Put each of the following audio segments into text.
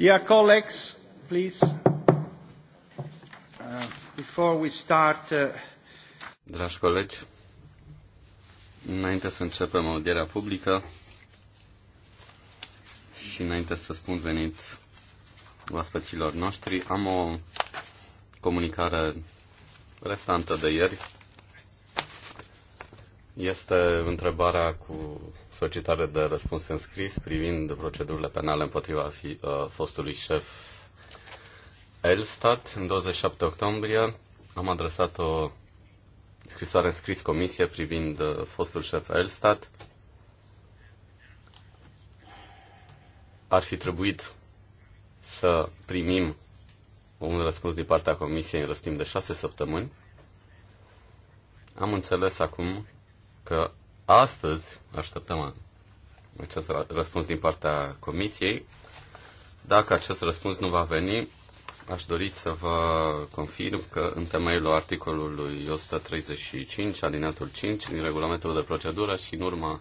Dear colleagues, please, uh, before we start... Uh, Dragi colegi, înainte să începem audierea publică și înainte să spun venit oaspeților noștri, am o comunicare restantă de ieri este întrebarea cu solicitare de răspuns în scris privind procedurile penale împotriva fi, uh, fostului șef Elstat. În 27 octombrie am adresat o scrisoare în scris comisie privind uh, fostul șef Elstat. Ar fi trebuit să primim un răspuns din partea comisiei în răstim de șase săptămâni. Am înțeles acum că astăzi așteptăm acest răspuns din partea Comisiei. Dacă acest răspuns nu va veni, aș dori să vă confirm că în temeiul articolului 135, alineatul 5, din regulamentul de procedură și în urma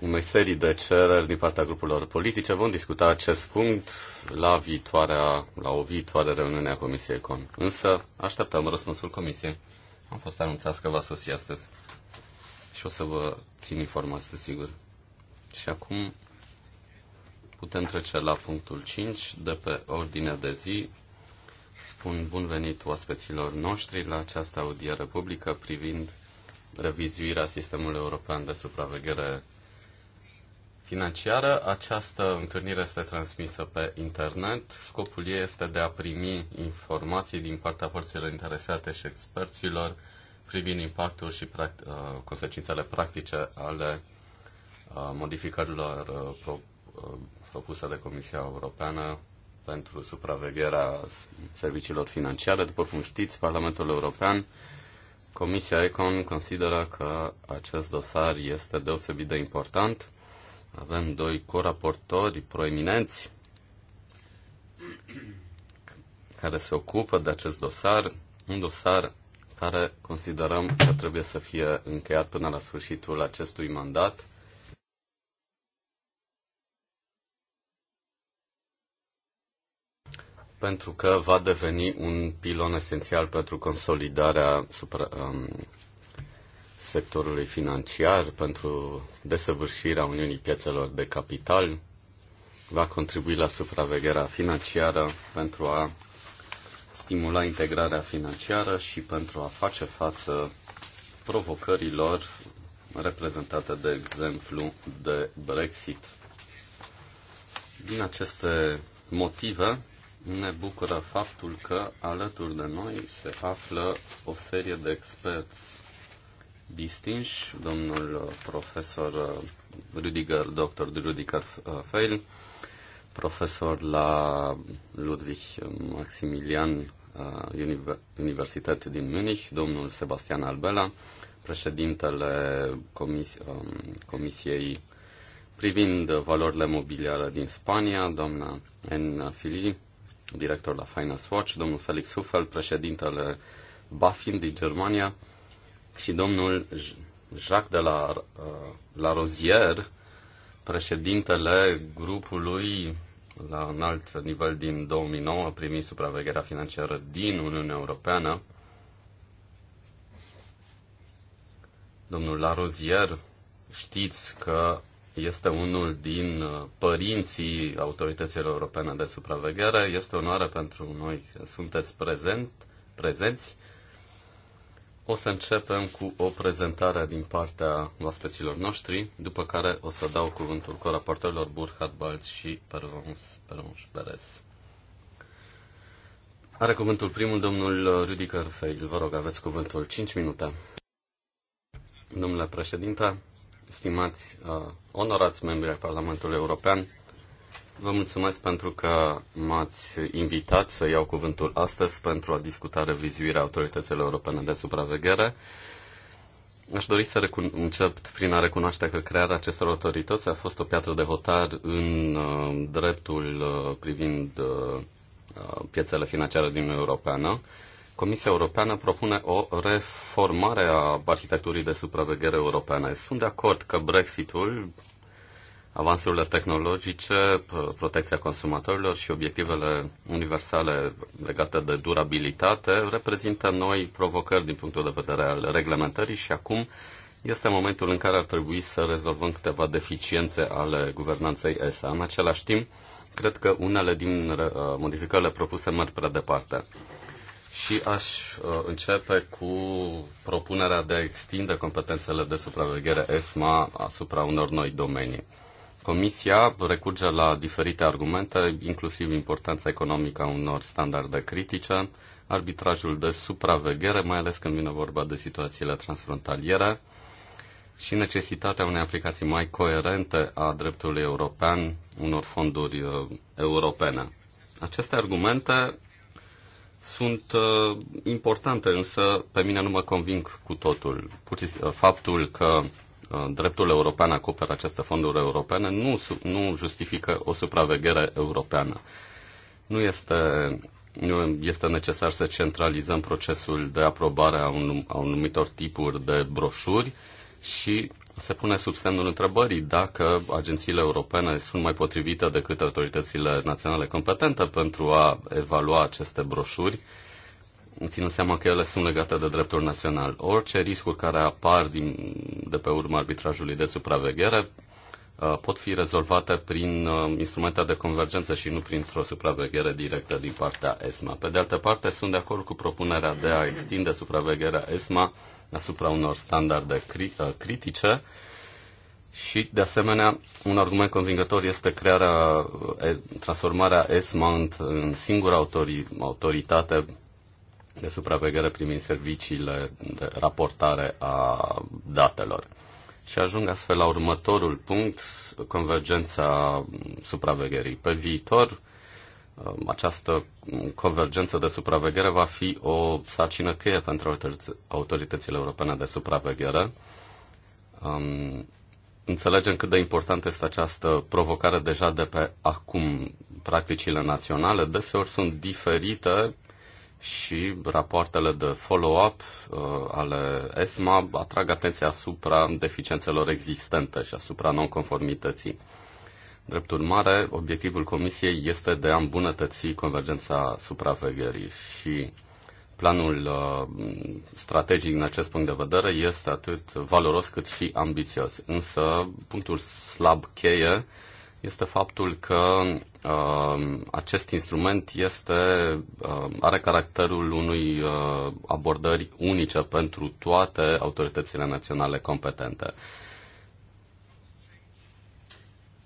unei serii de cereri din partea grupurilor politice, vom discuta acest punct la, viitoarea, la o viitoare reuniune a Comisiei Econ. Însă așteptăm răspunsul Comisiei. Am fost anunțat că va sosi astăzi și o să vă țin informați, desigur. Și acum putem trece la punctul 5 de pe ordinea de zi. Spun bun venit oaspeților noștri la această audiere publică privind revizuirea sistemului european de supraveghere financiară. Această întâlnire este transmisă pe internet. Scopul ei este de a primi informații din partea părților interesate și experților privind impactul și pract- uh, consecințele practice ale uh, modificărilor uh, pro- propuse de Comisia Europeană pentru supravegherea serviciilor financiare. După cum știți, Parlamentul European Comisia Econ consideră că acest dosar este deosebit de important avem doi coraportori proeminenți care se ocupă de acest dosar, un dosar care considerăm că trebuie să fie încheiat până la sfârșitul acestui mandat. pentru că va deveni un pilon esențial pentru consolidarea supra, um, sectorului financiar pentru desăvârșirea Uniunii Piețelor de Capital va contribui la supravegherea financiară pentru a stimula integrarea financiară și pentru a face față provocărilor reprezentate, de exemplu, de Brexit. Din aceste motive, ne bucură faptul că alături de noi se află o serie de experți distinși, domnul profesor Rüdiger, dr. Rüdiger Feil, profesor la Ludwig Maximilian uh, Universitate din Munich, domnul Sebastian Albela, președintele comis- um, Comisiei privind valorile mobiliare din Spania, doamna N. Fili, director la Finance Watch, domnul Felix Hufel, președintele BaFin din Germania, și domnul Jacques de la, uh, la Rozier, președintele grupului la un alt nivel din 2009, primi supravegherea financiară din Uniunea Europeană. Domnul Larozier, știți că este unul din uh, părinții autorităților europene de supraveghere. Este onoare pentru noi că sunteți prezent, prezenți o să începem cu o prezentare din partea oaspeților noștri, după care o să dau cuvântul raportorilor Burhard Balz și Pervons Perez. Are cuvântul primul domnul Rüdiger Feil. Vă rog, aveți cuvântul 5 minute. Domnule președinte, stimați uh, onorați membri ai Parlamentului European, Vă mulțumesc pentru că m-ați invitat să iau cuvântul astăzi pentru a discuta revizuirea autorităților europene de supraveghere. Aș dori să recun- încep prin a recunoaște că crearea acestor autorități a fost o piatră de hotar în uh, dreptul uh, privind uh, uh piețele financiare din Europeană. Comisia Europeană propune o reformare a arhitecturii de supraveghere europene. Sunt de acord că Brexitul avansurile tehnologice, protecția consumatorilor și obiectivele universale legate de durabilitate reprezintă noi provocări din punctul de vedere al reglementării și acum este momentul în care ar trebui să rezolvăm câteva deficiențe ale guvernanței ESA. În același timp, cred că unele din uh, modificările propuse merg prea departe. Și aș uh, începe cu propunerea de a extinde competențele de supraveghere ESMA asupra unor noi domenii. Comisia recurge la diferite argumente, inclusiv importanța economică a unor standarde critice, arbitrajul de supraveghere, mai ales când vine vorba de situațiile transfrontaliere, și necesitatea unei aplicații mai coerente a dreptului european unor fonduri uh, europene. Aceste argumente sunt uh, importante, însă pe mine nu mă conving cu totul. Uh, faptul că Uh, dreptul european acoperă aceste fonduri europene, nu, nu justifică o supraveghere europeană. Nu este, nu este necesar să centralizăm procesul de aprobare a, un, a anumitor tipuri de broșuri și se pune sub semnul întrebării dacă agențiile europene sunt mai potrivite decât autoritățile naționale competente pentru a evalua aceste broșuri ținând seama că ele sunt legate de dreptul național. Orice riscuri care apar din, de pe urma arbitrajului de supraveghere uh, pot fi rezolvate prin uh, instrumente de convergență și nu printr-o supraveghere directă din partea ESMA. Pe de altă parte, sunt de acord cu propunerea de a extinde supravegherea ESMA asupra unor standarde cri- uh, critice și, de asemenea, un argument convingător este crearea, transformarea ESMA în singura autoritate de supraveghere primind serviciile de raportare a datelor. Și ajung astfel la următorul punct, convergența supravegherii. Pe viitor, um, această convergență de supraveghere va fi o sarcină cheie pentru autoritățile europene de supraveghere. Um, înțelegem cât de importantă este această provocare deja de pe acum. Practicile naționale deseori sunt diferite și rapoartele de follow-up uh, ale ESMA atrag atenția asupra deficiențelor existente și asupra nonconformității. Drept urmare, obiectivul Comisiei este de a îmbunătăți convergența supravegherii și planul uh, strategic în acest punct de vedere este atât valoros cât și ambițios. Însă, punctul slab cheie este faptul că uh, acest instrument este, uh, are caracterul unui uh, abordări unice pentru toate autoritățile naționale competente.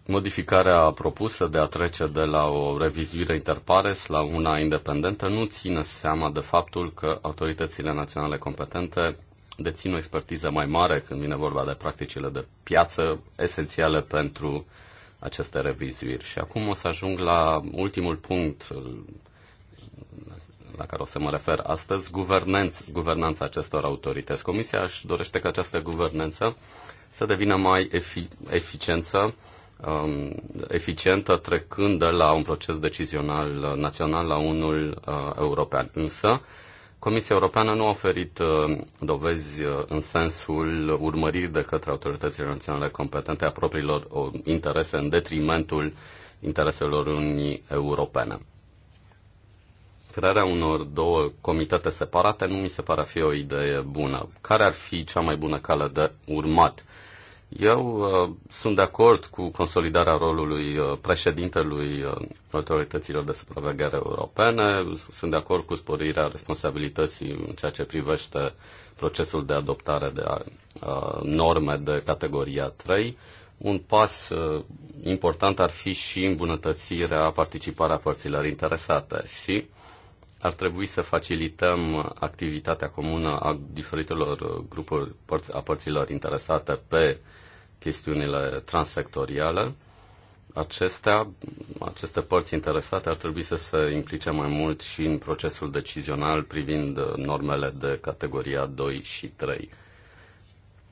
Modificarea propusă de a trece de la o revizuire interpares la una independentă nu ține seama de faptul că autoritățile naționale competente dețin o expertiză mai mare când vine vorba de practicile de piață esențiale pentru uh, aceste revizuiri. Și acum o să ajung la ultimul punct la care o să mă refer astăzi, guvernanț, guvernanța acestor autorități. Comisia își dorește ca această guvernanță să devină mai efi- eficiență, um, eficientă trecând de la un proces decizional național la unul uh, european. Însă, uh, Comisia Europeană nu a oferit uh, dovezi uh, în sensul urmăririi de către autoritățile naționale competente a propriilor uh, interese în detrimentul intereselor Uniunii Europene. Crearea unor două comitete separate nu mi se pare a fi o idee bună. Care ar fi cea mai bună cale de urmat? Eu uh, sunt de acord cu consolidarea rolului uh, președintelui uh, autorităților de supraveghere europene, sunt de acord cu sporirea responsabilității în ceea ce privește procesul de adoptare de norme de categoria 3. Un pas important ar fi și îmbunătățirea participarea părților interesate și ar trebui să facilităm activitatea comună a diferitelor grupuri a părților interesate pe chestiunile transsectoriale. Acestea, aceste părți interesate ar trebui să se implice mai mult și în procesul decizional privind normele de categoria 2 și 3.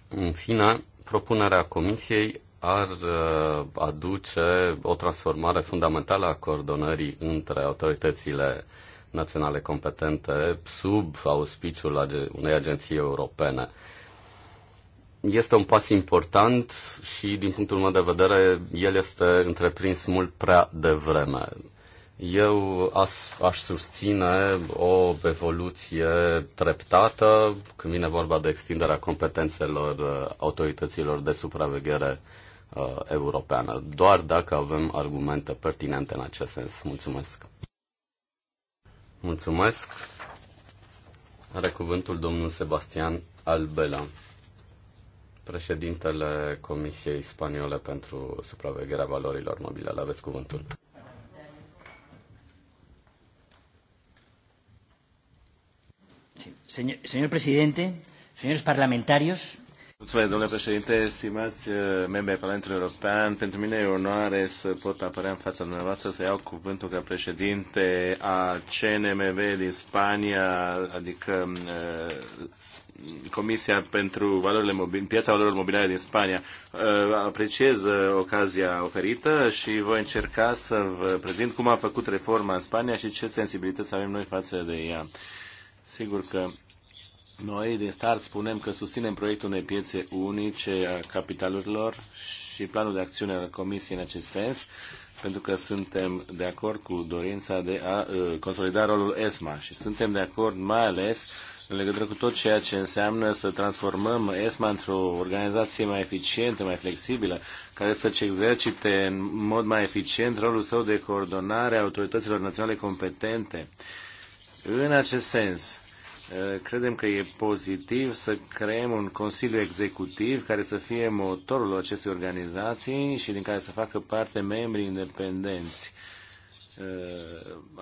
În fine, propunerea Comisiei ar uh, aduce o transformare fundamentală a coordonării între autoritățile naționale competente sub auspiciul unei agenții europene este un pas important și, din punctul meu de vedere, el este întreprins mult prea devreme. Eu aș, aș susține o evoluție treptată când vine vorba de extinderea competențelor uh, autorităților de supraveghere uh, europeană, doar dacă avem argumente pertinente în acest sens. Mulțumesc! Mulțumesc! Are cuvântul domnul Sebastian Albela președintele Comisiei Spaniole pentru supravegherea valorilor mobile. aveți cuvântul. Señor presidente, señores parlamentarios. Mulțumesc, domnule președinte, stimați uh, membri ai Parlamentului European. Pentru mine e onoare să pot apărea în fața dumneavoastră, să iau cuvântul ca președinte a CNMV din Spania, adică uh, Comisia pentru valorile mobil, piața valorilor mobiliare din Spania. Uh, apreciez uh, ocazia oferită și voi încerca să vă prezint cum a făcut reforma în Spania și ce sensibilități avem noi față de ea. Sigur că noi din start spunem că susținem proiectul unei piețe unice a capitalurilor și planul de acțiune al Comisiei în acest sens, pentru că suntem de acord cu dorința de a uh, consolida rolul ESMA și suntem de acord mai ales în legătură cu tot ceea ce înseamnă să transformăm ESMA într-o organizație mai eficientă, mai flexibilă, care să-și exercite în mod mai eficient rolul său de coordonare a autorităților naționale competente. În acest sens, eh, credem că e pozitiv să creăm un consiliu executiv care să fie motorul acestei organizații și din care să facă parte membri independenți Uh,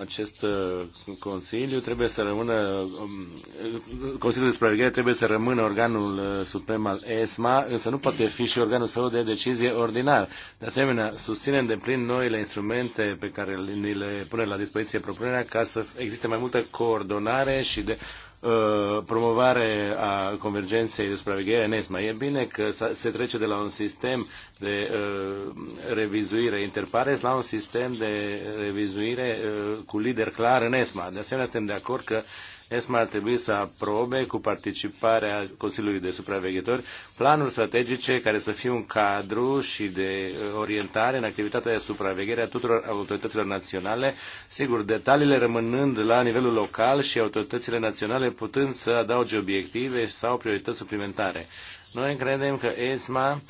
acest uh, Consiliu trebuie să rămână, um, Consiliul de Supraveghere trebuie să rămână organul uh, suprem al ESMA, însă nu poate fi și organul său de decizie ordinar. De asemenea, susținem de plin noile instrumente pe care ni le pune la dispoziție propunerea ca să existe mai multă coordonare și de Uh, promovare a convergenței de supraveghere în ESMA. E bine că se trece de la un sistem de uh, revizuire interpares la un sistem de revizuire uh, cu lider clar în ESMA. De asemenea, suntem de acord că ESMA ar trebui să aprobe cu participarea Consiliului de Supraveghetori planuri strategice care să fie un cadru și de uh, orientare în activitatea de supraveghere a tuturor autorităților naționale, sigur, detaliile rămânând la nivelul local și autoritățile naționale putând să adauge obiective sau priorități suplimentare. Noi credem că ESMA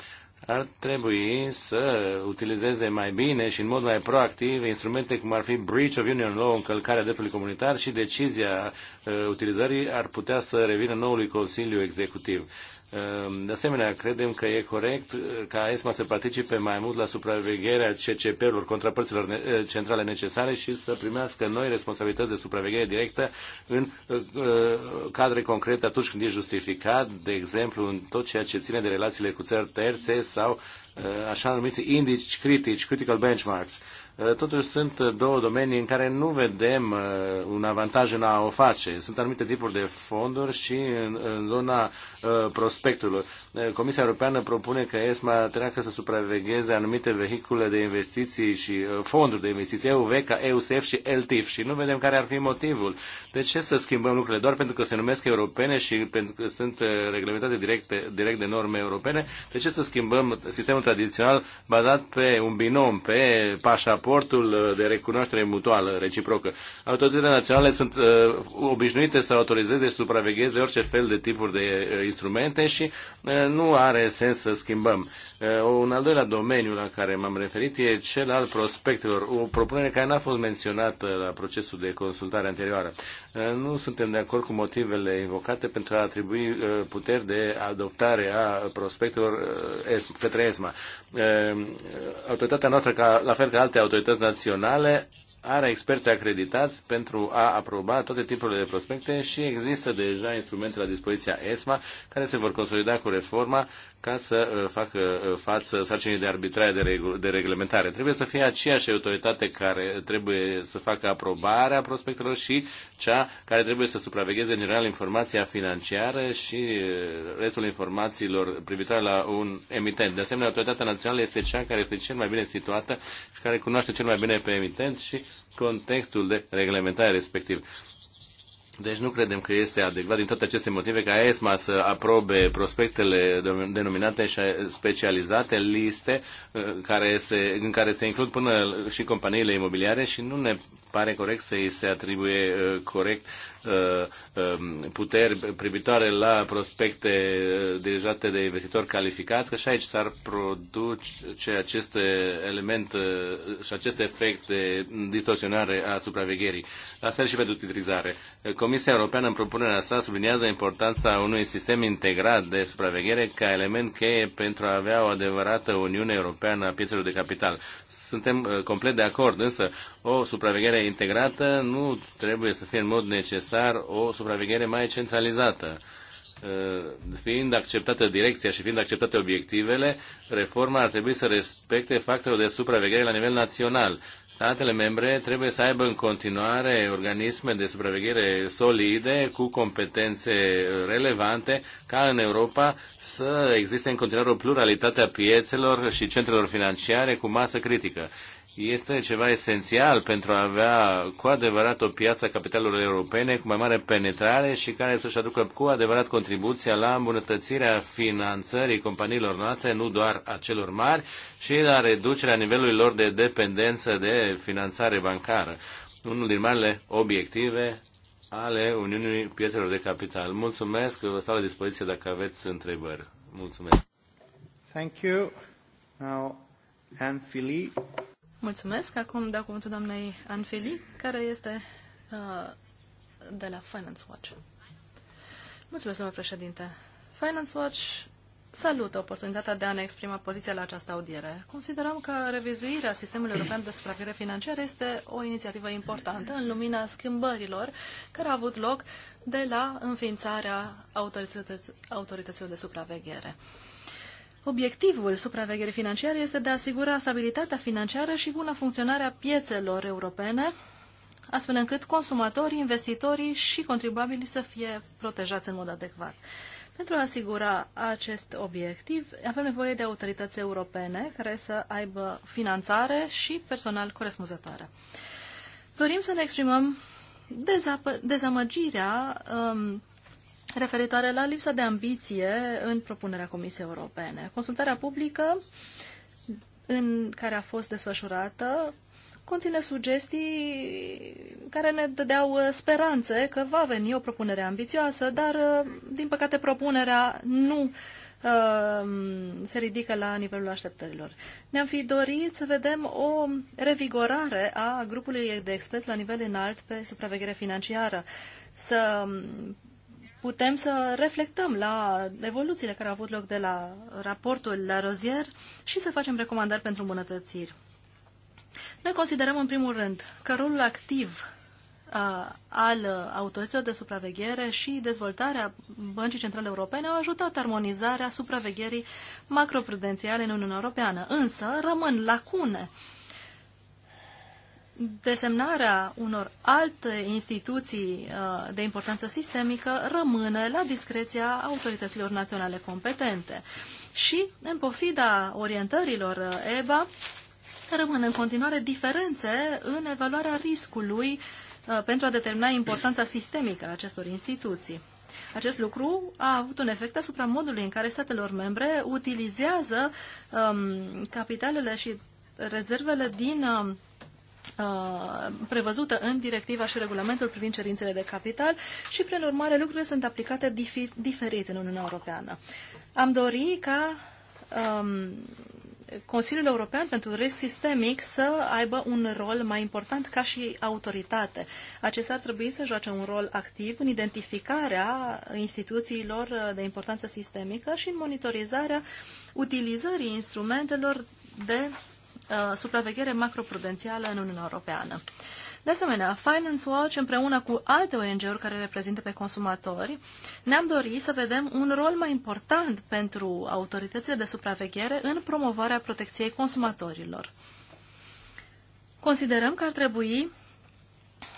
ar trebui să utilizeze mai bine și în mod mai proactiv instrumente cum ar fi breach of union law, încălcarea dreptului comunitar și decizia uh, utilizării ar putea să revină noului Consiliu Executiv. Ehm, de asemenea, credem că e corect eh, ca ESMA să participe mai mult la supravegherea CCP-urilor, contrapărților eh, centrale necesare și să primească noi responsabilități de supraveghere directă în eh, cadre concrete atunci când e justificat, de exemplu, în tot ceea ce ține de relațiile cu țări terțe sau așa numiți indici critici, critical benchmarks Eh, totuși sunt eh, două domenii în care nu vedem eh, un avantaj în a o face. Sunt anumite tipuri de fonduri și în, în zona prospectului. Comisia Europeană propune că ESMA treacă să supravegheze anumite vehicule de investiții și fonduri de investiții, EUV, ca EUSF și LTIF și nu vedem care ar fi motivul. De ce să schimbăm lucrurile? Doar pentru că se numesc europene și pentru că sunt reglementate direct, direct de norme europene, de ce să schimbăm sistemul tradițional bazat pe un binom, pe pașa raportul uh, de recunoaștere mutuală, reciprocă. Autoritățile naționale sunt uh, obișnuite să autorizeze și supravegheze orice fel de tipuri de uh, instrumente și uh, nu are sens să schimbăm. Uh, un al doilea domeniu la care m-am referit e cel al prospectelor, o propunere care n-a fost menționată la procesul de consultare anterioară. Uh, nu suntem de acord cu motivele invocate pentru a atribui uh, puteri de adoptare a prospectelor uh, către ESMA. Uh, autoritatea noastră, ca, la fel ca alte autorități, autorități naționale are experți acreditați pentru a aproba toate tipurile de prospecte și există deja instrumente la dispoziția ESMA care se vor consolida cu reforma ca să uh, facă uh, față sarcinii de arbitrare de, reg- de reglementare. Trebuie să fie aceeași autoritate care trebuie să facă aprobarea prospectelor și cea care trebuie să supravegheze în general informația financiară și uh, restul informațiilor privitoare la un emitent. De asemenea, autoritatea națională este cea care este cel mai bine situată și care cunoaște cel mai bine pe emitent și contextul de reglementare respectiv. Deci nu credem că este adecvat din toate aceste motive ca ESMA să aprobe prospectele denominate și specializate, liste uh, care se, în care se includ până și companiile imobiliare și nu ne pare corect să îi se atribuie uh, corect Uh, um, puteri privitoare la prospecte uh, dirijate de investitori calificați, că și aici s-ar produce acest element uh, și acest efect de distorsionare a supravegherii. La fel și pentru titrizare. Comisia Europeană, în propunerea sa, subliniază importanța unui sistem integrat de supraveghere ca element cheie pentru a avea o adevărată Uniune Europeană a piețelor de capital suntem uh, complet de acord, însă o supraveghere integrată nu trebuie să fie în mod necesar o supraveghere mai centralizată Uh, fiind acceptată direcția și fiind acceptate obiectivele, reforma ar trebui să respecte factorul de supraveghere la nivel național. Statele membre trebuie să aibă în continuare organisme de supraveghere solide, cu competențe relevante, ca în Europa să existe în continuare o pluralitate a piețelor și centrelor financiare cu masă critică este ceva esențial pentru a avea cu adevărat o piață a capitalelor europene cu mai mare penetrare și care să-și aducă cu adevărat contribuția la îmbunătățirea finanțării companiilor noastre, nu doar a celor mari, și la reducerea nivelului lor de dependență de finanțare bancară. Unul din marile obiective ale Uniunii Pietrelor de Capital. Mulțumesc, vă stau la dispoziție dacă aveți întrebări. Mulțumesc. Thank you. Now, Anne Philly. Mulțumesc. Acum dau cuvântul doamnei Anfeli, care este uh, de la Finance Watch. Mulțumesc, domnule președinte. Finance Watch salută oportunitatea de a ne exprima poziția la această audiere. Considerăm că revizuirea sistemului european de supraveghere financiară este o inițiativă importantă în lumina schimbărilor care au avut loc de la înființarea autorităților de supraveghere. Obiectivul supravegherii financiare este de a asigura stabilitatea financiară și buna funcționare a piețelor europene, astfel încât consumatorii, investitorii și contribuabilii să fie protejați în mod adecvat. Pentru a asigura acest obiectiv, avem nevoie de autorități europene care să aibă finanțare și personal corespunzătoare. Dorim să ne exprimăm dezamăgirea um, referitoare la lipsa de ambiție în propunerea Comisiei Europene. Consultarea publică în care a fost desfășurată conține sugestii care ne dădeau uh, speranțe că va veni o propunere ambițioasă, dar, uh, din păcate, propunerea nu uh, se ridică la nivelul așteptărilor. Ne-am fi dorit să vedem o revigorare a grupului de experți la nivel înalt pe supraveghere financiară, să um, putem să reflectăm la evoluțiile care au avut loc de la raportul la rozier și să facem recomandări pentru îmbunătățiri. Noi considerăm, în primul rând, că rolul activ al autorităților de supraveghere și dezvoltarea Băncii Centrale Europene au ajutat armonizarea supravegherii macroprudențiale în Uniunea Europeană. Însă rămân lacune desemnarea unor alte instituții uh, de importanță sistemică rămâne la discreția autorităților naționale competente. Și, în pofida orientărilor uh, EBA, rămân în continuare diferențe în evaluarea riscului uh, pentru a determina importanța sistemică a acestor instituții. Acest lucru a avut un efect asupra modului în care statelor membre utilizează um, capitalele și rezervele din um, Uh, prevăzută în directiva și regulamentul privind cerințele de capital și, prin urmare, lucrurile sunt aplicate difi- diferit în Uniunea Europeană. Am dori ca um, Consiliul European pentru Risc Sistemic să aibă un rol mai important ca și autoritate. Acesta ar trebui să joace un rol activ în identificarea instituțiilor de importanță sistemică și în monitorizarea utilizării instrumentelor de Uh, supraveghere macroprudențială în Uniunea Europeană. De asemenea, Finance Watch împreună cu alte ONG-uri care reprezintă pe consumatori, ne-am dorit să vedem un rol mai important pentru autoritățile de supraveghere în promovarea protecției consumatorilor. Considerăm că ar trebui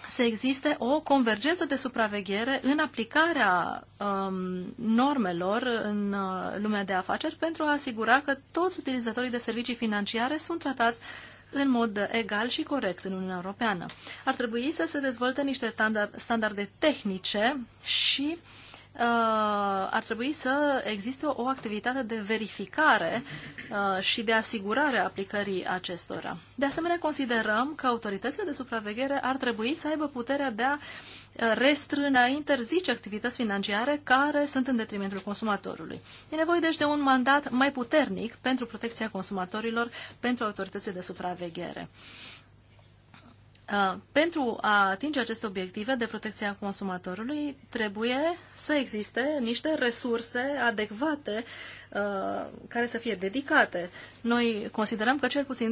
să existe o convergență de supraveghere în aplicarea um, normelor în uh, lumea de afaceri pentru a asigura că toți utilizatorii de servicii financiare sunt tratați în mod egal și corect în Uniunea Europeană. Ar trebui să se dezvolte niște standarde tehnice și Uh, ar trebui să existe o activitate de verificare uh, și de asigurare a aplicării acestora. De asemenea, considerăm că autoritățile de supraveghere ar trebui să aibă puterea de a uh, restrâne, a interzice activități financiare care sunt în detrimentul consumatorului. E nevoie deci de un mandat mai puternic pentru protecția consumatorilor, pentru autoritățile de supraveghere. Uh, pentru a atinge aceste obiective de protecție a consumatorului, trebuie să existe niște resurse adecvate uh, care să fie dedicate. Noi considerăm că cel puțin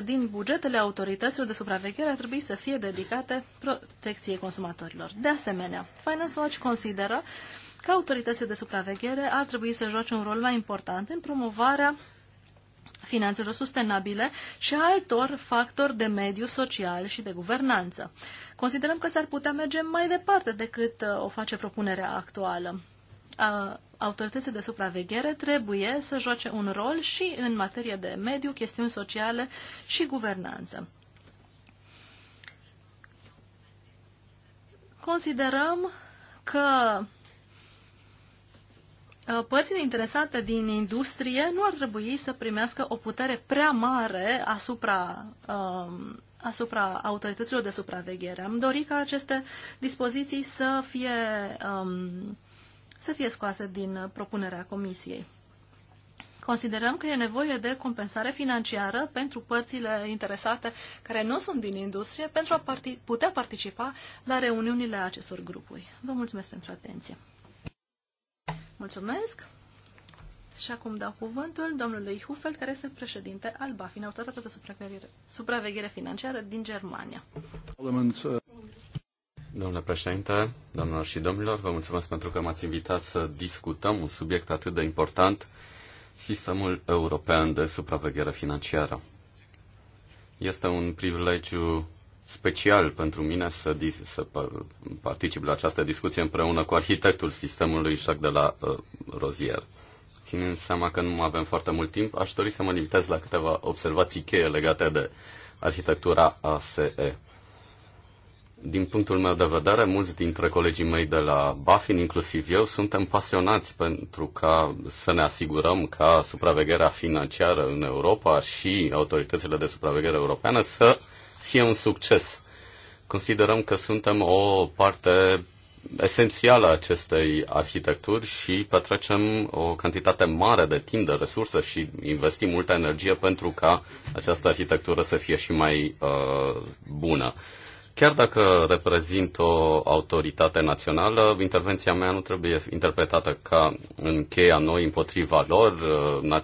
20% din bugetele autorităților de supraveghere ar trebui să fie dedicate protecției consumatorilor. De asemenea, Finance Watch consideră că autoritățile de supraveghere ar trebui să joace un rol mai important în promovarea finanțelor sustenabile și a altor factori de mediu social și de guvernanță. Considerăm că s-ar putea merge mai departe decât uh, o face propunerea actuală. Autoritățile de supraveghere trebuie să joace un rol și în materie de mediu, chestiuni sociale și guvernanță. Considerăm că Uh, părțile interesate din industrie nu ar trebui să primească o putere prea mare asupra, uh, asupra autorităților de supraveghere. Am dorit ca aceste dispoziții să fie, um, să fie scoase din propunerea Comisiei. Considerăm că e nevoie de compensare financiară pentru părțile interesate care nu sunt din industrie pentru a parti- putea participa la reuniunile acestor grupuri. Vă mulțumesc pentru atenție. Mulțumesc! Și acum dau cuvântul domnului Hufeld, care este președinte al BaFin, Autoritatea de supraveghere, supraveghere Financiară din Germania. Uh, Domnule președinte, domnilor și domnilor, vă mulțumesc pentru că m-ați invitat să discutăm un subiect atât de important, sistemul european de supraveghere financiară. Este un privilegiu special pentru mine să, să particip la această discuție împreună cu arhitectul sistemului Jacques de la uh, Rozier. Ținând seama că nu avem foarte mult timp, aș dori să mă limitez la câteva observații cheie legate de arhitectura ASE. Din punctul meu de vedere, mulți dintre colegii mei de la Bafin, inclusiv eu, suntem pasionați pentru ca să ne asigurăm ca supravegherea financiară în Europa și autoritățile de supraveghere europeană să uh, fie un succes. Considerăm că suntem o parte esențială a acestei arhitecturi și petrecem o cantitate mare de timp, de resurse și investim multă energie pentru ca această arhitectură să fie și mai uh, bună. Chiar dacă reprezint o autoritate națională, intervenția mea nu trebuie interpretată ca în cheia noi împotriva lor, uh,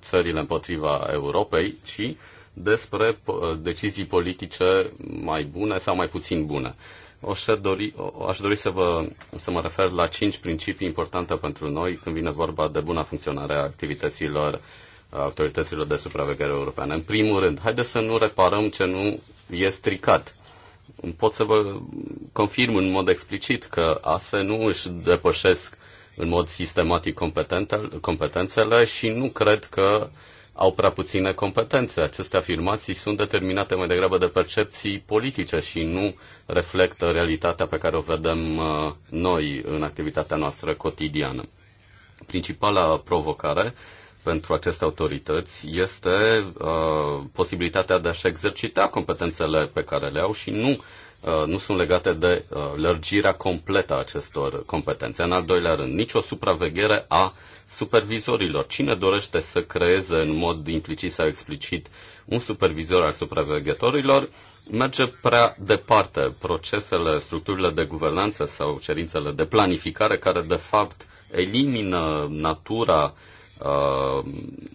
țările împotriva Europei, ci despre decizii politice mai bune sau mai puțin bune. O să dori, aș dori să, vă, să mă refer la cinci principii importante pentru noi când vine vorba de buna funcționare a activităților a autorităților de supraveghere europeană. În primul rând, haideți să nu reparăm ce nu e stricat. Pot să vă confirm în mod explicit că ASE nu își depășesc în mod sistematic competențele și nu cred că uh, au prea puține competențe. Aceste afirmații sunt determinate mai degrabă de percepții politice și nu reflectă realitatea pe care o vedem uh, noi în activitatea noastră cotidiană. Principala provocare pentru aceste autorități este uh, posibilitatea de a-și exercita competențele pe care le au și nu Uh, nu sunt legate de uh, lărgirea completă a acestor competențe. În al doilea rând, nicio supraveghere a supervizorilor. Cine dorește să creeze în mod implicit sau explicit un supervizor al supraveghetorilor, merge prea departe. Procesele, structurile de guvernanță sau cerințele de planificare care de fapt elimină natura uh,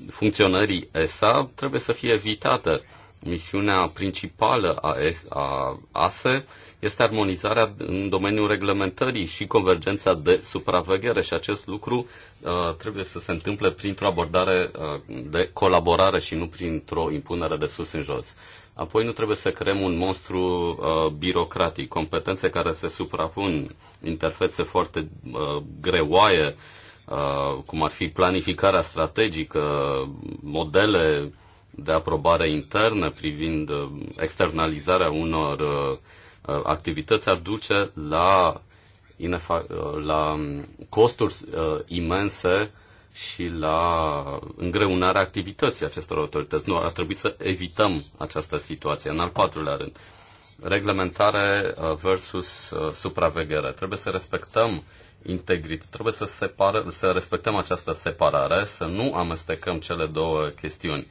funcționării ESA trebuie să fie evitate Misiunea principală a, a ASE este armonizarea în domeniul reglementării și convergența de supraveghere și acest lucru uh, trebuie să se întâmple printr-o abordare uh, de colaborare și nu printr-o impunere de sus în jos. Apoi nu trebuie să creăm un monstru uh, birocratic, competențe care se suprapun, interfețe foarte uh, greoaie, uh, cum ar fi planificarea strategică, modele de aprobare internă privind uh, externalizarea unor uh, activități ar duce la, uh, la costuri imense și la îngreunarea activității acestor autorități. Nu, ar trebui să evităm această situație. În al patrulea rând, reglementare versus supraveghere. Trebuie să respectăm integrit. Trebuie să, separă, să respectăm această separare, să nu amestecăm cele două chestiuni.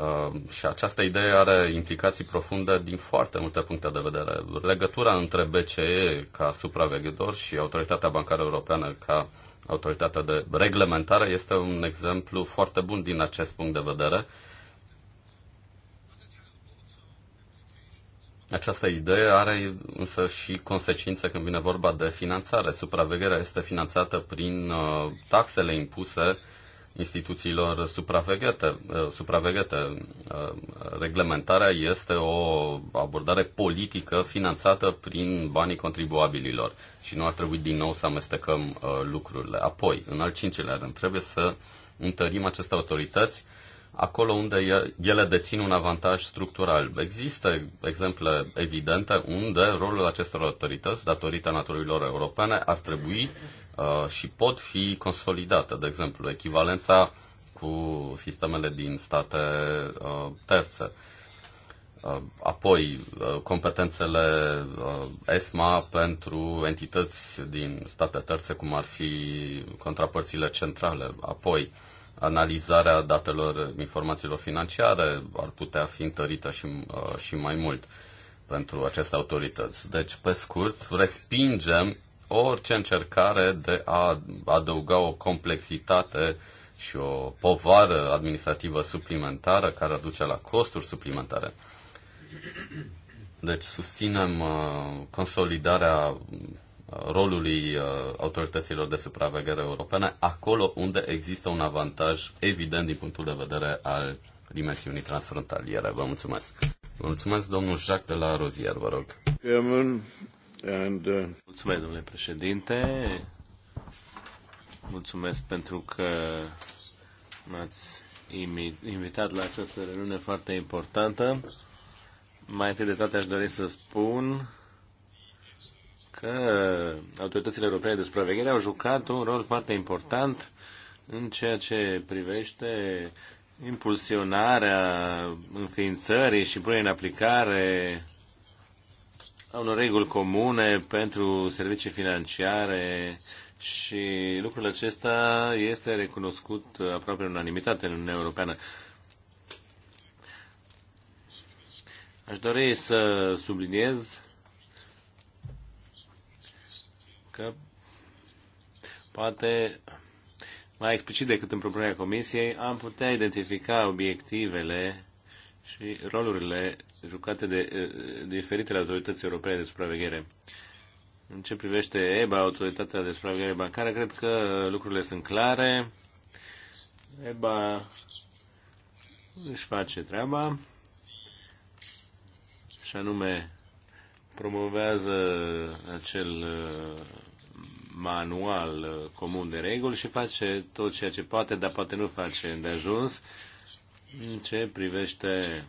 Ehm, și această idee are implicații profunde din foarte multe puncte de vedere. Legătura între BCE ca supraveghetor și Autoritatea Bancară Europeană ca autoritatea de reglementare este un exemplu foarte bun din acest punct de vedere. Această idee are însă și consecințe când vine vorba de finanțare. Supravegherea este finanțată prin uh, taxele impuse instituțiilor supraveghete. Eh, supraveghete. Eh, reglementarea este o abordare politică finanțată prin banii contribuabililor și nu ar trebui din nou să amestecăm eh, lucrurile. Apoi, în al cincilea rând, trebuie să întărim aceste autorități acolo unde ele dețin un avantaj structural. Există exemple evidente unde rolul acestor autorități, datorită naturilor europene, ar trebui uh, și pot fi consolidate. De exemplu, echivalența cu sistemele din state uh, terțe. Uh, apoi, uh, competențele uh, ESMA pentru entități din state terțe, cum ar fi contrapărțile centrale. Apoi, uh, analizarea datelor, informațiilor financiare ar putea fi întărită și, uh, și mai mult pentru aceste autorități. Deci, pe scurt, respingem orice încercare de a adăuga o complexitate și o povară administrativă suplimentară care aduce duce la costuri suplimentare. Deci susținem uh, consolidarea rolului uh, autorităților de supraveghere europene acolo unde există un avantaj evident din punctul de vedere al dimensiunii transfrontaliere. Vă mulțumesc. Vă mulțumesc, domnul Jacques de la Rozier, vă rog. Uh, mulțumesc, domnule președinte. Mulțumesc pentru că m-ați invitat la această reuniune foarte importantă. Mai întâi de toate aș dori să spun că autoritățile europene de supraveghere au jucat un rol foarte important în ceea ce privește impulsionarea înființării și punerea în aplicare a unor reguli comune pentru servicii financiare și lucrul acesta este recunoscut aproape în unanimitate în Uniunea Europeană. Aș dori să subliniez că poate mai explicit decât în propunerea Comisiei, am putea identifica obiectivele și rolurile jucate de eh, diferitele autorități europene de supraveghere. În ce privește EBA, Autoritatea de Supraveghere Bancară, cred că lucrurile sunt clare. EBA își face treaba și anume promovează acel eh, manual uh, comun de reguli și face tot ceea ce poate, dar poate nu face de ajuns în ce privește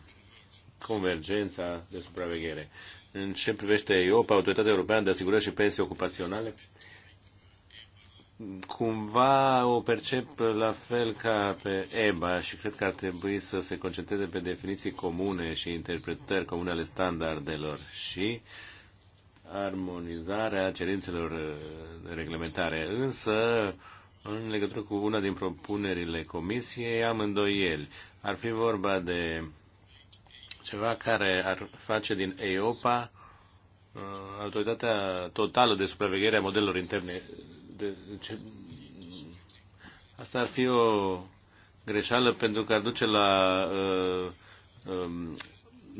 convergența de supraveghere. În ce privește Europa, Autoritatea Europeană de Asigurări și Pensii Ocupaționale, cumva o percep la fel ca pe EBA și cred că ar trebui să se concentreze pe definiții comune și interpretări comune ale standardelor și uh, armonizarea cerințelor uh, reglementare. Însă, în legătură cu una din propunerile comisiei, am îndoieli. Ar fi vorba de ceva care ar face din EIOPA uh, autoritatea totală de supraveghere a modelelor interne. De, ce, asta ar fi o greșeală pentru că ar duce la uh, um,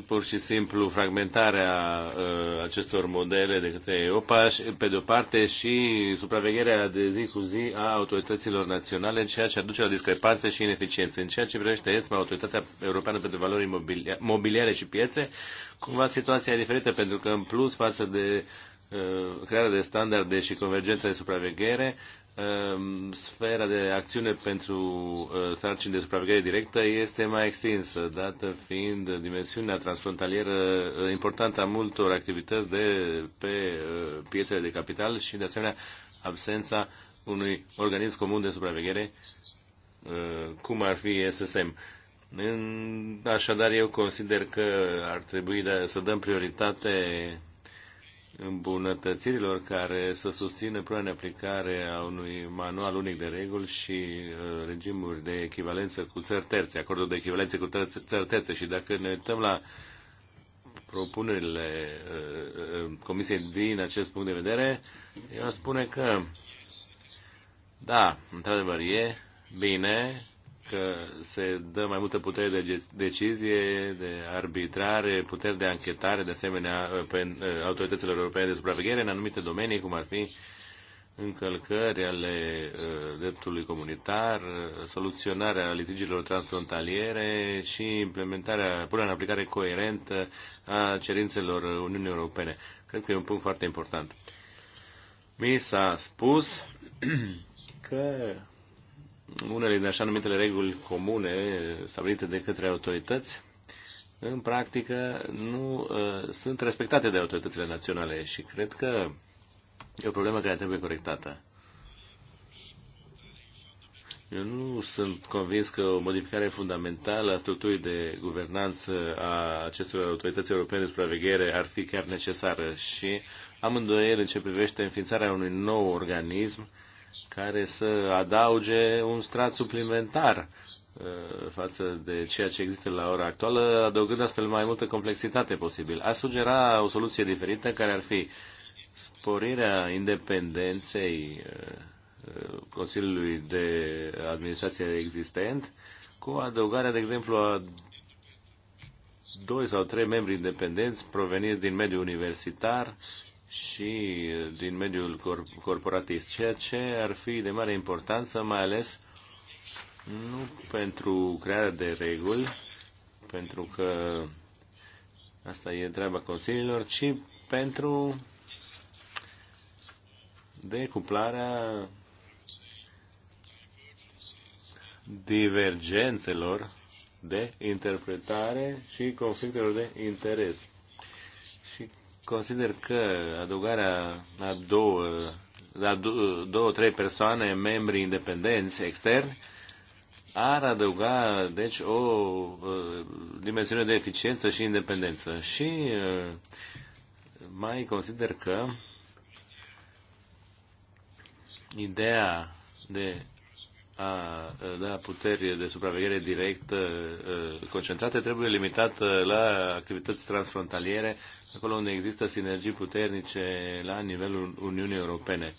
pur și simplu fragmentarea uh, acestor modele de către EOPA, pe de-o parte, și supravegherea de zi cu zi a autorităților naționale, ceea ce aduce la discrepanțe și ineficiențe. În ceea ce privește ESMA, Autoritatea Europeană pentru Valori Mobiliare, mobiliare și Piețe, cumva situația e diferită, pentru că, în plus, față de uh, crearea de standarde și convergență de supraveghere, Ehm, sfera de acțiune pentru eh, sarcini de supraveghere directă este mai extinsă, dată fiind dimensiunea transfrontalieră eh, importantă a multor activități de pe eh, piețele de capital și, de asemenea, absența unui organism comun de supraveghere, cum ar fi SSM. Așadar, eu consider că ar trebui să dăm prioritate îmbunătățirilor care să susțină până în aplicare a unui manual unic de reguli și uh, regimuri de echivalență cu țări terțe, acordul de echivalență cu țări terțe. Și dacă ne uităm la propunerile uh, uh, Comisiei din acest punct de vedere, eu spune că, da, într-adevăr, e bine că se dă mai multă putere de decizie, de arbitrare, puteri de anchetare, de asemenea, uh, pe uh, autorităților europene de supraveghere în anumite domenii, cum ar fi încălcări ale uh, dreptului comunitar, soluționarea litigiilor transfrontaliere și implementarea, punerea în aplicare coerentă a cerințelor Uniunii Europene. Cred că e un punct foarte important. Mi s-a spus că unele din așa numitele reguli comune stabilite de către autorități, în practică nu uh, sunt respectate de autoritățile naționale și cred că e o problemă care trebuie corectată. Eu nu sunt convins că o modificare fundamentală a structurii de guvernanță a acestor autorități europene de supraveghere ar fi chiar necesară și am îndoieli în ce privește înființarea unui nou organism care să adauge un strat suplimentar uh, față de ceea ce există la ora actuală, adăugând astfel mai multă complexitate posibil. A sugera o soluție diferită care ar fi sporirea independenței uh, Consiliului de Administrație existent cu adăugarea, de exemplu, a doi sau trei membri independenți proveniți din mediul universitar și din mediul cor- corporatist, ceea ce ar fi de mare importanță, mai ales nu pentru crearea de reguli, pentru că asta e treaba consiliilor, ci pentru decuplarea divergențelor de interpretare și conflictelor de interes consider că adăugarea a două, a două, trei persoane, membri independenți externi, ar adăuga, deci, o dimensiune de eficiență și independență. Și uh, mai consider că ideea de a uh, da puteri de supraveghere directă uh, concentrate trebuie limitată la activități transfrontaliere acolo unde există sinergii puternice la nivelul Uniunii Europene.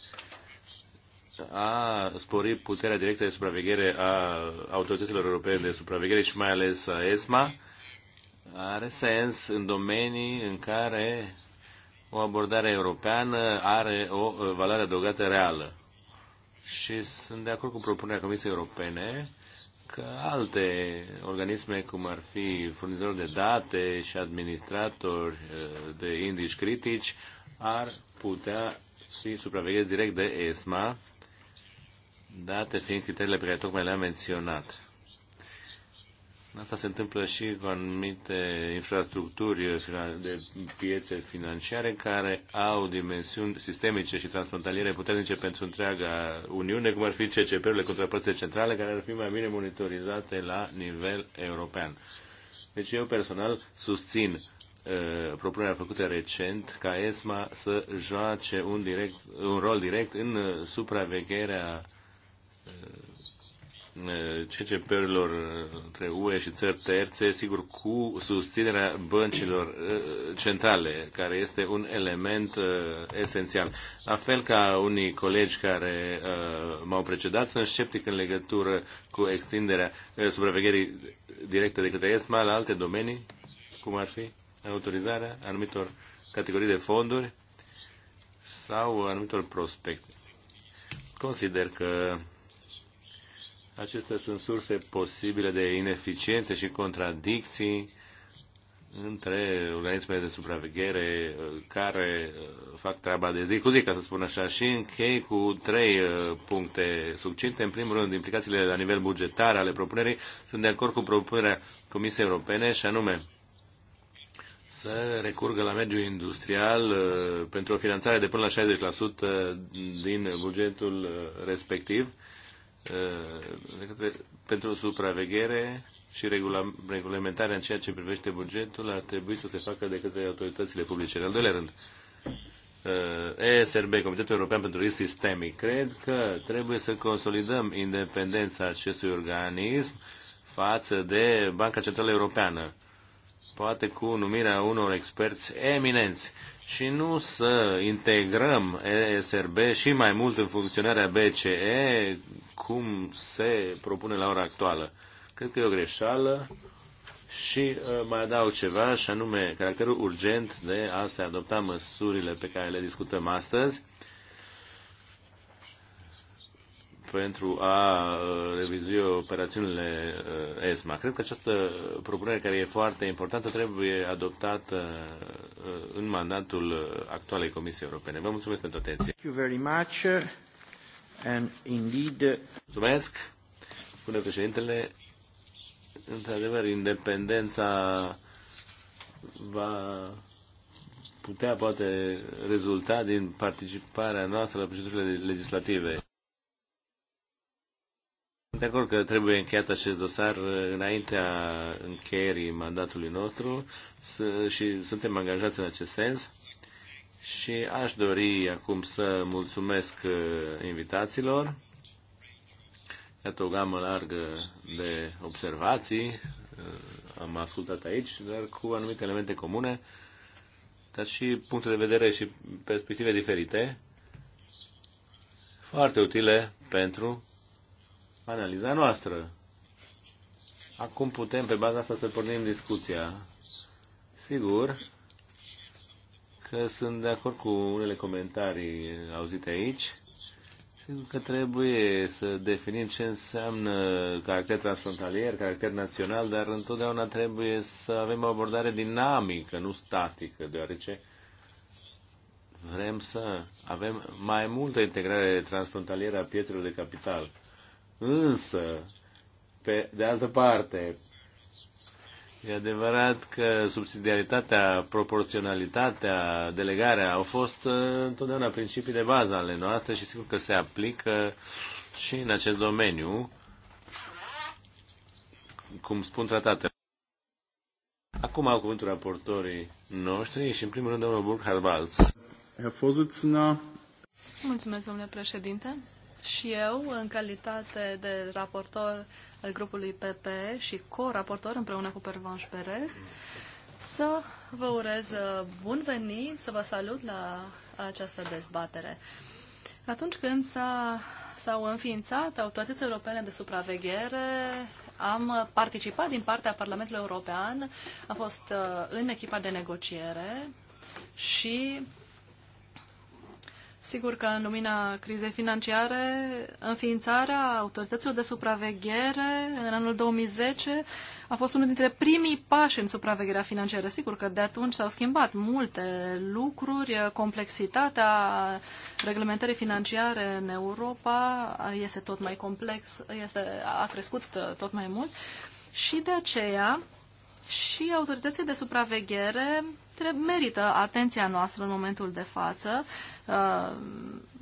A spori puterea directă de supraveghere a autorităților europene de supraveghere și mai ales a ESMA are sens în domenii în care o abordare europeană are o uh, valoare adăugată reală. Și sunt de acord cu propunerea Comisiei Europene alte organisme, cum ar fi furnizori de date și administratori eh, de indici critici, ar putea fi supravegheți direct de ESMA, date fiind criteriile pe care tocmai le-am menționat. Asta se întâmplă și cu anumite infrastructuri de piețe financiare care au dimensiuni sistemice și transfrontaliere puternice pentru întreaga Uniune, cum ar fi CCP-urile, contrapărțile centrale, care ar fi mai bine monitorizate la nivel european. Deci eu personal susțin uh, propunerea făcută recent ca ESMA să joace un, direct, un rol direct în uh, supravegherea CCP-urilor între UE și țări terțe, sigur, cu susținerea băncilor uh, centrale, care este un element uh, esențial. La fel ca unii colegi care uh, m-au precedat, sunt sceptic în legătură cu extinderea uh, supravegherii directe de către ESMA la alte domenii, cum ar fi autorizarea anumitor categorii de fonduri sau anumitor prospecte. Consider că Acestea sunt surse posibile de ineficiențe și contradicții între organismele de supraveghere uh, care uh, fac treaba de zi cu zi, ca să spun așa, și închei cu trei uh, puncte succinte. În primul rând, implicațiile la nivel bugetar ale propunerii. Sunt de acord cu propunerea Comisiei Europene și anume să recurgă la mediul industrial pentru o finanțare de până la 60% din bugetul respectiv pentru supraveghere și regulamentarea în ceea ce privește bugetul ar trebui să se facă de către autoritățile publice. În al doilea rând, uh, ESRB, Comitetul European pentru Risc Sistemic, cred că trebuie să consolidăm independența acestui organism față de Banca Centrală Europeană, poate cu numirea unor experți eminenți și nu să integrăm ESRB și mai mult în funcționarea BCE cum se propune la ora actuală. Cred că e o greșeală și uh, mai adaug ceva, și anume caracterul urgent de a se adopta măsurile pe care le discutăm astăzi pentru a uh, revizui operațiunile uh, ESMA. Cred că această propunere, care e foarte importantă, trebuie adoptată în mandatul actualei Comisiei Europene. Vă mulțumesc pentru atenție. Thank you very much. And indeed... Uh, Mulțumesc, spune președintele. Într-adevăr, independența va putea poate rezulta din participarea noastră la procedurile legislative. De acord că trebuie încheiat acest dosar înaintea încheierii mandatului nostru și suntem angajați în acest sens. Și aș dori acum să mulțumesc uh, invitațiilor. Iată o gamă largă de observații. Uh, am ascultat aici, dar cu anumite elemente comune, dar și puncte de vedere și perspective diferite, foarte utile pentru analiza noastră. Acum putem, pe baza asta, să pornim discuția. Sigur, că sunt de acord cu unele comentarii auzite aici. Sigur că trebuie să definim ce înseamnă caracter transfrontalier, caracter național, dar întotdeauna trebuie să avem o abordare dinamică, nu statică, deoarece vrem să avem mai multă integrare transfrontalieră a pietrelor de capital. Însă, pe de altă parte, E adevărat că subsidiaritatea, proporționalitatea, delegarea au fost uh, întotdeauna principii de bază ale noastre și sigur că se aplică și în acest domeniu, cum spun tratatele. Acum au cuvântul raportorii noștri și în primul rând domnul Burkhard Balz. Mulțumesc, domnule președinte. Și eu, în calitate de raportor al grupului PP și co-raportor împreună cu Pervanș Perez, să vă urez uh, bun venit, să vă salut la această dezbatere. Atunci când s-a, s-au înființat autoritățile europene de supraveghere, am participat din partea Parlamentului European, am fost uh, în echipa de negociere și Sigur că în lumina crizei financiare, înființarea autorităților de supraveghere în anul 2010 a fost unul dintre primii pași în supravegherea financiară. Sigur că de atunci s-au schimbat multe lucruri, complexitatea reglementării financiare în Europa este tot mai complex, este, a crescut uh, tot mai mult și de aceea și autoritățile de supraveghere merită atenția noastră în momentul de față, uh,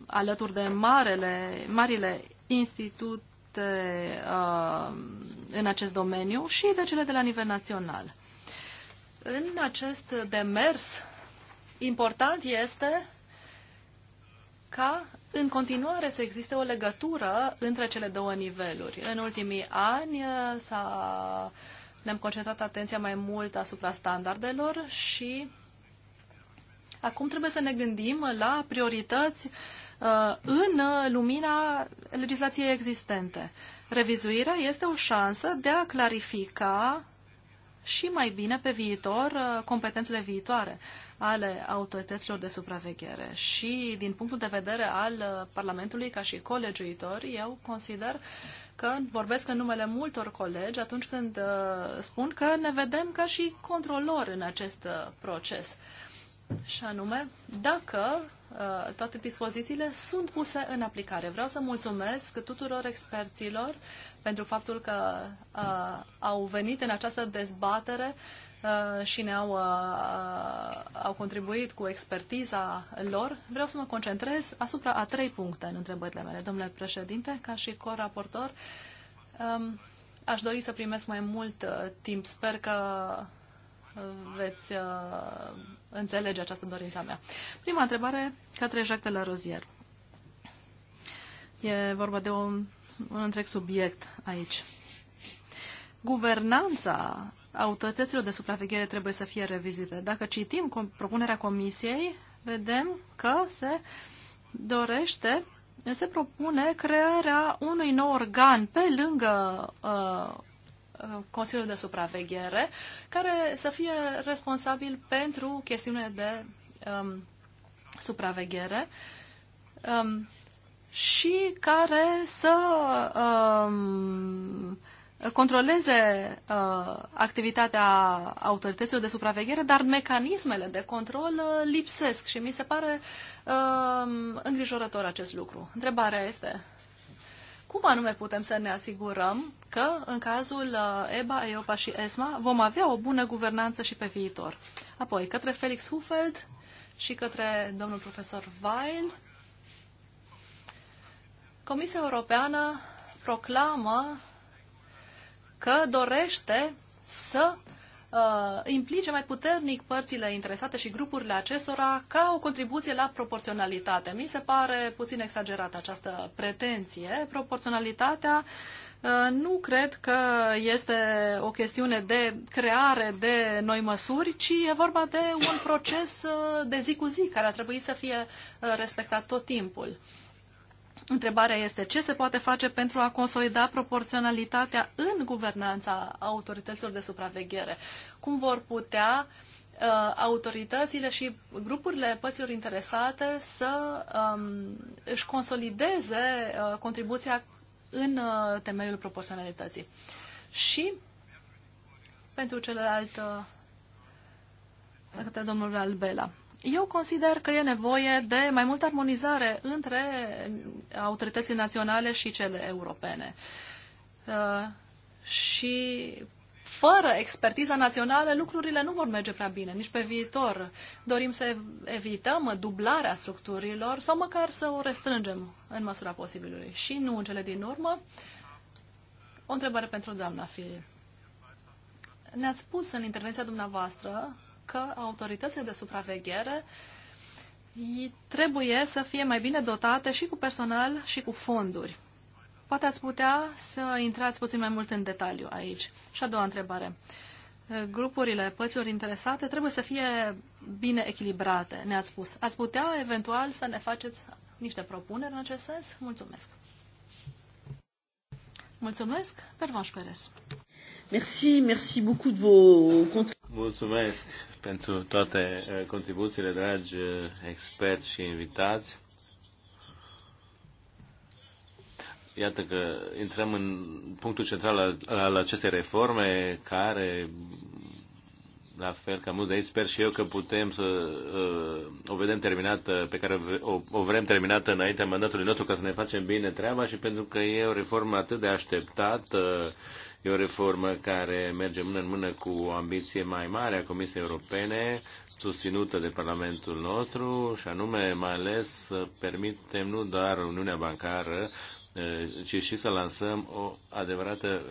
alături de marele, marile institute uh, în acest domeniu și de cele de la nivel național. În acest demers, important este ca în continuare să existe o legătură între cele două niveluri. În ultimii ani uh, s-a uh, ne-am concentrat atenția mai mult asupra standardelor și acum trebuie să ne gândim la priorități uh, în lumina legislației existente. Revizuirea este o șansă de a clarifica și mai bine pe viitor uh, competențele viitoare ale autorităților de supraveghere. Și din punctul de vedere al uh, Parlamentului ca și colegiuitor, eu consider că vorbesc în numele multor colegi atunci când uh, spun că ne vedem ca și controlori în acest proces și anume dacă uh, toate dispozițiile sunt puse în aplicare. Vreau să mulțumesc tuturor experților pentru faptul că uh, au venit în această dezbatere uh, și ne-au uh, uh, au contribuit cu expertiza lor. Vreau să mă concentrez asupra a trei puncte în întrebările mele. Domnule președinte, ca și coraportor, um, aș dori să primesc mai mult uh, timp. Sper că veți uh, înțelege această dorința mea. Prima întrebare către Jacques de la Rozier. E vorba de un, un întreg subiect aici. Guvernanța autorităților de supraveghere trebuie să fie revizuită. Dacă citim com propunerea comisiei, vedem că se dorește, se propune crearea unui nou organ pe lângă uh, Uh, Consiliul de Supraveghere, care să fie responsabil pentru chestiune de um, supraveghere um, și care să um, controleze uh, activitatea autorităților de supraveghere, dar mecanismele de control uh, lipsesc și mi se pare uh, îngrijorător acest lucru. Întrebarea este, cum anume putem să ne asigurăm că, în cazul uh, EBA, EOPA și ESMA, vom avea o bună guvernanță și pe viitor. Apoi, către Felix Hufeld și către domnul profesor Weil, Comisia Europeană proclamă că dorește să uh, implice mai puternic părțile interesate și grupurile acestora ca o contribuție la proporționalitate. Mi se pare puțin exagerată această pretenție. Proporționalitatea uh, nu cred că este o chestiune de creare de noi măsuri, ci e vorba de un proces uh, de zi cu zi care ar trebui să fie uh, respectat tot timpul. Întrebarea este ce se poate face pentru a consolida proporționalitatea în guvernanța autorităților de supraveghere. Cum vor putea uh, autoritățile și grupurile părților interesate să um, își consolideze uh, contribuția în uh, temeiul proporționalității. Și pentru celălalt, uh, către domnul Albela. Eu consider că e nevoie de mai multă armonizare între autoritățile naționale și cele europene. Uh, și fără expertiza națională, lucrurile nu vor merge prea bine, nici pe viitor. Dorim să evităm dublarea structurilor sau măcar să o restrângem în măsura posibilului. Și nu în cele din urmă, o întrebare pentru doamna Fili. Ne-ați spus în intervenția dumneavoastră că autoritățile de supraveghere trebuie să fie mai bine dotate și cu personal și cu fonduri. Poate ați putea să intrați puțin mai mult în detaliu aici. Și a doua întrebare. Grupurile păților interesate trebuie să fie bine echilibrate, ne-ați spus. Ați putea eventual să ne faceți niște propuneri în acest sens? Mulțumesc! Mulțumesc, Pervanș Perez. Merci, merci beaucoup de vos Mulțumesc pentru toate contribuțiile, dragi experți și invitați. Iată că intrăm în punctul central al, al acestei reforme care la fel ca mulți de aici, sper și eu că putem să uh, o vedem terminată, pe care o, o vrem terminată înaintea mandatului nostru ca să ne facem bine treaba și pentru că e o reformă atât de așteptată E o reformă care merge mână în mână cu o ambiție mai mare a Comisiei Europene, susținută de Parlamentul nostru, și anume, mai ales, să permitem nu doar Uniunea Bancară, ci și să lansăm o adevărată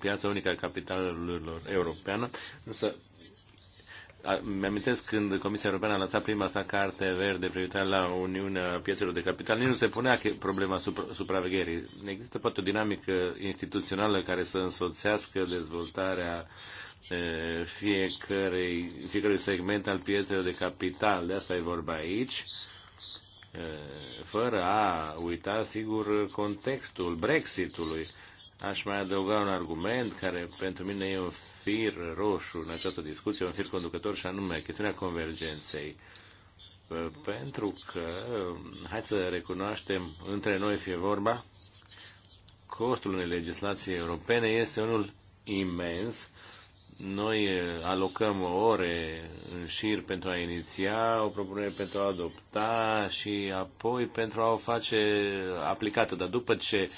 piață unică a capitalurilor europeană, însă mi-amintesc când Comisia Europeană a lansat prima sa carte verde privitoare la Uniunea Piețelor de Capital, nici nu se punea problema supra- supravegherii. Există poate o dinamică instituțională care să însoțească dezvoltarea fiecărei, fiecărui segment al piețelor de capital. De asta e vorba aici fără a uita, sigur, contextul Brexitului. Aș mai adăuga un argument care pentru mine e un fir roșu în această discuție, un fir conducător și anume chestiunea convergenței. Pentru că, hai să recunoaștem, între noi fie vorba, costul unei legislații europene este unul imens. Noi eh, alocăm ore în șir pentru a iniția o propunere, pentru a adopta și apoi pentru a o face aplicată. Dar după ce uh,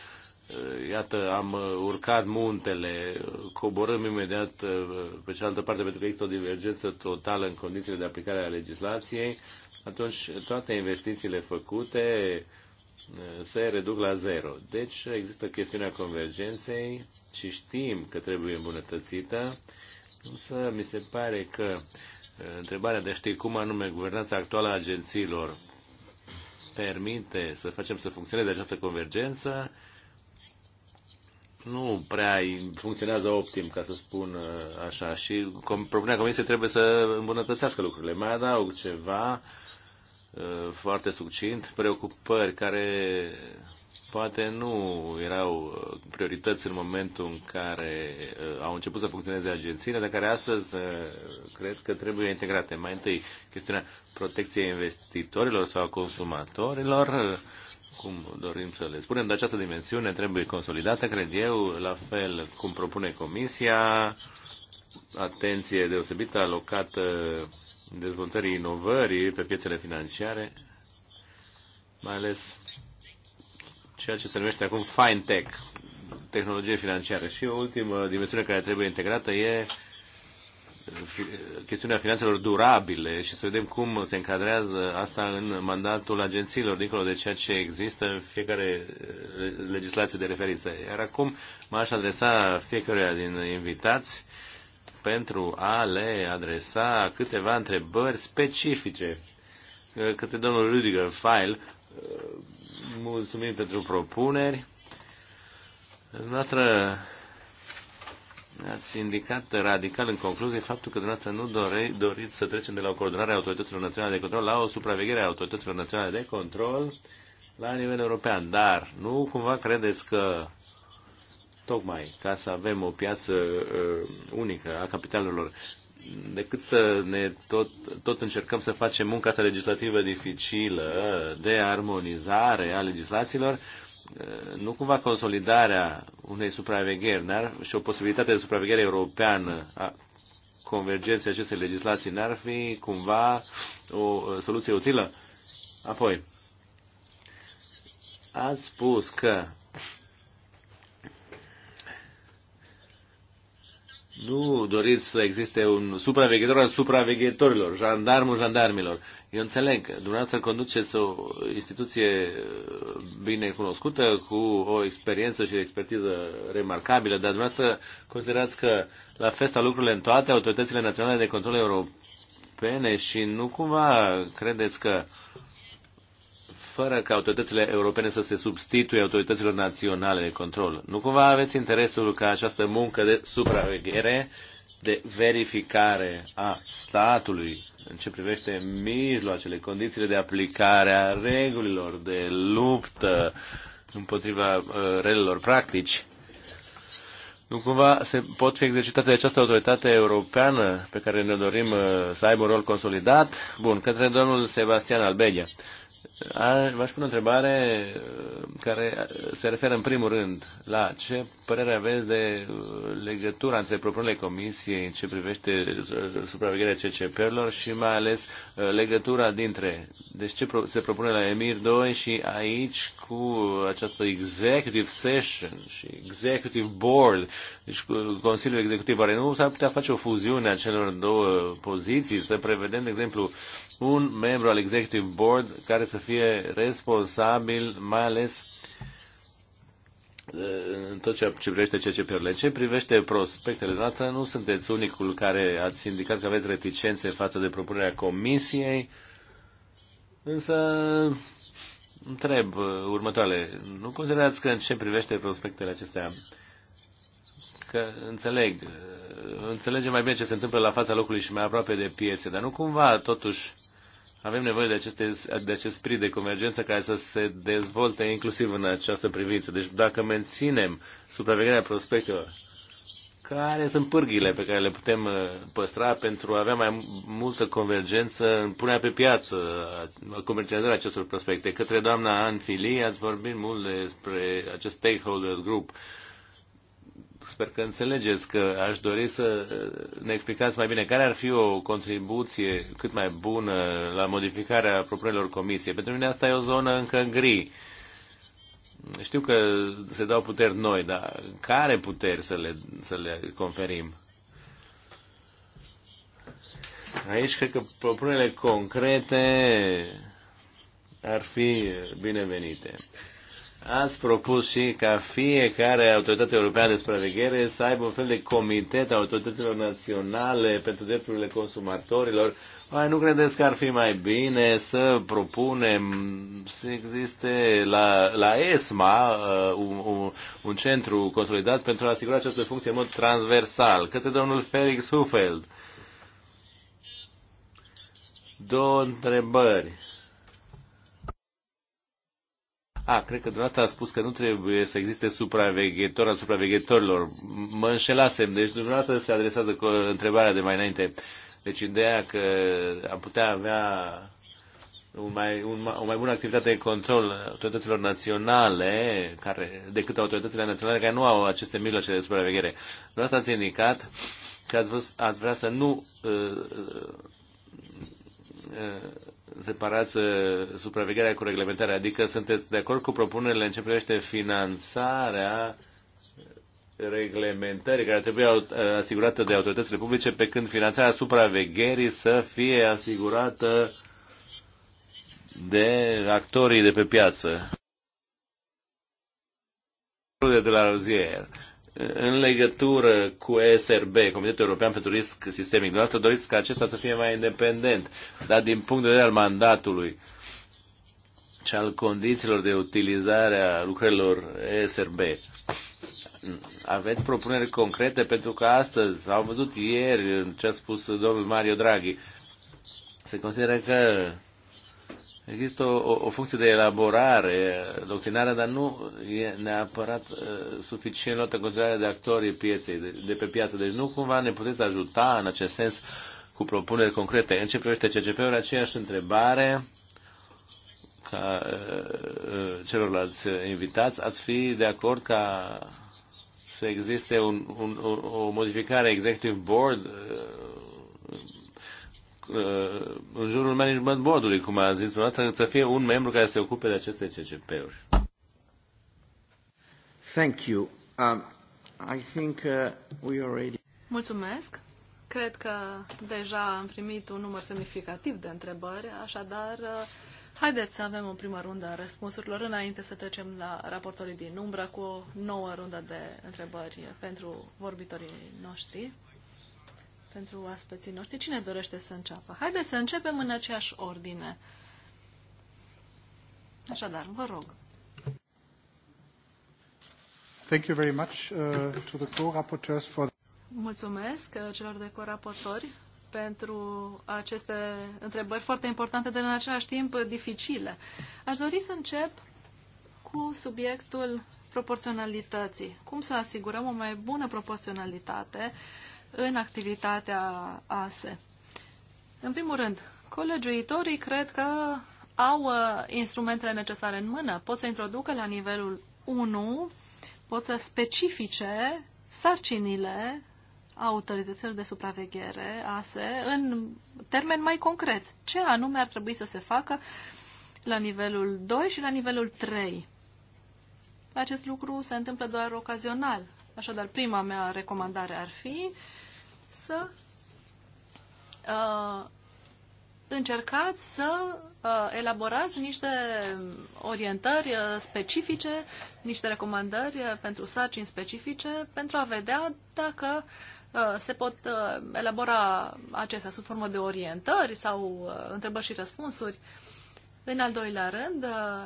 iată, am uh, urcat muntele, uh, coborâm imediat uh, pe cealaltă parte pentru că există o divergență totală în condițiile de aplicare a legislației, atunci toate investițiile făcute se reduc la zero. Deci există chestiunea convergenței și știm că trebuie îmbunătățită, însă mi se pare că întrebarea de știi cum anume guvernanța actuală a agențiilor permite să facem să funcționeze această convergență, nu prea funcționează optim, ca să spun uh, așa. Și propunerea comisiei trebuie să îmbunătățească lucrurile. Mai adaug ceva uh, foarte succint, preocupări care poate nu erau uh, priorități în momentul în care au început să funcționeze agențiile, dar care astăzi cred că trebuie integrate. Mai întâi, chestiunea protecției investitorilor sau a consumatorilor, cum dorim să le spunem, dar această dimensiune trebuie consolidată, cred eu, la fel cum propune Comisia, atenție deosebită alocată dezvoltării inovării pe piețele financiare, mai ales ceea ce se numește acum fintech, tehnologie financiară. Și o ultimă dimensiune care trebuie integrată e chestiunea finanțelor durabile și să vedem cum se încadrează asta în mandatul agențiilor, dincolo de ceea ce există în fiecare eh, legislație de referință. Iar acum m-aș adresa fiecăruia din invitați pentru a le adresa câteva întrebări specifice eh, către domnul Rüdiger File. Eh, mulțumim pentru propuneri. Noastră Ați indicat radical în concluzie faptul că dumneavoastră nu dore, doriți să trecem de la o coordonare a autorităților naționale de control la o supraveghere a autorităților naționale de control la nivel european. Dar nu cumva credeți că tocmai ca să avem o piață uh, unică a capitalurilor, decât să ne tot, tot încercăm să facem munca asta legislativă dificilă de armonizare a legislațiilor, uh, Eh, nu cumva consolidarea unei supravegheri n-ar, și o posibilitate de supraveghere europeană a convergenței acestei legislații n-ar fi cumva o eh, soluție utilă? Apoi, ați spus că Nu doriți să existe un supraveghetor al supraveghetorilor, jandarmul jandarmilor. Eu înțeleg că dumneavoastră conduceți o instituție uh, bine cunoscută, cu o experiență și expertiză remarcabilă, dar dumneavoastră considerați că la festa lucrurile în toate autoritățile naționale de control europene și nu cumva credeți că uh, fără ca autoritățile europene să se substituie autorităților naționale de control. Nu cumva aveți interesul ca această muncă de supraveghere, de verificare a statului în ce privește mijloacele, condițiile de aplicare a regulilor de luptă împotriva uh, relelor practici, nu cumva se pot fi exercitate de această autoritate europeană pe care ne dorim uh, să aibă un rol consolidat? Bun, către domnul Sebastian Albedia. V-aș pune o întrebare uh, care uh, se referă în primul rând la ce părere aveți de uh, legătura între propunerile Comisiei în ce privește supravegherea CCP-urilor și mai ales legătura dintre deci ce se propune la EMIR 2 și aici cu această executive session și executive board deci uh, Consiliul Executiv are nu s-ar putea face o fuziune a celor două poziții, să prevedem, de exemplu, un membru al Executive Board care să fie responsabil mai ales uh, în tot ce privește CCP-urile. Ce privește prospectele noastre, nu sunteți unicul care ați indicat că aveți reticențe față de propunerea Comisiei, însă întreb uh, următoarele. Nu considerați că în ce privește prospectele acestea că înțeleg, înțelegem mai bine ce se întâmplă la fața locului și mai aproape de piețe, dar nu cumva totuși avem nevoie de, aceste, de acest spirit de convergență care să se dezvolte inclusiv în această privință. Deci dacă menținem supravegherea prospectelor, care sunt pârghile pe care le putem uh, păstra pentru a avea mai multă convergență în punea pe piață a comercializarea acestor prospecte? Către doamna Anfili ați vorbit mult despre acest stakeholder group. Uh, sper că înțelegeți că aș dori să uh, ne explicați mai bine care ar fi o contribuție cât mai bună la modificarea propunerilor comisiei. Pentru mine asta e o zonă încă gri. Știu că se dau puteri noi, dar care puteri să le, să le conferim? Aici cred că propunerile concrete ar fi binevenite ați propus și ca fiecare autoritate europeană de supraveghere să aibă un fel de comitet a autorităților naționale pentru drepturile consumatorilor. Mai nu credeți că ar fi mai bine să propunem să existe la, la ESMA uh, un, un, un centru consolidat pentru a asigura această funcție în mod transversal? Către domnul Felix Hufeld. Două întrebări a, cred că dumneavoastră a spus că nu trebuie să existe supraveghetor al supraveghetorilor. Mă înșelasem, deci dumneavoastră se adresează cu întrebarea de mai înainte. Deci ideea că am putea avea un mai, un, o mai bună activitate de control autorităților naționale care, decât autoritățile naționale care nu au aceste mijloace de supraveghere. Dumneavoastră ați indicat că ați, vrut, ați vrea să nu uh, uh, uh, separați uh, supravegherea cu reglementarea, adică sunteți de acord cu propunerile în ce privește finanțarea reglementării care trebuie uh, asigurată de autoritățile publice, pe când finanțarea supravegherii să fie asigurată de actorii de pe piață. De la rozier. În legătură cu ESRB, Comitetul European pentru Risc Sistemic, dumneavoastră doriți ca acesta să fie mai independent, dar din punct de vedere al mandatului și al condițiilor de utilizare a lucrărilor ESRB, aveți propuneri concrete? Pentru că astăzi, am văzut ieri ce a spus domnul Mario Draghi, se consideră că Există o, o funcție de elaborare doctrinarea, dar nu e neapărat uh, suficient luată în considerare de actorii pieței, de, de pe piață. Deci nu cumva ne puteți ajuta în acest sens cu propuneri concrete. În ce privește CCP-uri, aceeași întrebare ca uh, uh, celorlalți invitați. Ați fi de acord ca să existe un, un, o, o modificare executive board uh, Uh, în jurul management board-ului, cum a zis vreodată, să fie un membru care se ocupe de aceste CCP-uri. Thank you. Um, I think uh, we already... Mulțumesc. Cred că deja am primit un număr semnificativ de întrebări, așadar uh, haideți să avem o primă rundă a răspunsurilor înainte să trecem la raportorii din umbră cu o nouă rundă de întrebări pentru vorbitorii noștri pentru oaspeții noștri. Cine dorește să înceapă? Haideți să începem în aceeași ordine. Așadar, vă rog. Thank you very much uh, to the co-rapporteurs for Mulțumesc uh, celor de coraportori pentru aceste întrebări foarte importante, dar în același timp dificile. Aș dori să încep cu subiectul proporționalității. Cum să asigurăm o mai bună proporționalitate în activitatea ASE. În primul rând, colegiuitorii cred că au uh, instrumentele necesare în mână. Pot să introducă la nivelul 1, pot să specifice sarcinile autorităților de supraveghere, ASE, în termeni mai concreți. Ce anume ar trebui să se facă la nivelul 2 și la nivelul 3? Acest lucru se întâmplă doar ocazional. Așadar, prima mea recomandare ar fi uh, să uh, încercați să uh, elaborați niște orientări uh, specifice, niște recomandări uh, pentru sarcini specifice, pentru a vedea dacă uh, se pot elabora acestea sub formă de orientări sau întrebări și răspunsuri. În al doilea rând,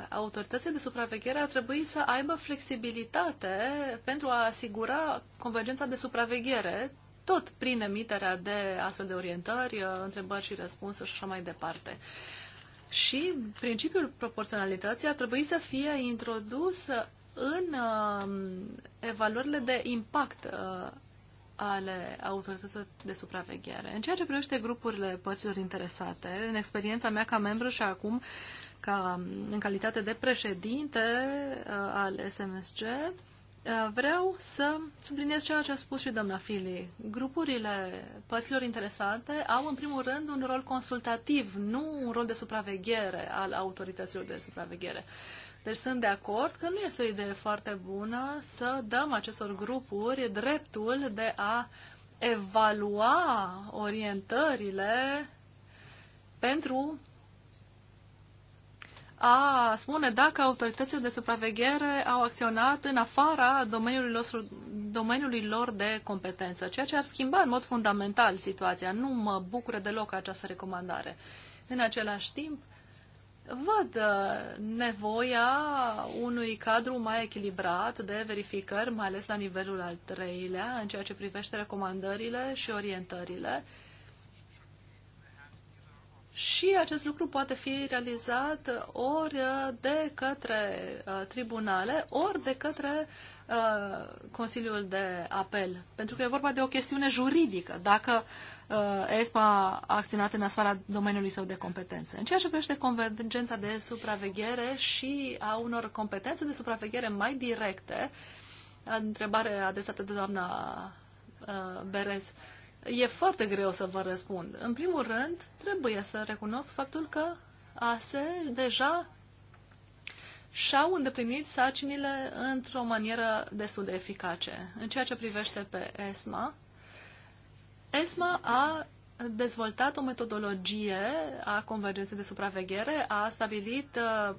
autoritățile de supraveghere ar trebui să aibă flexibilitate pentru a asigura convergența de supraveghere tot prin emiterea de astfel de orientări, uh, întrebări și răspunsuri și așa mai departe. Și principiul proporționalității ar trebui să fie introdus în um, evaluările de impact uh, ale autorităților de supraveghere. În ceea ce privește grupurile părților interesate, în experiența mea ca membru și acum ca, um, în calitate de președinte uh, al SMSG, Uh, vreau să subliniez ceea ce a spus și doamna Fili. Grupurile părților interesante au, în primul rând, un rol consultativ, nu un rol de supraveghere al autorităților de supraveghere. Deci sunt de acord că nu este o idee foarte bună să dăm acestor grupuri dreptul de a evalua orientările pentru a spune dacă autoritățile de supraveghere au acționat în afara domeniului, nostru, domeniului lor de competență, ceea ce ar schimba în mod fundamental situația. Nu mă bucură deloc această recomandare. În același timp, văd uh, nevoia unui cadru mai echilibrat de verificări, mai ales la nivelul al treilea, în ceea ce privește recomandările și orientările, și acest lucru poate fi realizat ori de către uh, tribunale, ori de către uh, Consiliul de Apel. Pentru că e vorba de o chestiune juridică, dacă uh, ESPA a acționat în asfala domeniului său de competențe. În ceea ce privește convergența de supraveghere și a unor competențe de supraveghere mai directe, întrebare adresată de doamna Berez, E foarte greu să vă răspund. În primul rând, trebuie să recunosc faptul că ASE deja și-au îndeplinit sarcinile într-o manieră destul de eficace. În ceea ce privește pe ESMA, ESMA a dezvoltat o metodologie a convergenței de supraveghere, a stabilit uh,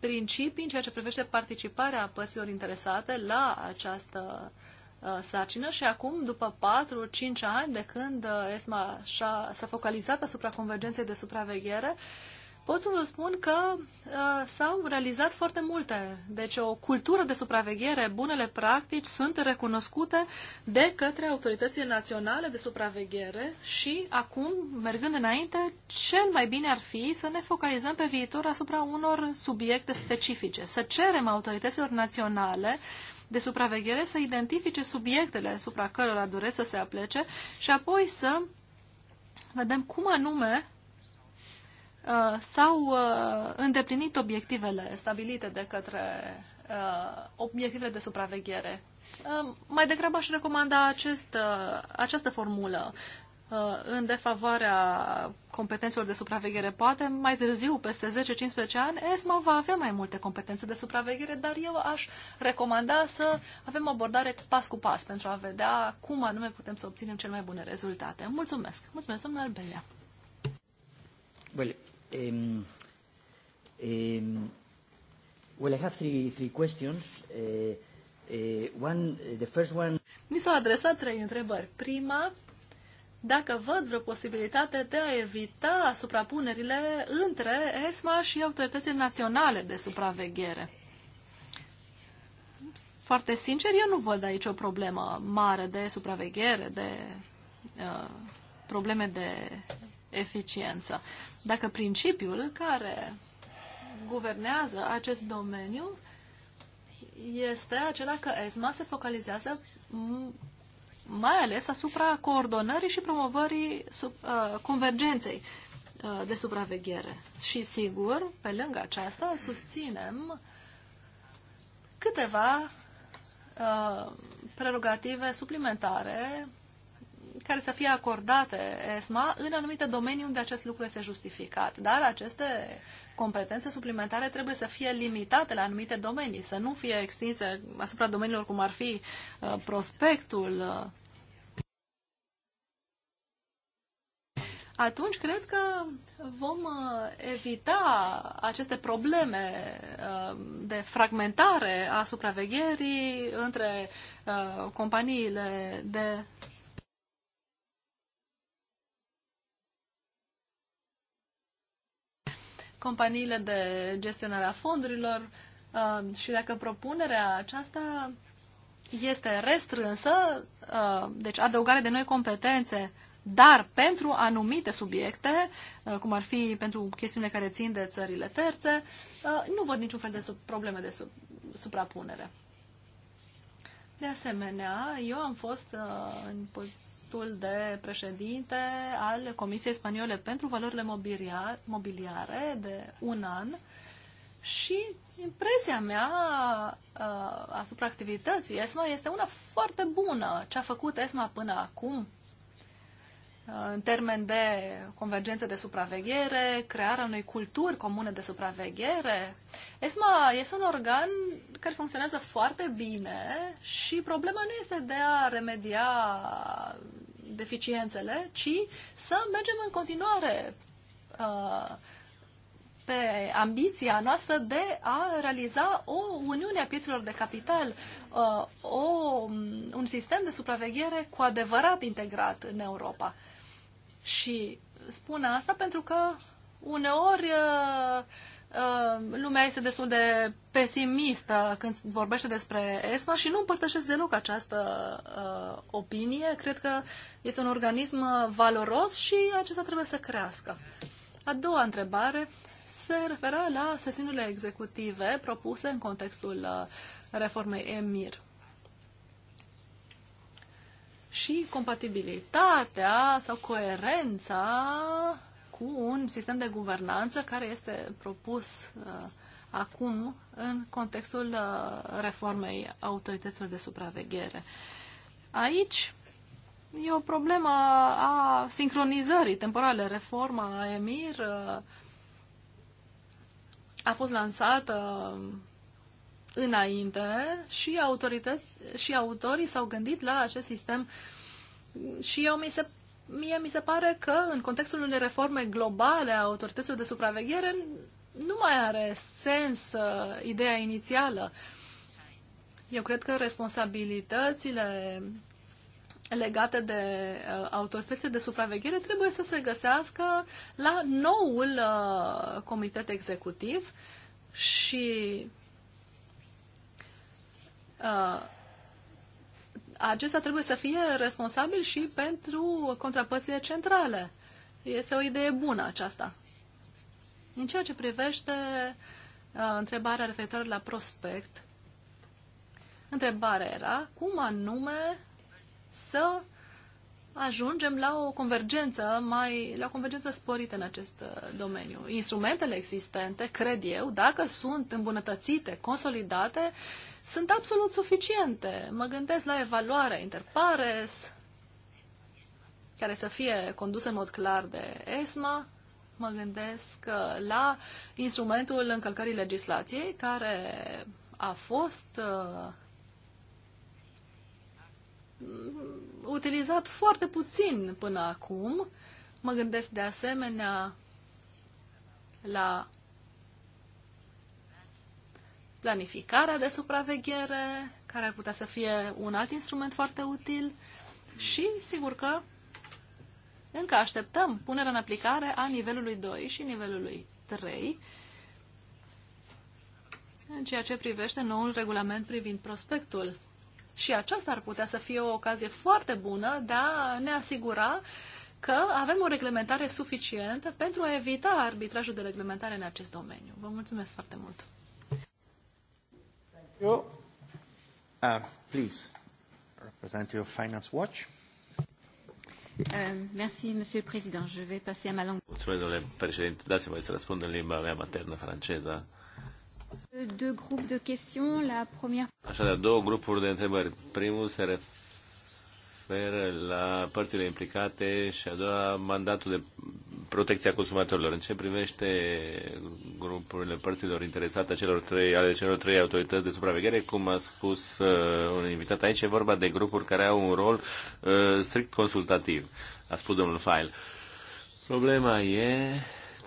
principii în ceea ce privește participarea părților interesate la această Uh, sarcină și acum, după 4-5 ani de când uh, ESMA s-a focalizat asupra convergenței de supraveghere, pot să vă spun că uh, s-au realizat foarte multe. Deci o cultură de supraveghere, bunele practici sunt recunoscute de către autoritățile naționale de supraveghere și acum, mergând înainte, cel mai bine ar fi să ne focalizăm pe viitor asupra unor subiecte specifice, să cerem autorităților naționale uh, de supraveghere să identifice subiectele asupra cărora doresc să se aplece și apoi să vedem cum anume uh, s-au uh, îndeplinit obiectivele stabilite de către uh, obiectivele de supraveghere. Uh, mai degrabă aș recomanda acest, uh, această formulă. Uh, în defavoarea competențelor de supraveghere. Poate mai târziu, peste 10-15 ani, ESMA va avea mai multe competențe de supraveghere, dar eu aș recomanda să avem o abordare pas cu pas pentru a vedea cum anume putem să obținem cele mai bune rezultate. Mulțumesc! Mulțumesc, domnule Albelea! Well, um, um, well, I have three, three questions. Uh, uh, one, the first one... Mi s-au adresat trei întrebări. Prima, dacă văd vreo posibilitate de a evita suprapunerile între ESMA și autoritățile naționale de supraveghere. Foarte sincer, eu nu văd aici o problemă mare de supraveghere, de uh, probleme de eficiență. Dacă principiul care guvernează acest domeniu este acela că ESMA se focalizează mai ales asupra coordonării și promovării sub, uh, convergenței uh, de supraveghere. Și sigur, pe lângă aceasta, susținem câteva uh, prerogative suplimentare care să fie acordate ESMA în anumite domenii unde acest lucru este justificat. Dar aceste competențe suplimentare trebuie să fie limitate la anumite domenii, să nu fie extinse asupra domeniilor cum ar fi uh, prospectul. Uh. Atunci cred că vom uh, evita aceste probleme de fragmentare a supravegherii între companiile de companiile de gestionare a fondurilor uh, și dacă propunerea aceasta este restrânsă, uh, deci adăugare de noi competențe, dar pentru anumite subiecte, uh, cum ar fi pentru chestiunile care țin de țările terțe, uh, nu văd niciun fel de sub, probleme de sub, suprapunere. De asemenea, eu am fost uh, în postul de președinte al Comisiei Spaniole pentru valorile mobiliare de un an și impresia mea uh, asupra activității ESMA este una foarte bună. Ce a făcut ESMA până acum Uh, în termen de convergență de supraveghere, crearea unei culturi comune de supraveghere. ESMA este un organ care funcționează foarte bine și problema nu este de a remedia deficiențele, ci să mergem în continuare uh, pe ambiția noastră de a realiza o uniune a piețelor de capital, uh, o, un sistem de supraveghere cu adevărat integrat în Europa. Și spun asta pentru că uneori uh, uh, lumea este destul de pesimistă când vorbește despre ESMA și nu împărtășesc deloc această uh, opinie. Cred că este un organism valoros și acesta trebuie să crească. A doua întrebare se referă la sesiunile executive propuse în contextul reformei EMIR și compatibilitatea sau coerența cu un sistem de guvernanță care este propus uh, acum în contextul uh, reformei autorităților de supraveghere. Aici e o problemă a sincronizării temporale. Reforma EMIR uh, a fost lansată înainte și autorități și autorii s-au gândit la acest sistem și eu mi se, mie mi se pare că în contextul unei reforme globale a autorităților de supraveghere nu mai are sens uh, ideea inițială. Eu cred că responsabilitățile legate de uh, autoritățile de supraveghere trebuie să se găsească la noul uh, comitet executiv și Uh, acesta trebuie să fie responsabil și pentru contrapățile centrale. Este o idee bună aceasta. În ceea ce privește uh, întrebarea referitoare la prospect, întrebarea era cum anume să ajungem la o convergență mai, la o convergență sporită în acest uh, domeniu. Instrumentele existente, cred eu, dacă sunt îmbunătățite, consolidate, sunt absolut suficiente. Mă gândesc la evaluarea interpares, care să fie condusă în mod clar de ESMA, mă gândesc uh, la instrumentul încălcării legislației care a fost uh, utilizat foarte puțin până acum. Mă gândesc de asemenea la planificarea de supraveghere, care ar putea să fie un alt instrument foarte util și, sigur că, încă așteptăm punerea în aplicare a nivelului 2 și nivelului 3 în ceea ce privește noul regulament privind prospectul. Și aceasta ar putea să fie o ocazie foarte bună de a ne asigura că avem o reglementare suficientă pentru a evita arbitrajul de reglementare în acest domeniu. Vă mulțumesc foarte mult! you. Uh, please, representative of Finance Watch. Uh, merci, Monsieur le Président. Je vais passer à ma langue. Mulțumesc, domnule președinte. Dați-mi voi să răspund în limba mea maternă, franceză. Deux groupes de questions. La première... Așadar, două grupuri de întrebări. Primul se referă referă la părțile implicate și a doua mandatul de protecție a consumatorilor. În ce privește grupurile părților interesate celor trei, ale celor trei autorități de supraveghere, cum a spus uh, un invitat aici, e vorba de grupuri care au un rol uh, strict consultativ, a spus domnul Fail. Problema e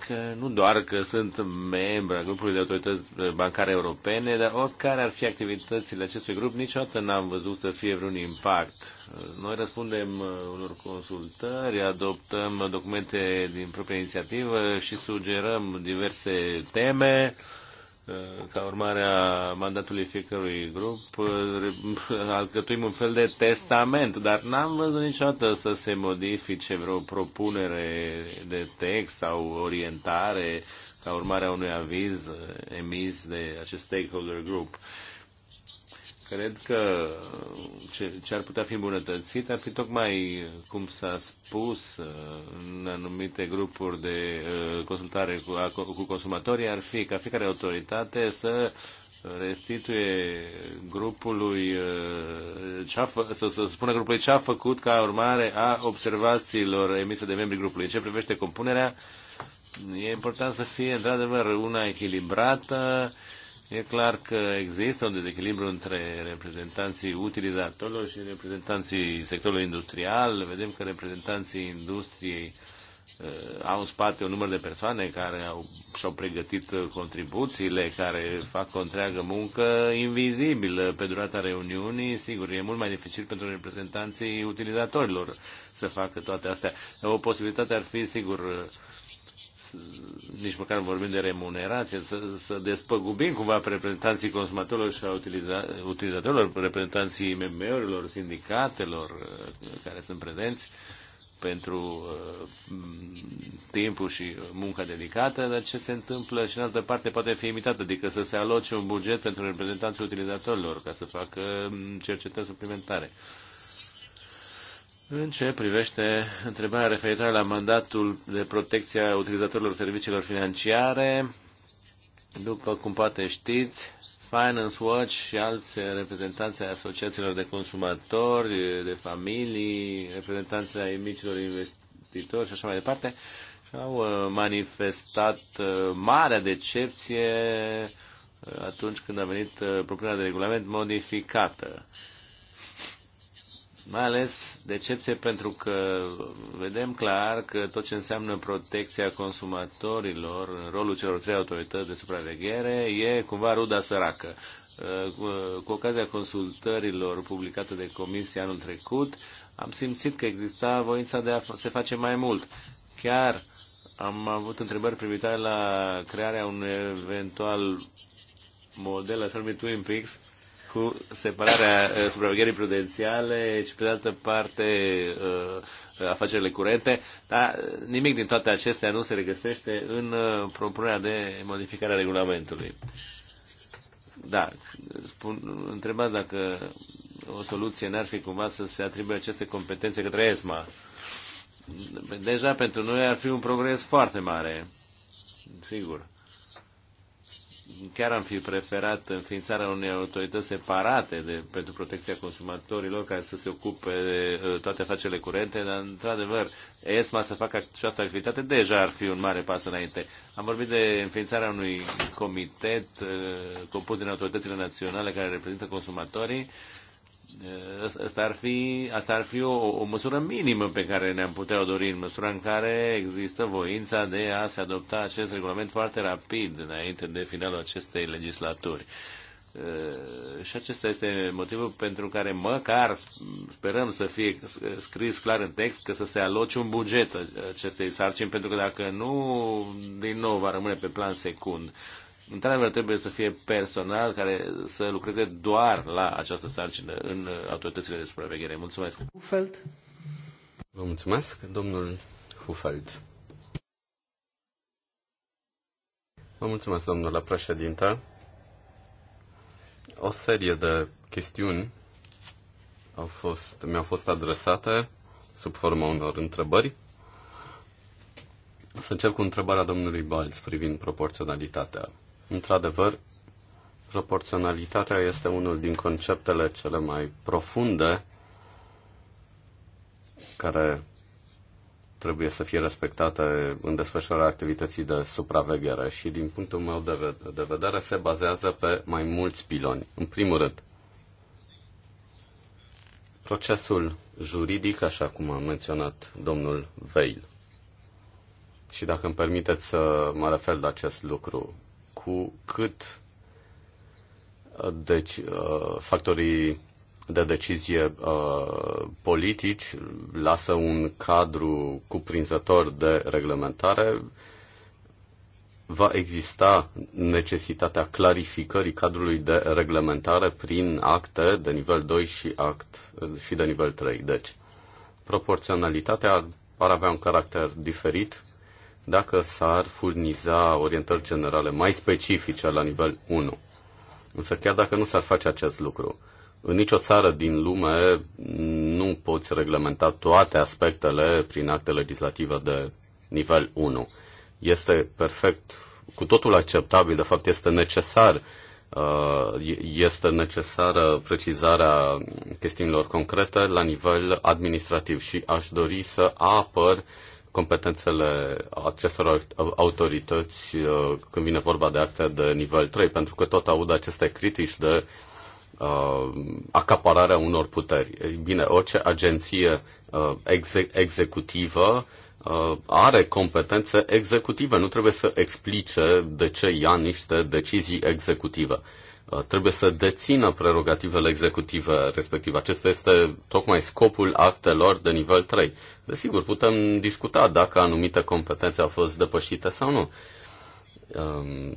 că nu doar că sunt membru al grupului de autorități bancare europene, dar oricare ar fi activitățile acestui grup, niciodată n-am văzut să fie vreun impact. Noi răspundem uh, unor consultări, adoptăm documente din propria inițiativă și sugerăm diverse teme ca urmare a mandatului fiecărui grup, alcătuim un fel de testament, dar n-am văzut niciodată să se modifice vreo propunere de text sau orientare ca urmare a unui aviz emis de acest stakeholder group. Uh, Cred că ce, ce ar putea fi îmbunătățit ar fi tocmai, cum s-a spus în anumite grupuri de uh, consultare cu, cu consumatorii, ar fi ca fiecare autoritate să restituie grupului uh, ce fă, să, să spună grupului ce a făcut ca urmare a observațiilor emise de membrii grupului. În ce privește compunerea, e important să fie într-adevăr una echilibrată E clar că există un dezechilibru între reprezentanții utilizatorilor și reprezentanții sectorului industrial. Vedem că reprezentanții industriei uh, au în spate un număr de persoane care au, și-au pregătit contribuțiile, care fac o întreagă muncă invizibilă pe durata reuniunii. Sigur, e mult mai dificil pentru reprezentanții utilizatorilor să facă toate astea. O posibilitate ar fi, sigur, nici măcar vorbim de remunerație, să, să despăgubim cumva reprezentanții consumatorilor și a utilizatorilor, reprezentanții MMO-urilor, sindicatelor uh, care sunt prezenți pentru uh, timpul și munca dedicată, dar ce se întâmplă și în altă parte poate fi imitată, adică să se aloce un buget pentru reprezentanții utilizatorilor ca să facă um, cercetări suplimentare. Uh, în ce privește întrebarea referitoare la mandatul de protecție a utilizatorilor serviciilor financiare, după cum poate știți, Finance Watch și alți reprezentanți ai asociațiilor de consumatori, de familii, reprezentanți ai micilor investitori și așa mai departe, au uh, manifestat uh, marea decepție uh, atunci când a venit propunerea de regulament modificată mai ales decepție pentru că vedem clar că tot ce înseamnă protecția consumatorilor, rolul celor trei autorități de supraveghere, e cumva ruda săracă. Cu ocazia consultărilor publicate de comisie anul trecut, am simțit că exista voința de a se face mai mult. Chiar am avut întrebări privitoare la crearea unui eventual model, așa numit Twin Peaks, cu separarea uh, supravegherii prudențiale și, pe de altă parte, uh, afacerile curente, dar nimic din toate acestea nu se regăsește în uh, propunerea de modificare a regulamentului. Da, spun, întreba dacă o soluție n-ar fi cumva să se atribuie aceste competențe către ESMA. Deja pentru noi ar fi un progres foarte mare, sigur chiar am fi preferat înființarea unei autorități separate de, pentru protecția consumatorilor care să se ocupe de uh, toate afacerile curente, dar într-adevăr ESMA să facă această activitate deja ar fi un mare pas înainte. Am vorbit de înființarea unui comitet uh, compus din autoritățile naționale care reprezintă consumatorii Asta ar fi, asta ar fi o, o măsură minimă pe care ne-am putea o dori, în măsura în care există voința de a se adopta acest regulament foarte rapid înainte de finalul acestei legislaturi. Ă, și acesta este motivul pentru care măcar sperăm să fie scris clar în text că să se aloce un buget acestei sarcini, pentru că dacă nu, din nou va rămâne pe plan secund. Într-adevăr, trebuie să fie personal care să lucreze doar la această sarcină în uh, autoritățile de supraveghere. Mulțumesc! Hufeld. Vă mulțumesc, domnul Hufeld. Vă mulțumesc, domnule președinte. O serie de chestiuni au fost, mi-au fost adresate sub forma unor întrebări. O să încep cu întrebarea domnului Balț privind proporționalitatea. Într-adevăr, proporționalitatea este unul din conceptele cele mai profunde care trebuie să fie respectate în desfășurarea activității de supraveghere și, din punctul meu de, de vedere, se bazează pe mai mulți piloni. În primul rând, procesul juridic, așa cum a menționat domnul Veil. Și dacă îmi permiteți să mă refer la acest lucru, cu cât uh, deci, uh, factorii de decizie uh, politici lasă un cadru cuprinzător de reglementare, va exista necesitatea clarificării cadrului de reglementare prin acte de nivel 2 și act și de nivel 3. Deci, proporționalitatea ar avea un caracter diferit dacă s-ar furniza orientări generale mai specifice la nivel 1. Însă chiar dacă nu s-ar face acest lucru, în nicio țară din lume nu poți reglementa toate aspectele prin acte legislative de nivel 1. Este perfect, cu totul acceptabil, de fapt este necesar uh, este necesară precizarea chestiunilor concrete la nivel administrativ și aș dori să apăr competențele acestor autorități uh, când vine vorba de acte de nivel 3, pentru că tot aud aceste critici de uh, acapararea unor puteri. Ei bine, orice agenție uh, exe- executivă uh, are competențe executive, nu trebuie să explice de ce ia niște decizii executive. Uh, trebuie să dețină prerogativele executive respective. Acesta este tocmai scopul actelor de nivel 3. Desigur, putem discuta dacă anumite competențe au fost depășite sau nu. Um,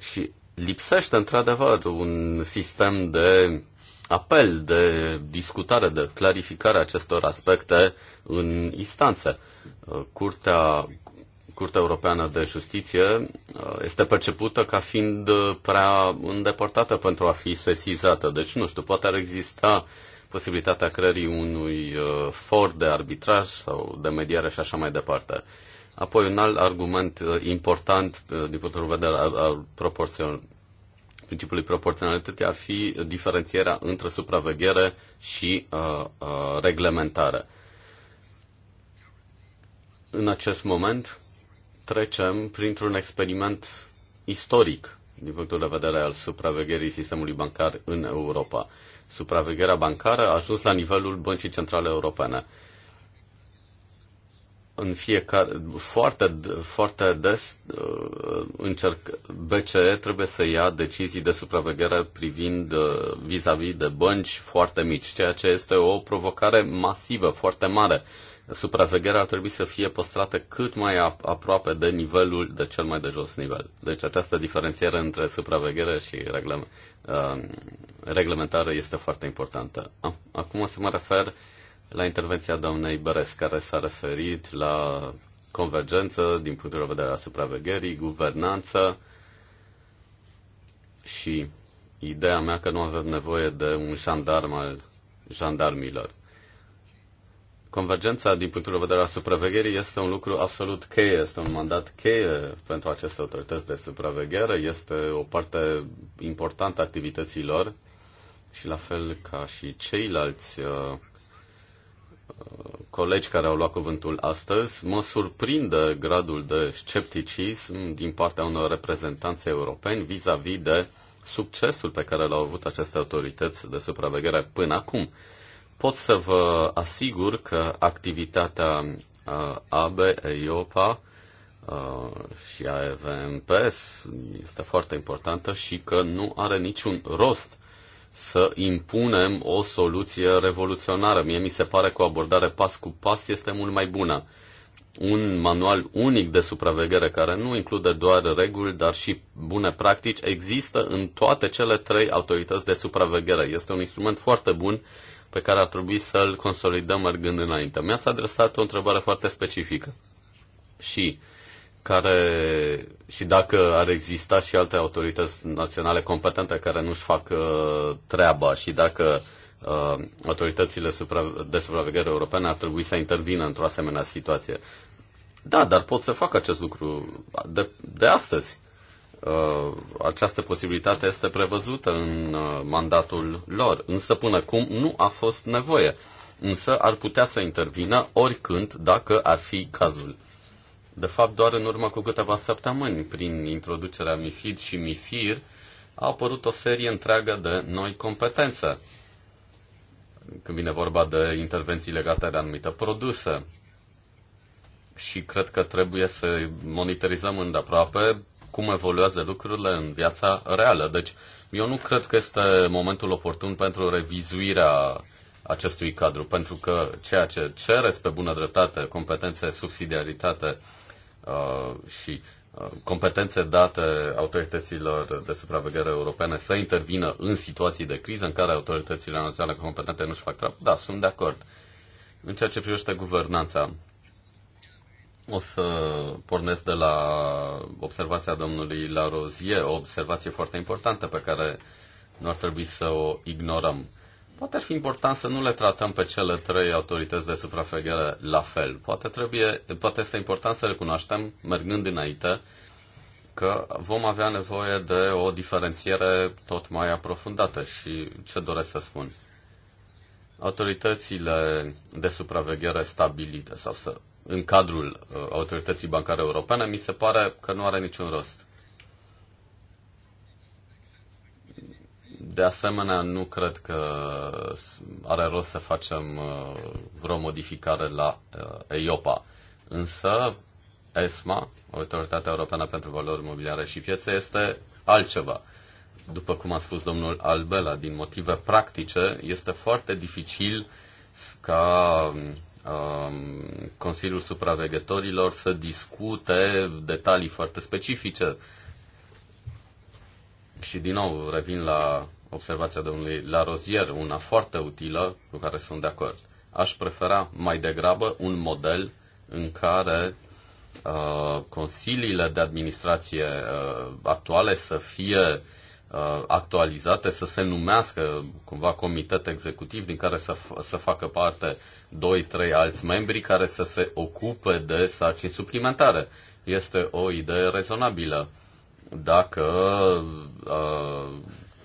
și lipsește, într-adevăr, un sistem de apel, de discutare, de clarificare a acestor aspecte în instanță. Uh, Curtea, Curtea Europeană de Justiție uh, este percepută ca fiind uh, prea îndepărtată pentru a fi sesizată. Deci, nu știu, poate ar exista posibilitatea creării unui uh, for de arbitraj sau de mediare și așa mai departe. Apoi un alt argument uh, important uh, din punctul de vedere al, al proporțion, principiului proporționalității ar fi diferențierea între supraveghere și uh, uh, reglementare. În acest moment trecem printr-un experiment istoric din punctul de vedere al supravegherii sistemului bancar în Europa. Uh, supravegherea bancară a ajuns la nivelul Băncii Centrale Europene. În fiecare, foarte, foarte des uh, încerc, BCE trebuie să ia decizii de supraveghere privind uh, vis-a-vis -vis de bănci foarte mici, ceea ce este o provocare masivă, foarte mare supravegherea ar trebui să fie păstrată cât mai aproape de nivelul de cel mai de jos nivel. Deci această diferențiere între supraveghere și uh, reglementare este foarte importantă. Acum să mă refer la intervenția doamnei Beres, care s-a referit la convergență din punctul de vedere a supravegherii, guvernanță și ideea mea că nu avem nevoie de un jandarm al jandarmilor. Convergența din punctul de vedere al supravegherii este un lucru absolut cheie, este un mandat cheie pentru aceste autorități de supraveghere, este o parte importantă a activităților și la fel ca și ceilalți uh, uh, colegi care au luat cuvântul astăzi, mă surprinde gradul de scepticism din partea unor reprezentanți europeni vis-a-vis -vis de succesul pe care l-au avut aceste autorități de supraveghere până acum pot să vă asigur că activitatea uh, ABE, EIOPA uh, și EVMPS este foarte importantă și că nu are niciun rost să impunem o soluție revoluționară. Mie mi se pare că o abordare pas cu pas este mult mai bună. Un manual unic de supraveghere care nu include doar reguli, dar și bune practici, există în toate cele trei autorități de supraveghere. Este un instrument foarte bun pe care ar trebui să-l consolidăm mergând înainte. Mi-ați adresat o întrebare foarte specifică și care și dacă ar exista și alte autorități naționale competente care nu-și fac uh, treaba și dacă uh, autoritățile de supraveghere europene ar trebui să intervină într-o asemenea situație. Da, dar pot să fac acest lucru de, de astăzi. Uh, această posibilitate este prevăzută în uh, mandatul lor, însă până acum nu a fost nevoie, însă ar putea să intervină oricând dacă ar fi cazul. De fapt, doar în urmă cu câteva săptămâni, prin introducerea MIFID și MIFIR, a apărut o serie întreagă de noi competențe. Când vine vorba de intervenții legate de anumite produse, și cred că trebuie să monitorizăm îndeaproape cum evoluează lucrurile în viața reală. Deci, eu nu cred că este momentul oportun pentru revizuirea acestui cadru, pentru că ceea ce cereți pe bună dreptate, competențe, subsidiaritate uh, și uh, competențe date autorităților de supraveghere europene să intervină în situații de criză în care autoritățile naționale competente nu-și fac treabă, da, sunt de acord. În ceea ce privește guvernanța, o să pornesc de la observația domnului Larozie, o observație foarte importantă pe care nu ar trebui să o ignorăm. Poate ar fi important să nu le tratăm pe cele trei autorități de supraveghere la fel. Poate, trebuie, poate este important să recunoaștem, mergând înainte, că vom avea nevoie de o diferențiere tot mai aprofundată și ce doresc să spun. Autoritățile de supraveghere stabilite sau să în cadrul uh, Autorității Bancare Europene, mi se pare că nu are niciun rost. De asemenea, nu cred că are rost să facem uh, vreo modificare la uh, EIOPA. Însă, ESMA, Autoritatea Europeană pentru Valori Mobiliare și Piețe, este altceva. După cum a spus domnul Albela, din motive practice, este foarte dificil ca um, Um, Consiliul Supraveghetorilor să discute detalii foarte specifice. Și din nou revin la observația domnului La Rozier, una foarte utilă cu care sunt de acord. Aș prefera mai degrabă un model în care uh, consiliile de administrație uh, actuale să fie uh, Uh, actualizate, să se numească cumva comitet executiv din care să, să facă parte 2-3 alți membri care să se ocupe de sarcini suplimentare. Este o idee rezonabilă. Dacă uh,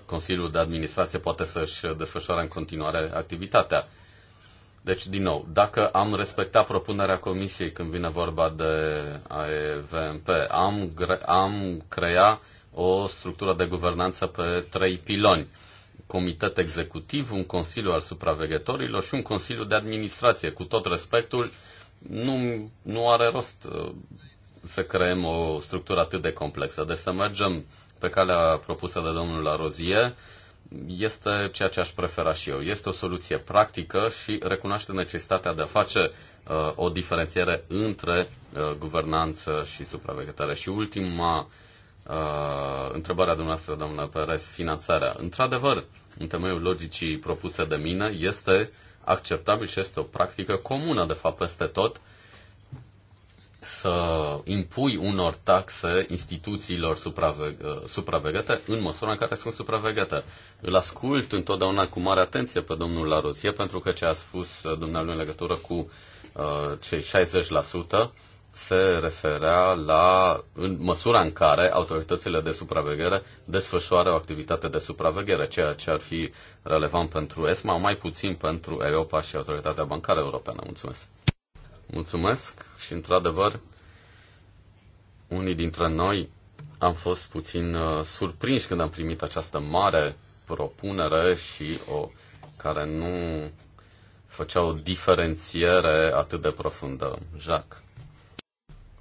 Consiliul de Administrație poate să-și desfășoare în continuare activitatea. Deci, din nou, dacă am respectat propunerea Comisiei când vine vorba de AEVMP, am, am creat o structură de guvernanță pe trei piloni. Comitet executiv, un consiliu al supraveghetorilor și un consiliu de administrație. Cu tot respectul, nu, nu are rost uh, să creăm o structură atât de complexă. Deci să mergem pe calea propusă de domnul Larozie este ceea ce aș prefera și eu. Este o soluție practică și recunoaște necesitatea de a face uh, o diferențiere între uh, guvernanță și supraveghetare. Și ultima uh, întrebarea dumneavoastră, doamnă Perez, finanțarea. Într-adevăr, în temeiul logicii propuse de mine, este acceptabil și este o practică comună, de fapt, peste tot, să impui unor taxe instituțiilor supraveg uh, supraveghete în măsura în care sunt supraveghete. Îl ascult întotdeauna cu mare atenție pe domnul Larozie pentru că ce a spus uh, dumneavoastră în legătură cu uh, cei 60% se referea la în măsura în care autoritățile de supraveghere desfășoară o activitate de supraveghere, ceea ce ar fi relevant pentru ESMA, mai puțin pentru Europa și Autoritatea Bancară Europeană. Mulțumesc! Mulțumesc și, într-adevăr, unii dintre noi am fost puțin uh, surprinși când am primit această mare propunere și o care nu făcea o diferențiere atât de profundă. Jacques.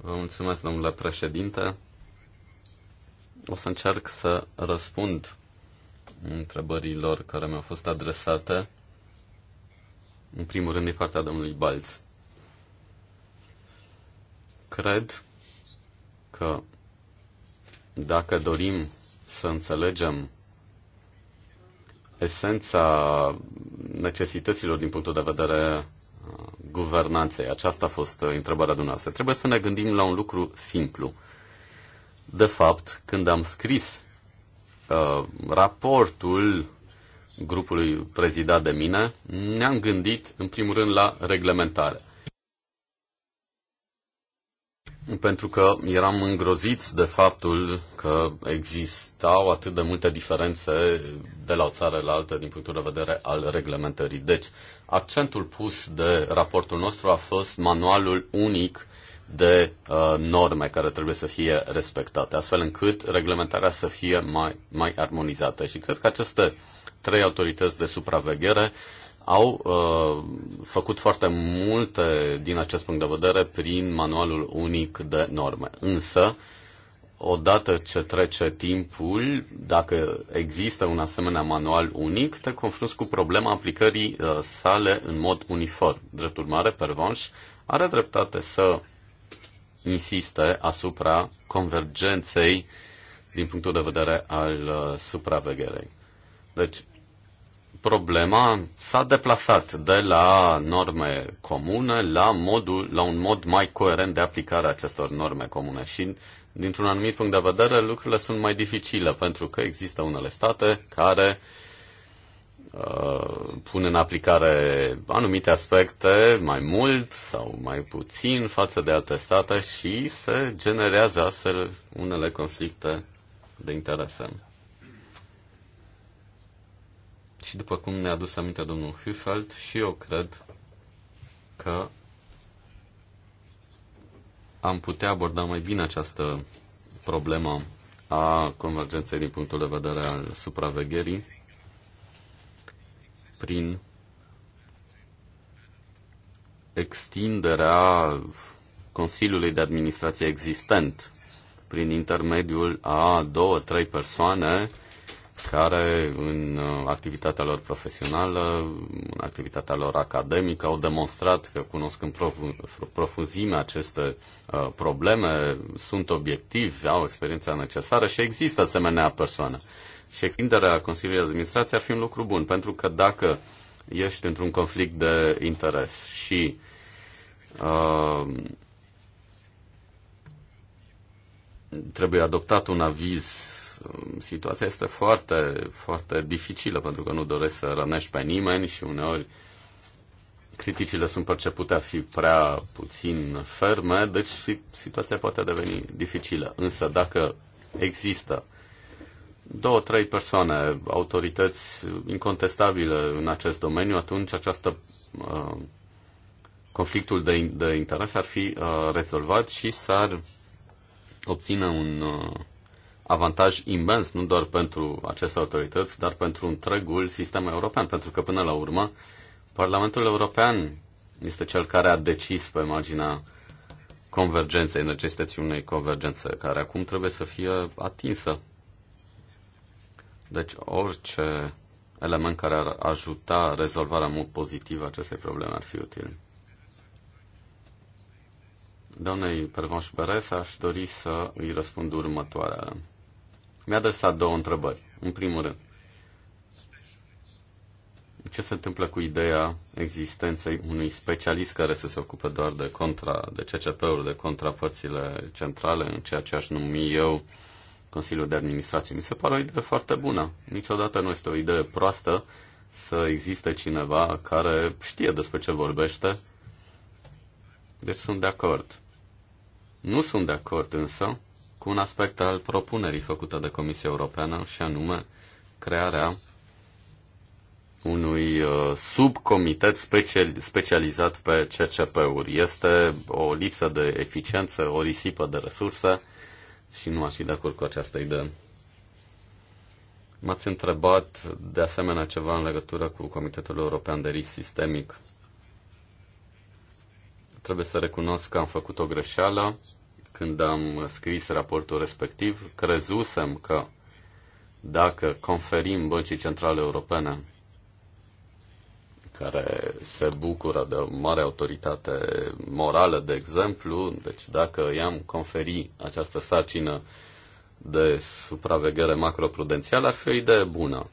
Vă mulțumesc, domnule președinte. O să încerc să răspund întrebărilor care mi-au fost adresate. În primul rând, din partea domnului Balț. Cred că dacă dorim să înțelegem esența necesităților din punctul de vedere guvernanței? Aceasta a fost uh, întrebarea dumneavoastră. Trebuie să ne gândim la un lucru simplu. De fapt, când am scris uh, raportul grupului prezidat de mine, ne-am gândit în primul rând la reglementare pentru că eram îngroziți de faptul că existau atât de multe diferențe de la o țară la alta din punctul de vedere al reglementării. Deci, accentul pus de raportul nostru a fost manualul unic de uh, norme care trebuie să fie respectate, astfel încât reglementarea să fie mai, mai armonizată. Și cred că aceste trei autorități de supraveghere uh, au uh, făcut foarte multe din acest punct de vedere prin manualul unic de norme. Însă, odată ce trece timpul, dacă există un asemenea manual unic, te confrunți cu problema aplicării uh, sale în mod uniform. Drept urmare, Pervanș are dreptate să insiste asupra convergenței din punctul de vedere al uh, supravegherei. Deci, problema s-a deplasat de la norme comune la, modul, la un mod mai coerent de aplicare a acestor norme comune și dintr-un anumit punct de vedere lucrurile sunt mai dificile pentru că există unele state care uh, pun în aplicare anumite aspecte mai mult sau mai puțin față de alte state și se generează astfel unele conflicte de interese. Și după cum ne-a adus aminte domnul Hufeld, și eu cred că am putea aborda mai bine această problemă a convergenței din punctul de vedere al supravegherii prin extinderea Consiliului de Administrație existent prin intermediul a două, trei persoane care în uh, activitatea lor profesională, în activitatea lor academică, au demonstrat că cunosc în profuzime aceste uh, probleme, sunt obiectivi, au experiența necesară și există asemenea persoană. Și extinderea Consiliului de Administrație ar fi un lucru bun, pentru că dacă ești într-un conflict de interes și uh, trebuie adoptat un aviz situația este foarte, foarte dificilă pentru că nu doresc să rănești pe nimeni și uneori criticile sunt percepute a fi prea puțin ferme, deci situația poate deveni dificilă. Însă dacă există două, trei persoane, autorități incontestabile în acest domeniu, atunci această uh, conflictul de, de interes ar fi uh, rezolvat și s-ar obține un, uh, avantaj imens, nu doar pentru aceste autorități, dar pentru întregul sistem european, pentru că până la urmă Parlamentul European este cel care a decis pe marginea convergenței, necesității unei convergențe care acum trebuie să fie atinsă. Deci orice element care ar ajuta rezolvarea în mod pozitiv acestei probleme ar fi util. Doamnei Pervanș Beres, aș dori să îi răspund următoarea. Mi-a adresat două întrebări. În primul rând, ce se întâmplă cu ideea existenței unui specialist care să se ocupe doar de contra, de CCP-uri, de contrapărțile centrale, în ceea ce aș numi eu Consiliul de Administrație. Mi se pare o idee foarte bună. Niciodată nu este o idee proastă să existe cineva care știe despre ce vorbește. Deci sunt de acord. Nu sunt de acord însă cu un aspect al propunerii făcute de Comisia Europeană și anume crearea unui uh, subcomitet specializat pe CCP-uri. Este o lipsă de eficiență, o risipă de resurse și nu aș fi de acord cu această idee. M-ați întrebat de asemenea ceva în legătură cu Comitetul European de Risc Sistemic. Trebuie să recunosc că am făcut o greșeală când am scris raportul respectiv, crezusem că dacă conferim băncii centrale europene, care se bucură de o mare autoritate morală, de exemplu, deci dacă i-am conferi această sarcină de supraveghere macroprudențială, ar fi o idee bună.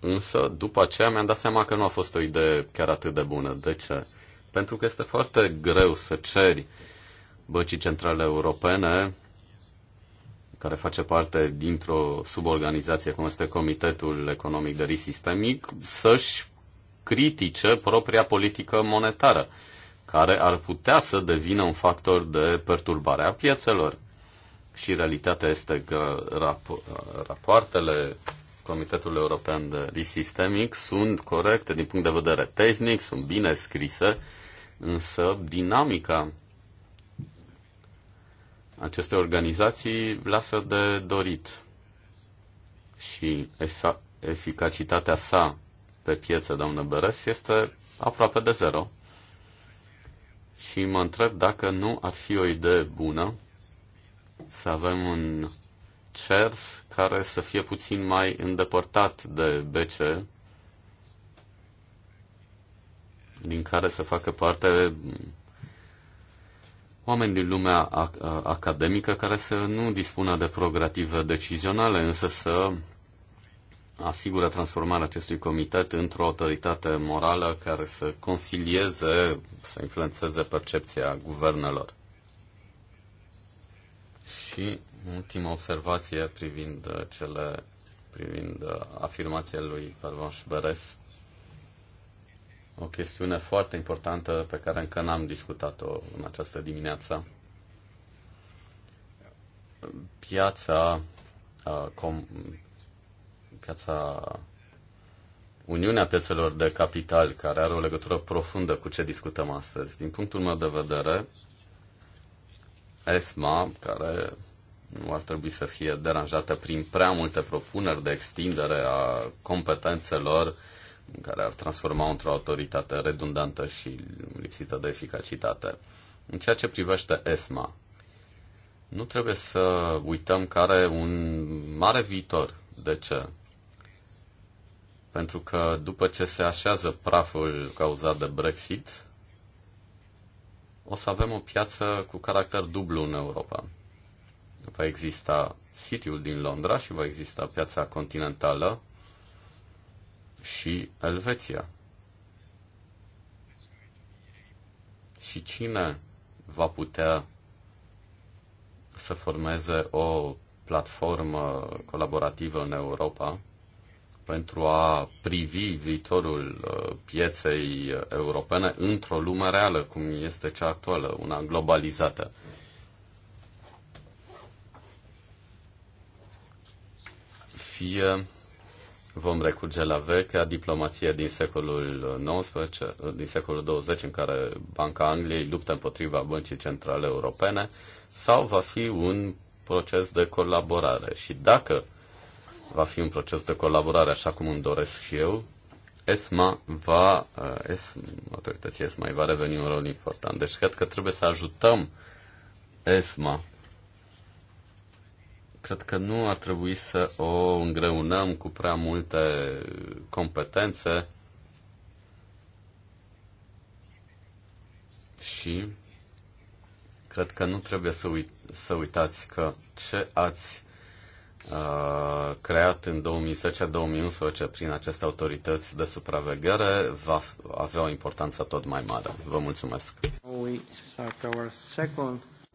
Însă, după aceea, mi-am dat seama că nu a fost o idee chiar atât de bună. De ce? Pentru că este foarte greu să ceri uh, Băncii Centrale Europene, care face parte dintr-o suborganizație cum este Comitetul Economic de Risc Sistemic, să-și critice propria politică monetară, care ar putea să devină un factor de perturbare a piețelor. Și realitatea este că rap- rapoartele Comitetului European de Risc Sistemic sunt corecte din punct de vedere tehnic, sunt bine scrise, însă dinamica aceste organizații lasă de dorit și efa- eficacitatea sa pe piață, doamnă Beres, este aproape de zero. Și mă întreb dacă nu ar fi o idee bună să avem un CERS care să fie puțin mai îndepărtat de BC, din care să facă parte oameni din lumea academică care să nu dispună de progrative decizionale, însă să asigură transformarea acestui comitet într-o autoritate morală care să consilieze, să influențeze percepția guvernelor. Și ultima observație privind uh, cele privind uh, afirmația lui Pervanș Beres o chestiune foarte importantă pe care încă n-am discutat-o în această dimineață. Piața, com, piața Uniunea Piețelor de Capital, care are o legătură profundă cu ce discutăm astăzi. Din punctul meu de vedere, ESMA, care nu ar trebui să fie deranjată prin prea multe propuneri de extindere a competențelor care ar transforma într-o autoritate redundantă și lipsită de eficacitate. În ceea ce privește ESMA, nu trebuie să uităm că are un mare viitor. De ce? Pentru că după ce se așează praful cauzat de Brexit, o să avem o piață cu caracter dublu în Europa. Va exista city din Londra și va exista piața continentală și Elveția. Și cine va putea să formeze o platformă colaborativă în Europa pentru a privi viitorul uh, pieței europene într-o lume reală, cum este cea actuală, una globalizată. Fie vom recurge la vechea diplomație din secolul 19, din secolul 20, în care Banca Angliei luptă împotriva Băncii Centrale Europene, sau va fi un proces de colaborare. Și dacă va fi un proces de colaborare așa cum îmi doresc și eu, ESMA va, eh, ESMA, autorității ESMA va reveni un rol important. Deci cred că trebuie să ajutăm ESMA cred că nu ar trebui să o îngreunăm cu prea multe competențe și cred că nu trebuie să, uit, să uitați că ce ați uh, creat în 2010-2011 prin aceste autorități de supraveghere va avea o importanță tot mai mare. Vă mulțumesc!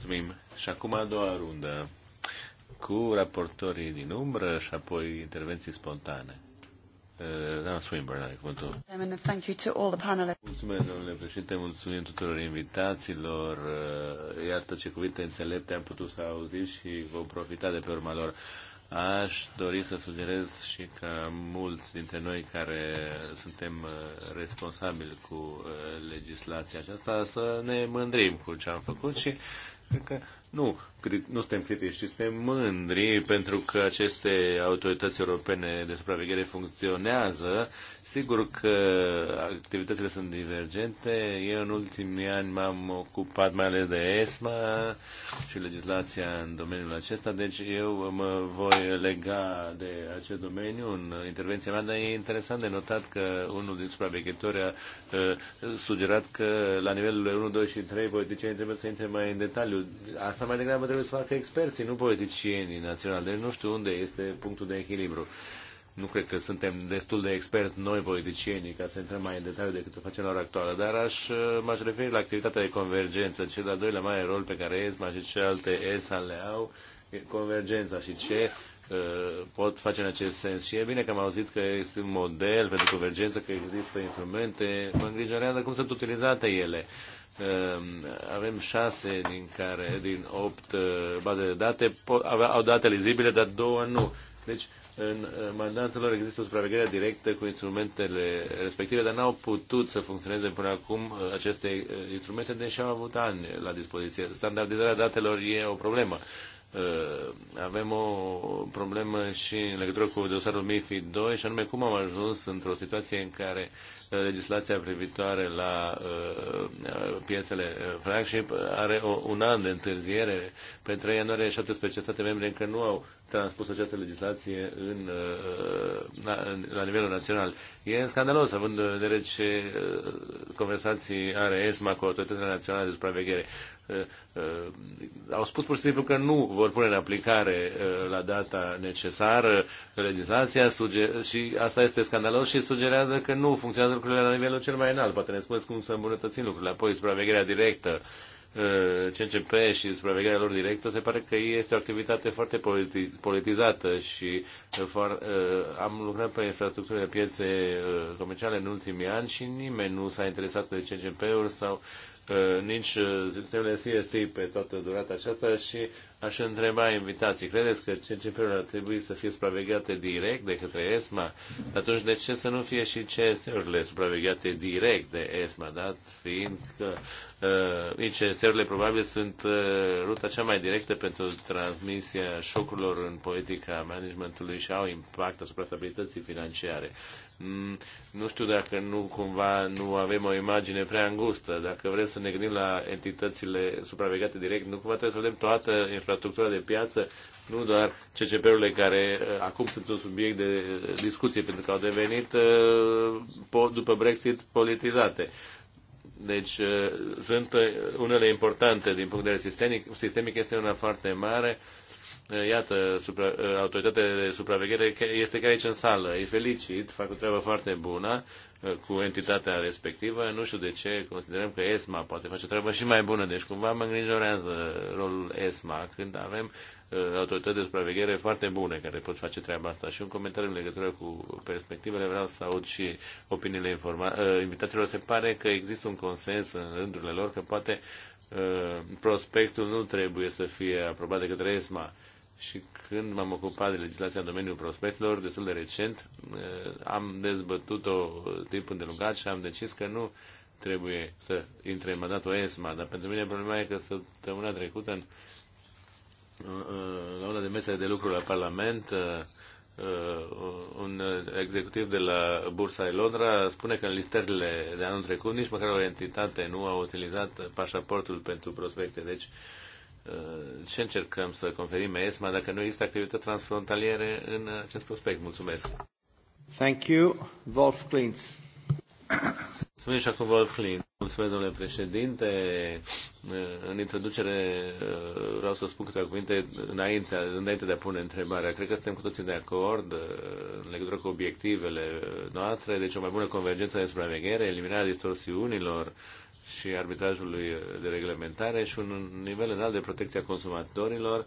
Mulțumim! Și acum a doua rundă cu raportorii din umbră și apoi intervenții spontane. Uh, Doamna Swinburne are cuvântul. Mulțumesc, domnule președinte, mulțumim tuturor invitațiilor. Uh, iată ce cuvinte înțelepte am putut să auzi și vom profita de pe urma lor. Aș dori să sugerez și că mulți dintre noi care suntem uh, responsabili cu legislația aceasta să ne mândrim cu ce am făcut și cred că nu, nu suntem critici, ci suntem mândri pentru că aceste autorități europene de supraveghere funcționează. Sigur că activitățile sunt divergente. Eu în ultimii ani m-am ocupat mai ales de ESMA și legislația în domeniul acesta, deci eu mă voi lega de acest domeniu în intervenția mea, dar e interesant de notat că unul din supraveghetori a sugerat că la nivelul 1, 2 și 3 politicienii trebuie să intre mai în detaliu. Asta Asta mai degrabă trebuie să facă experții, nu politicienii naționali. Deci nu știu unde este punctul de echilibru. Nu cred că suntem destul de experți noi politicienii ca să intrăm mai în detaliu decât o facem la ora actuală, dar aș, uh, m-aș referi la activitatea de convergență, cel de-al doilea mare rol pe care ESMA și ce alte ESA le au, convergența și ce uh, pot face în acest sens. Și e bine că am auzit că este un model pentru convergență, că există instrumente. Mă îngrijorează cum sunt utilizate ele. Ehm, avem șase din care, din opt eh, baze de date, pot, au date lizibile, dar două nu. Deci, în eh, mandatul lor există o supraveghere directă cu instrumentele respective, dar n-au putut să funcționeze până acum eh, aceste instrumente, deși au avut ani la dispoziție. Standardizarea datelor e o problemă. Avem o problemă și în legătură cu dosarul MIFID 2, și anume cum am ajuns într-o situație în care uh, Uh, legislația privitoare la uh, uh piețele uh, flagship are o, un an de întârziere. Pe 3 ianuarie 17 state membre încă nu au transpus această legislație uh, uh, în, la nivelul național. E scandalos, având în vedere ce uh, conversații are ESMA cu autoritățile naționale de supraveghere. Au spus pur și simplu că nu vor pune în aplicare la data necesară legislația și asta este scandalos și sugerează că nu funcționează lucrurile la nivelul cel mai înalt. Poate ne spuneți cum să îmbunătățim lucrurile. Apoi supravegherea directă Uh, CNCP și supravegherea lor directă, se pare că este o activitate foarte politizată și uh, uh, am lucrat pe infrastructurile piețe comerciale în ultimii ani și nimeni nu s-a interesat de CNCP-uri sau Uh, nici uh, sistemele CST pe toată durata aceasta și aș întreba invitații, credeți că CCP-urile ar trebui să fie supravegheate direct de către ESMA? Atunci de ce să nu fie și cst urile supravegheate direct de ESMA, dat fiind că uh, cst urile probabil sunt uh, ruta cea mai directă pentru transmisia șocurilor în politica managementului și au impact asupra stabilității financiare. Mm, nu știu dacă nu cumva nu avem o imagine prea îngustă. Dacă vrem să ne gândim la entitățile supravegate direct, nu cumva trebuie să vedem toată infrastructura de piață, nu doar CCP-urile care uh, acum sunt un subiect de uh, discuție pentru că au devenit uh, după Brexit politizate. Deci sunt unele importante din punct de vedere sistemic. Sistemic este una foarte mare Eh, iată, supra, eh, autoritatea de supraveghere este chiar aici în sală. Îi felicit, fac o treabă foarte bună eh, cu entitatea respectivă. Nu știu de ce considerăm că ESMA poate face o treabă și mai bună. Deci cumva mă îngrijorează rolul ESMA când avem autorități de supraveghere foarte bune care pot face treaba asta. Și un comentariu în legătură cu perspectivele vreau să aud și opiniile informa- invitațiilor. Se pare că există un consens în rândurile lor că poate prospectul nu trebuie să fie aprobat de către ESMA și când m-am ocupat de legislația în domeniul prospectelor, destul de recent, eh, am dezbătut-o timp îndelungat și am decis că nu trebuie să intre în mandatul ESMA, dar pentru mine problema e că săptămâna trecută în eh, la una de mese de lucru la Parlament, eh, un executiv de la Bursa de Londra spune că în listările de anul trecut nici măcar o entitate nu a utilizat pașaportul pentru prospecte. Deci, uh, ce uh, încercăm să conferim ESMA dacă nu există activități transfrontaliere în acest prospect. Mulțumesc! Thank you, Wolf Klintz. Mulțumesc și acum Wolf Klintz. Mulțumesc, domnule președinte. Uh, în introducere uh, vreau să spun câteva cuvinte înainte, înainte de a pune întrebarea. Cred că suntem cu toții de acord în legătură cu obiectivele noastre, deci o mai bună convergență de supraveghere, eliminarea distorsiunilor, și arbitrajului de reglementare și un nivel înalt de protecție a consumatorilor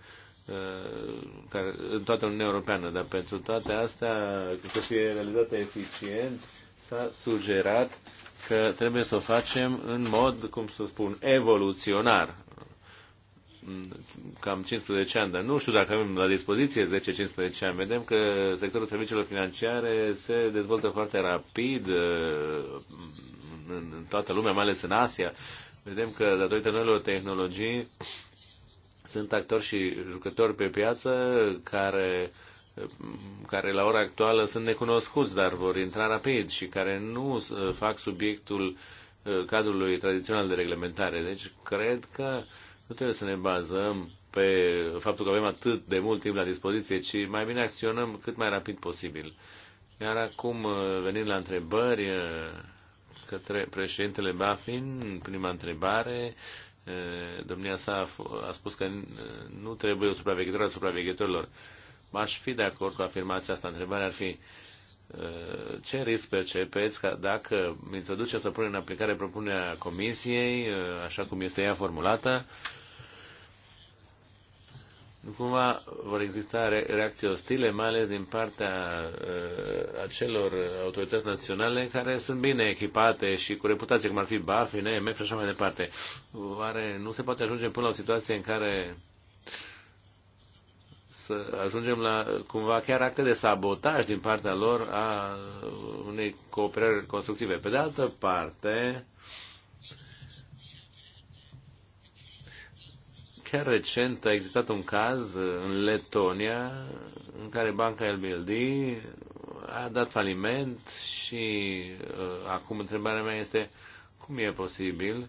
uh, care, în toată Uniunea Europeană. Dar pentru toate astea, să fie realizată eficient, s-a sugerat că trebuie să o facem în mod, cum să spun, evoluționar. Cam 15 ani, dar nu știu dacă avem la dispoziție 10-15 ani. Vedem că sectorul serviciilor financiare se dezvoltă foarte rapid, uh, în, în toată lumea, mai ales în Asia. Vedem că, datorită noilor tehnologii, sunt actori și jucători pe piață care care la ora actuală sunt necunoscuți, dar vor intra rapid și care nu uh, fac subiectul uh, cadrului tradițional de reglementare. Deci cred că nu trebuie să ne bazăm pe faptul că avem atât de mult timp la dispoziție, ci mai bine acționăm cât mai rapid posibil. Iar acum, uh, venind la întrebări, către președintele Bafin, prima întrebare, domnia sa a spus că nu trebuie un supraveghetor al supraveghetorilor. M-aș fi de acord cu afirmația asta. Întrebarea ar fi ce risc percepeți ca dacă introduce să pune în aplicare propunerea comisiei, așa cum este ea formulată, nu cumva vor exista reacții ostile, mai ales din partea uh, acelor autorități naționale care sunt bine echipate și cu reputație, cum ar fi BAFI, NEMF și așa mai departe. Oare nu se poate ajunge până la o situație în care să ajungem la cumva chiar acte de sabotaj din partea lor a unei cooperări constructive. Pe de altă parte, Chiar recent a existat un caz în Letonia în care banca LBLD a dat faliment și uh, acum întrebarea mea este cum e posibil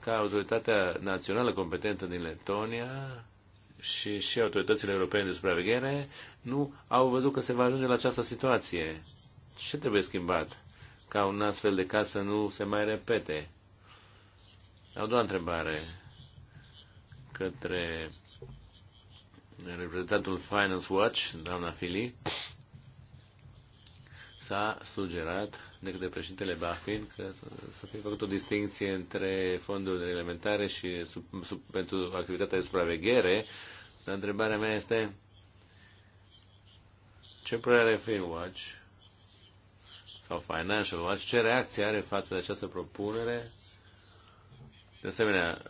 ca autoritatea națională competentă din Letonia și, și autoritățile europene de supraveghere nu au văzut că se va ajunge la această situație. Ce trebuie schimbat ca un astfel de caz să nu se mai repete? Au doua întrebare către reprezentantul Finance Watch, doamna Fili, s-a sugerat de către președintele Bafin că să fie făcut o distinție între fondul de reglementare și sub, sub, pentru activitatea de supraveghere, dar întrebarea mea este ce părere are Finwatch sau Financial Watch, ce reacție are față de această propunere? De asemenea,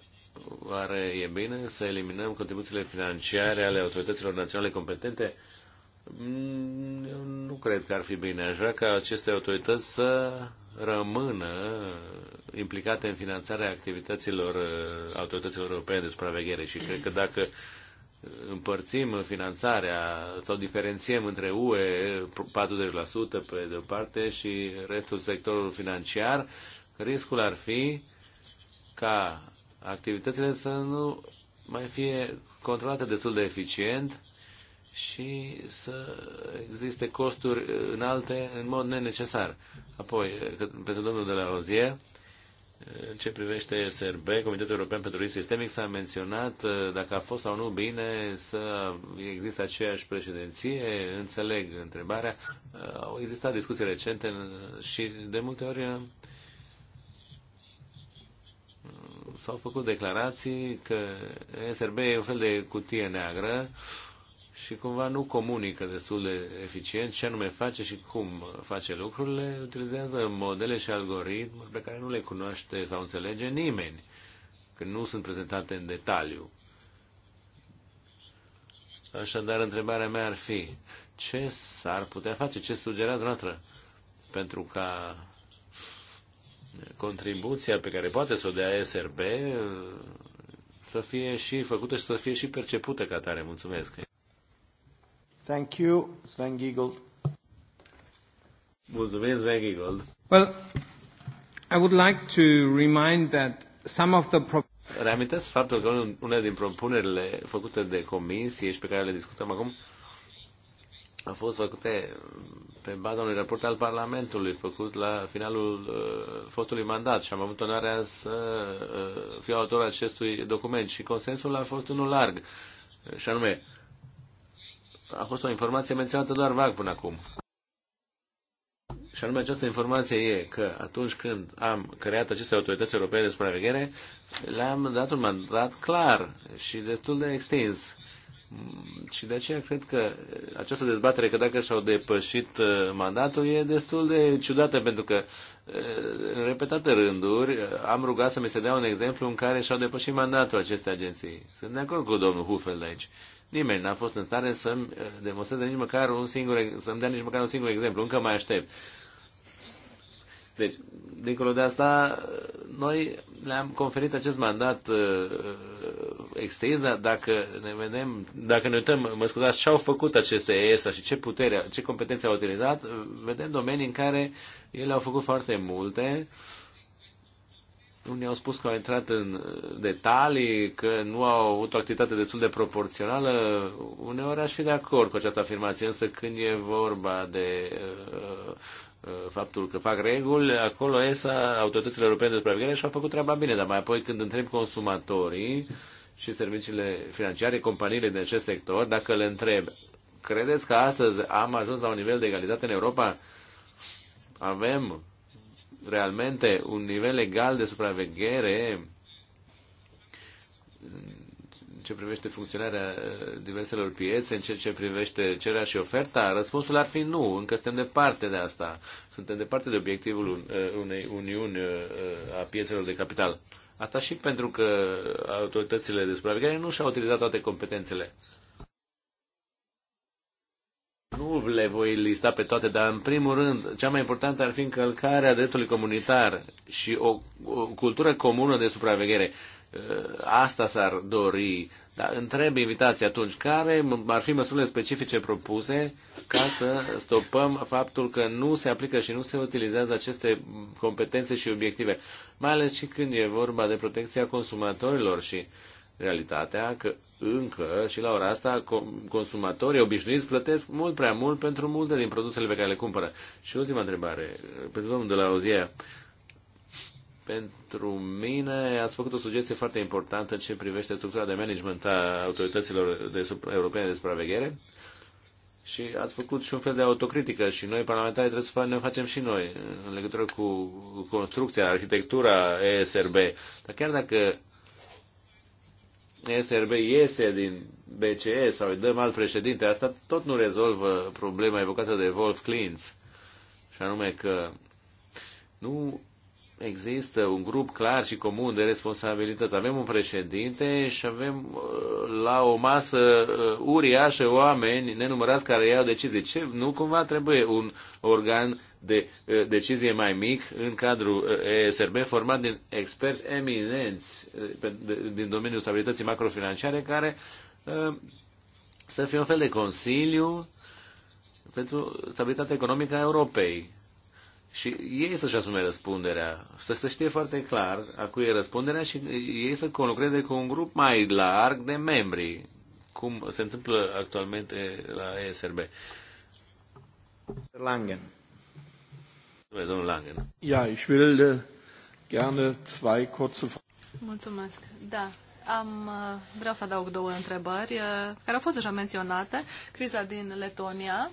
Oare e bine să eliminăm contribuțiile financiare ale autorităților naționale competente? Mm, eu nu cred că ar fi bine. Aș vrea ca aceste autorități să rămână implicate în finanțarea activităților uh, autorităților europene de supraveghere și cred că dacă împărțim finanțarea sau diferențiem între UE 40% pe de o parte și restul sectorul financiar, riscul ar fi ca activitățile să nu mai fie controlate destul de eficient și să existe costuri înalte în mod nenecesar. Apoi, pentru domnul de la Rozier, în ce privește SRB, Comitetul European pentru Risc Sistemic s-a menționat uh, dacă a fost sau nu bine să există aceeași președinție, înțeleg întrebarea. Uh, au existat discuții recente și de multe ori uh, s-au făcut declarații că SRB e un fel de cutie neagră și cumva nu comunică destul de eficient ce anume face și cum face lucrurile, utilizează modele și algoritmi pe care nu le cunoaște sau înțelege nimeni, că nu sunt prezentate în detaliu. Așadar, întrebarea mea ar fi, ce s-ar putea face, ce sugerează noastră pentru ca contribuția pe care poate să o dea SRB să fie și făcută și să fie și percepută ca tare. Mulțumesc! Thank you, Sven Giegold. Mulțumesc, Sven Giegold. Well, I would like to remind that some of the Reamintesc faptul că una din propunerile făcute de comisie și pe care le discutăm acum a fost făcute pe baza unui raport al Parlamentului făcut la finalul uh, fostului mandat și am avut onoarea să uh, fiu autor acestui document și consensul a fost unul larg și anume a fost o informație menționată doar vag până acum. Și anume această informație e că atunci când am creat aceste autorități europene de supraveghere, le-am dat un mandat clar și destul de extins. Uh, și de aceea cred că această dezbatere, că dacă și-au depășit uh, mandatul, e destul de ciudată, pentru că uh, în repetate rânduri uh, am rugat să mi se dea un exemplu în care și-au depășit mandatul aceste agenții. Sunt de acord cu domnul Hufel aici. Nimeni n-a fost în stare să-mi demonstreze nici măcar un singur, să-mi dea nici măcar un singur exemplu. Încă mai aștept. Deci, dincolo de asta, noi le-am conferit acest mandat uh, extins, dacă ne vedem, dacă ne uităm, mă scuzați, ce au făcut aceste ESA și ce putere, ce competențe au utilizat, uh, vedem domenii în care ele au făcut foarte multe. Unii au spus că au intrat în detalii, că nu au avut o activitate destul de proporțională. Uneori aș fi de acord cu această afirmație, însă când e vorba de uh, Uh, faptul că fac reguli, acolo ESA, autoritățile europene de supraveghere și-au făcut treaba bine, dar mai apoi când întreb consumatorii și serviciile financiare, companiile din acest sector, dacă le întreb, credeți că astăzi am ajuns la un nivel de egalitate în Europa? Avem realmente un nivel egal de supraveghere ce privește funcționarea eh, diverselor piețe, în ceea ce privește cererea și oferta? Răspunsul ar fi nu, încă suntem departe de asta. Suntem departe de obiectivul eh, unei uniuni eh, a piețelor de capital. Asta și pentru că autoritățile de supraveghere nu și-au utilizat toate competențele. Nu le voi lista pe toate, dar în primul rând, cea mai importantă ar fi încălcarea dreptului comunitar și o, o cultură comună de supraveghere. Eh, asta s-ar dori. Dar întreb invitații atunci, care ar fi măsurile specifice propuse ca să stopăm faptul că nu se aplică și nu se utilizează aceste competențe și obiective, mai ales și când e vorba de protecția consumatorilor și realitatea că încă și la ora asta consumatorii obișnuiți plătesc mult prea mult pentru multe din produsele pe care le cumpără. Și ultima întrebare, pentru domnul de la Ozia, pentru mine ați făcut o sugestie foarte importantă în ce privește structura de management a autorităților de sub, europene de supraveghere și ați făcut și un fel de autocritică și noi parlamentarii trebuie să ne facem și noi în legătură cu construcția, arhitectura ESRB. Dar chiar dacă ESRB iese din BCE sau îi dăm alt președinte, asta tot nu rezolvă problema evocată de Wolf Klintz. Și anume că nu există un grup clar și comun de responsabilități. Avem un președinte și avem uh, la o masă uh, uriașă oameni nenumărați care iau decizii. Ce? Nu cumva trebuie un organ de uh, decizie mai mic în cadrul ESRB format din experți eminenți din domeniul stabilității macrofinanciare care să fie un fel de consiliu pentru stabilitatea economică a Europei și ei să-și asume răspunderea, să se știe foarte clar a cui e răspunderea și ei să conlucreze cu un grup mai larg de membri, cum se întâmplă actualmente la ESRB. Langen. Domnul Langen. Ja, ich will äh, gerne zwei kurze Mulțumesc. Da, am, uh, vreau să adaug două întrebări uh, care au fost deja menționate. Criza din Letonia.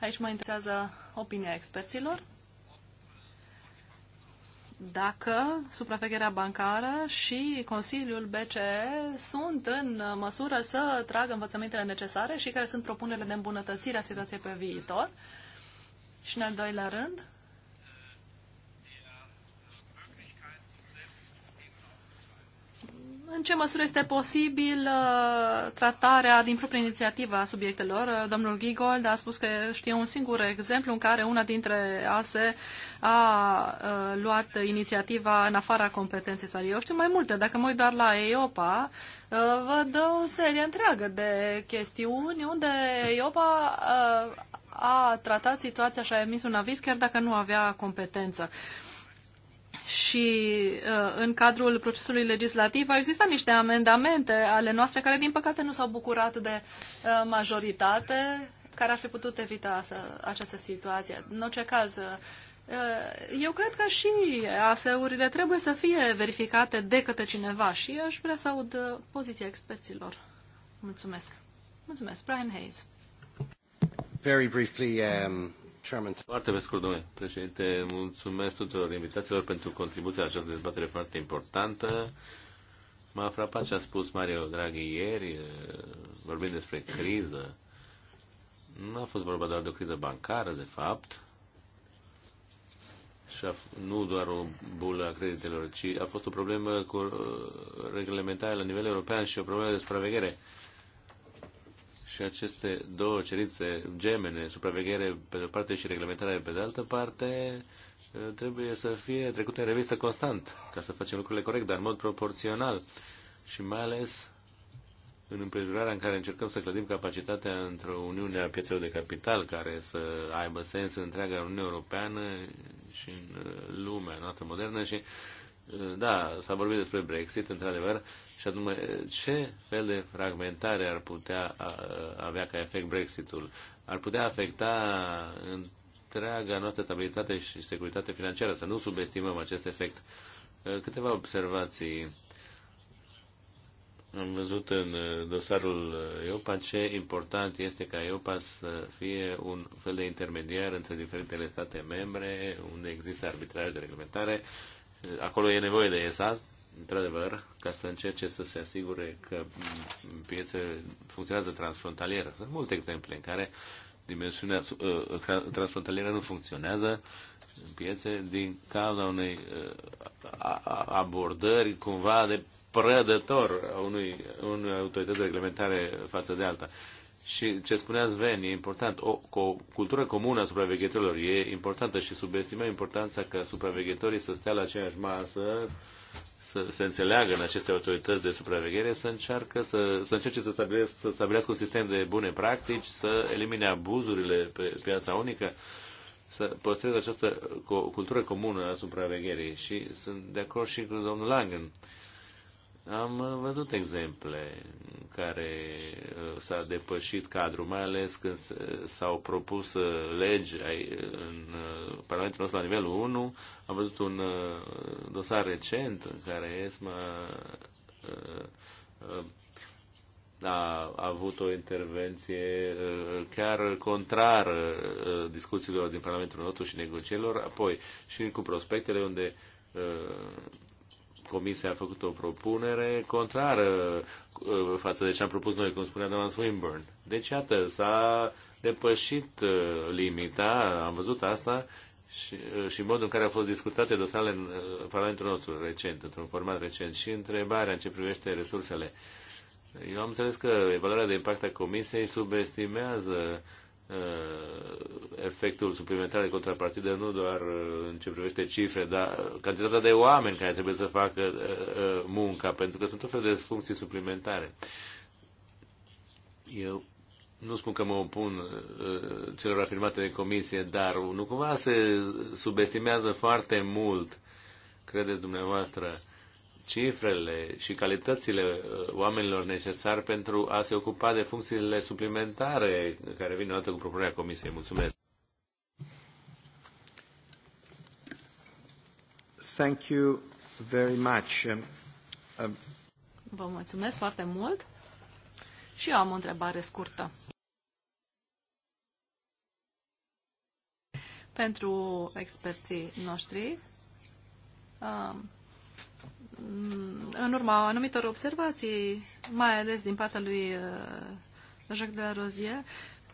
Aici mă interesează opinia experților dacă supravegherea bancară și Consiliul BCE sunt în măsură să tragă învățămintele necesare și care sunt propunerile de îmbunătățire a situației pe viitor. Și în al doilea rând, în ce măsură este posibil uh, tratarea din proprie inițiativă a subiectelor. Uh, domnul Gigold a spus că știe un singur exemplu în care una dintre ASE a uh, luat inițiativa în afara competenței sale. Eu știu mai multe. Dacă mă uit doar la EIOPA, văd o serie întreagă de chestiuni unde EIOPA a tratat situația și a emis un aviz chiar dacă nu avea competență și uh, în cadrul procesului legislativ au existat niște amendamente ale noastre care, din păcate, nu s-au bucurat de uh, majoritate, care ar fi putut evita asta, această situație. În orice caz, uh, eu cred că și ASE-urile trebuie să fie verificate de către cineva și aș vrea să aud uh, poziția experților. Mulțumesc. Mulțumesc. Brian Hayes. Very briefly, um, Chairman. Foarte pe scurt, domnule președinte, mulțumesc tuturor invitațiilor pentru contribuția la această dezbatere foarte importantă. M-a frapat ce a spus Mario Draghi ieri, eh, vorbind despre criză. Nu a fost vorba doar de o criză bancară, de fapt, și a, nu doar o bulă a creditelor, ci a fost o problemă cu eh, reglementarea la nivel european și o problemă de supraveghere aceste două cerințe gemene, supraveghere pe de o parte și reglementare pe de altă parte, uh, trebuie să fie trecute în revistă constant, ca să facem lucrurile corect, dar în mod proporțional și mai ales în împrejurarea în care încercăm să clădim capacitatea într-o Uniune a piețelor de capital care să aibă sens în întreaga Uniune Europeană și în uh, lumea noastră modernă și uh, da, s-a vorbit despre Brexit, într-adevăr, și anume ce fel de fragmentare ar putea avea ca efect Brexitul? Ar putea afecta întreaga noastră stabilitate și securitate financiară, să nu subestimăm acest efect. Câteva observații. Am văzut în uh, dosarul EOPA ce important este ca EOPA să fie un fel de intermediar între diferitele state membre, unde există arbitraj de reglementare. Acolo e nevoie de ESAS, într-adevăr, ca să încerce să se asigure că mm, piețele funcționează transfrontalier. Sunt multe exemple în care dimensiunea uh, transfrontalieră nu funcționează în piețe din cauza unei uh, abordări cumva de prădător a unui, unui autorități de reglementare față de alta. Și ce spunea Sven, e important, o, o cultură comună a supraveghetorilor e importantă și subestimăm importanța că supraveghetorii să stea la aceeași masă să se înțeleagă în aceste autorități de supraveghere să, încearcă să, să încerce să stabilească, să stabilească un sistem de bune practici, să elimine abuzurile pe piața unică, să păstreze această cultură comună a supravegherii. Și sunt de acord și cu domnul Langen. Uh, am uh, văzut exemple în care uh, s-a depășit cadrul, mai ales când uh, s-au propus legi în Parlamentul nostru la nivelul 1. Am văzut un dosar recent în care ESMA a avut o intervenție chiar contrară discuțiilor din Parlamentul nostru și negocierilor, apoi și cu prospectele unde Comisia a făcut o propunere contrară uh, față de ce am propus noi, cum spunea doamna Swinburne. Deci, iată, s-a depășit uh, limita, am văzut asta, și, uh, și modul în care au fost discutate dosarele în Parlamentul nostru recent, într-un format recent, și întrebarea în ce privește resursele. Eu am înțeles că evaluarea de impact a Comisiei subestimează Uh, efectul suplimentar de contrapartidă nu doar uh, în ce privește cifre, dar cantitatea de oameni care trebuie să facă uh, munca, pentru că sunt tot fel de funcții suplimentare. Eu nu spun că mă opun celor afirmate de comisie, dar nu cumva se subestimează foarte mult, credeți dumneavoastră, cifrele și calitățile uh, oamenilor necesari pentru a se ocupa de funcțiile suplimentare care vin odată cu propunerea Comisiei. Mulțumesc! Thank you very much. Um, um Vă mulțumesc foarte mult și eu am o întrebare scurtă. Pentru experții noștri, um, Mm, în urma anumitor observații, mai ales din partea lui uh, Jacques de la Rozier,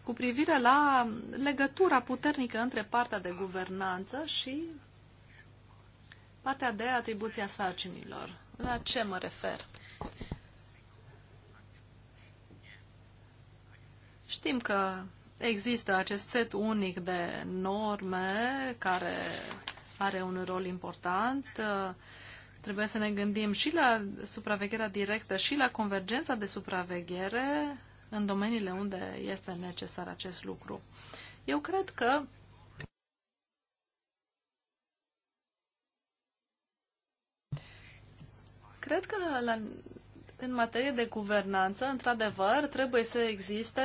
cu privire la legătura puternică între partea de guvernanță și partea de atribuția sarcinilor. La ce mă refer? Știm că există acest set unic de norme care are un rol important. Uh, Trebuie să ne gândim și la supravegherea directă și la convergența de supraveghere în domeniile unde este necesar acest lucru. Eu cred că cred că la, în materie de guvernanță, într-adevăr, trebuie să existe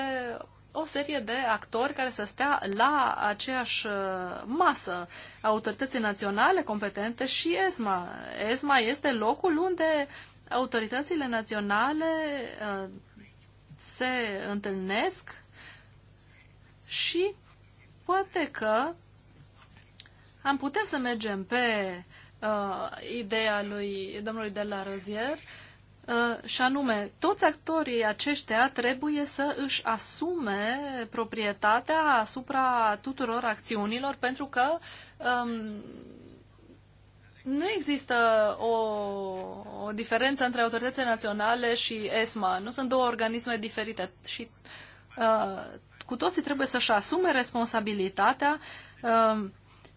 o serie de actori care să stea la aceeași uh, masă, autorității naționale competente și ESMA. ESMA este locul unde autoritățile naționale uh, se întâlnesc și poate că am putea să mergem pe uh, ideea lui domnului de la Rozier Uh, și anume, toți actorii aceștia trebuie să își asume proprietatea asupra tuturor acțiunilor, pentru că um, nu există o, o diferență între autoritățile naționale și ESMA. Nu sunt două organisme diferite și uh, cu toții trebuie să-și asume responsabilitatea uh,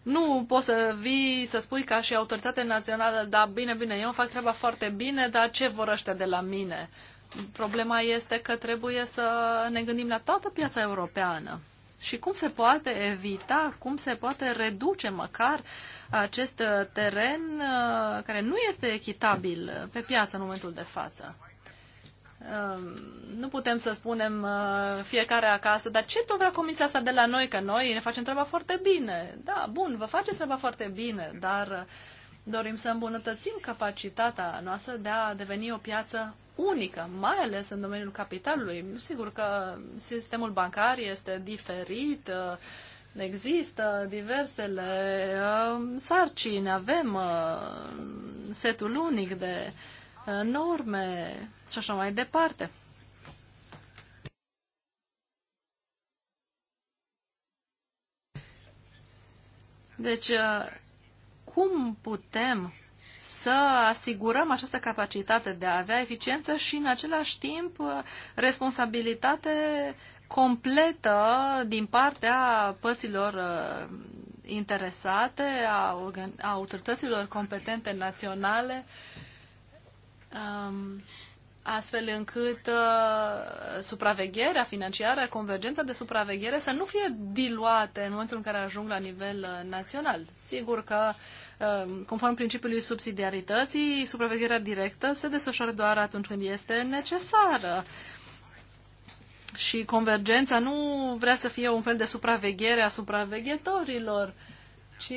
nu poți să vii să spui ca și autoritate națională, da, bine, bine, eu fac treaba foarte bine, dar ce vor ăștia de la mine? Problema este că trebuie să ne gândim la toată piața europeană. Și cum se poate evita, cum se poate reduce măcar acest teren uh, care nu este echitabil pe piață în momentul de față. Ehm, nu putem să spunem uh, fiecare acasă, dar ce tot vrea comisia asta de la noi, că noi ne facem treaba foarte bine. Da, bun, vă faceți treaba foarte bine, dar uh, dorim să îmbunătățim capacitatea noastră de a deveni o piață unică, mai ales în domeniul capitalului. Sigur că sistemul bancar este diferit, uh, există diversele sarcini, avem setul unic de Uh, norme și așa mai departe. Deci, uh, cum putem să asigurăm această capacitate de a avea eficiență și, în același timp, uh, responsabilitate completă din partea părților interesate, a, a autorităților competente naționale Um, astfel încât uh, supravegherea financiară, convergența de supraveghere să nu fie diluate în momentul în care ajung la nivel uh, național. Sigur că, um, conform principiului subsidiarității, supravegherea directă se desfășoară doar atunci când este necesară. Și convergența nu vrea să fie un fel de supraveghere a supraveghetorilor, ci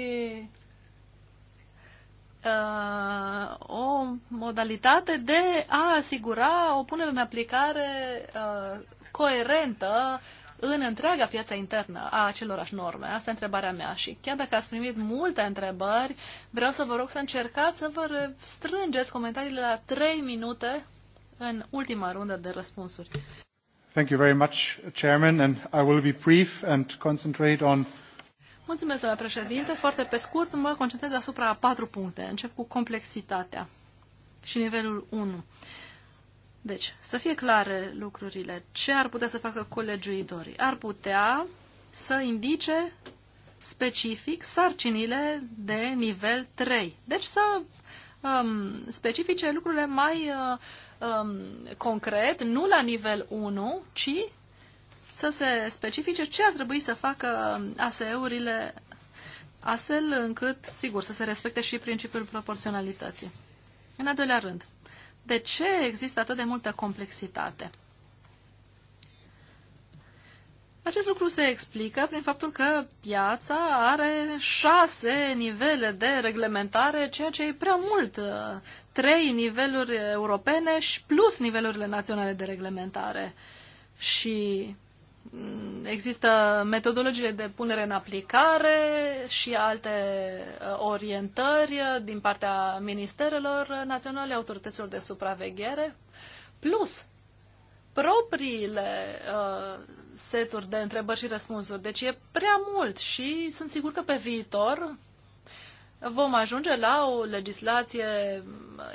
uh, o modalitate de a asigura o punere în aplicare uh, coerentă în întreaga piața internă a acelorași norme? Asta e întrebarea mea. Și chiar dacă ați primit multe întrebări, vreau să vă rog să încercați să vă strângeți comentariile la trei minute în ultima rundă de răspunsuri. Thank you very much, Chairman, and I will be brief and concentrate on Mulțumesc, doamna președinte. Foarte pe scurt, mă concentrez asupra a patru puncte. Încep cu complexitatea și nivelul 1. Deci, să fie clare lucrurile. Ce ar putea să facă colegiuitorii? Ar putea să indice specific sarcinile de nivel 3. Deci să um, specifice lucrurile mai uh, um, concret, nu la nivel 1, ci să se specifice ce ar trebui să facă ASE-urile astfel încât, sigur, să se respecte și principiul proporționalității. În al doilea rând, de ce există atât de multă complexitate? Acest lucru se explică prin faptul că piața are șase nivele de reglementare, ceea ce e prea mult. Trei niveluri europene și plus nivelurile naționale de reglementare. Și există metodologiile de punere în aplicare și alte uh, orientări uh, din partea ministerelor naționale, autorităților de supraveghere, plus propriile uh, seturi de întrebări și răspunsuri. Deci e prea mult și sunt sigur că pe viitor vom ajunge la o legislație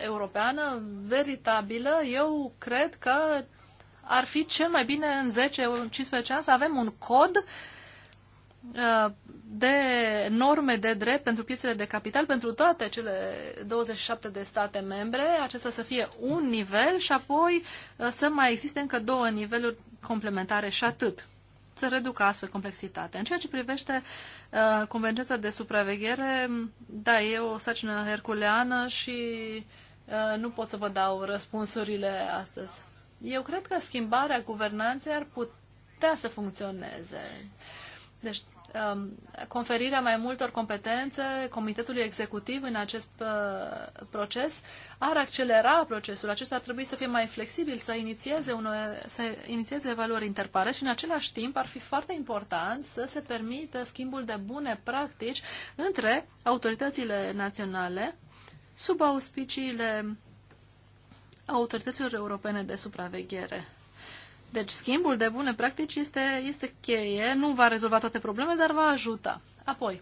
europeană veritabilă. Eu cred că ar fi cel mai bine în 10-15 ani să avem un cod uh, de norme de drept pentru piețele de capital pentru toate cele 27 de state membre, acesta să fie un nivel și apoi uh, să mai existe încă două niveluri complementare și atât să reducă astfel complexitatea. În ceea ce privește uh, convergența de supraveghere, da, e o sarcină herculeană și uh, nu pot să vă dau răspunsurile astăzi. Eu cred că schimbarea guvernanței ar putea să funcționeze. Deci, um, conferirea mai multor competențe Comitetului Executiv în acest uh, proces ar accelera procesul. Acesta ar trebui să fie mai flexibil, să inițieze, une, să inițieze valori interpare și în același timp ar fi foarte important să se permită schimbul de bune practici între autoritățile naționale sub auspiciile autorităților europene de supraveghere. Deci schimbul de bune practici este, este cheie, nu va rezolva toate problemele, dar va ajuta. Apoi,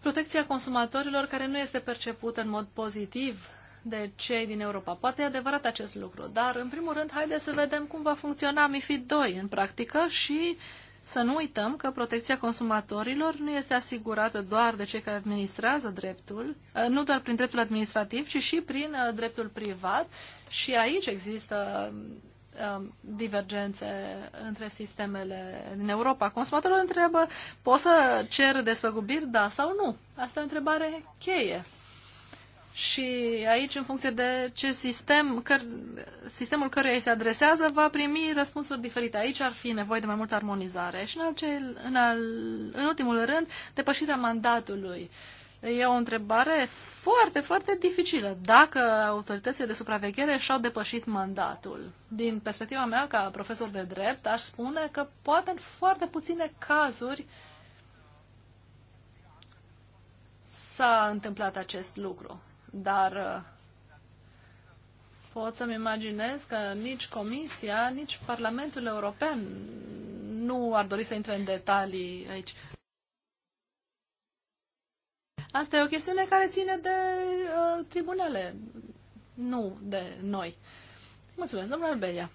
protecția consumatorilor care nu este percepută în mod pozitiv de cei din Europa. Poate e adevărat acest lucru, dar în primul rând haideți să vedem cum va funcționa MIFID 2 în practică și uh, să nu uităm că protecția consumatorilor nu este asigurată doar de cei care administrează dreptul, ă, nu doar prin dreptul administrativ, ci și prin ă, dreptul privat și aici există ă, divergențe între sistemele în Europa. Consumatorul întreabă, pot să cer despăgubiri, da sau nu? Asta e o întrebare cheie. Și aici, în funcție de ce sistem, căr, sistemul căruia îi se adresează, va primi răspunsuri diferite. Aici ar fi nevoie de mai multă armonizare. Și în, acel, în, al, în ultimul rând, depășirea mandatului. E o întrebare foarte, foarte dificilă. Dacă autoritățile de supraveghere și-au depășit mandatul, din perspectiva mea ca profesor de drept, aș spune că poate în foarte puține cazuri s-a întâmplat acest lucru dar uh, pot să-mi imaginez că nici Comisia, nici Parlamentul European nu ar dori să intre în detalii aici. Asta e o chestiune care ține de uh, tribunale, nu de noi. Mulțumesc, domnule Beia.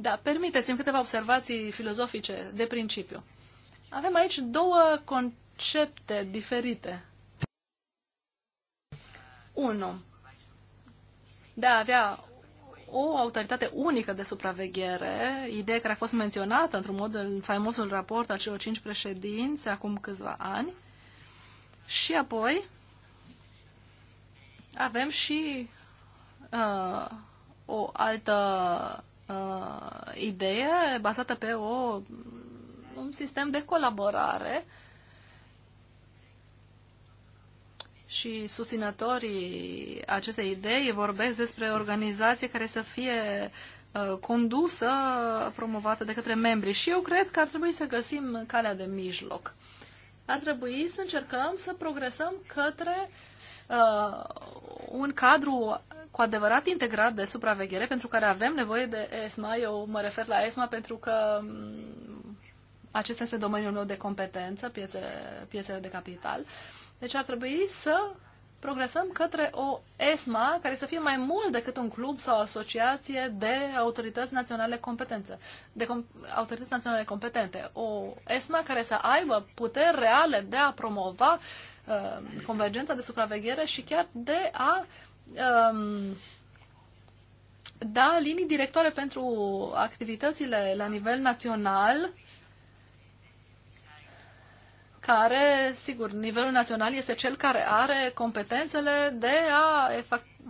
Da, permiteți-mi câteva observații filozofice de principiu. Avem aici două concepte diferite. Unu, De a avea o autoritate unică de supraveghere, idee care a fost menționată într-un mod în faimosul raport al celor cinci președinți acum câțiva ani. Și apoi avem și uh, o altă uh, idee bazată pe o, un sistem de colaborare și susținătorii acestei idei vorbesc despre organizație care să fie uh, condusă, promovată de către membri. Și eu cred că ar trebui să găsim calea de mijloc. Ar trebui să încercăm să progresăm către uh, un cadru cu adevărat integrat de supraveghere, pentru care avem nevoie de ESMA. Eu mă refer la ESMA pentru că mm, acesta este domeniul meu de competență, piețele, piețele de capital. Deci ar trebui să progresăm către o ESMA care să fie mai mult decât un club sau o asociație de autorități naționale competențe, de com- autorități naționale competente. O ESMA care să aibă puteri reale de a promova uh, convergența de supraveghere și chiar de a um, da linii directoare pentru activitățile la nivel național, care, sigur, nivelul național este cel care are competențele de a,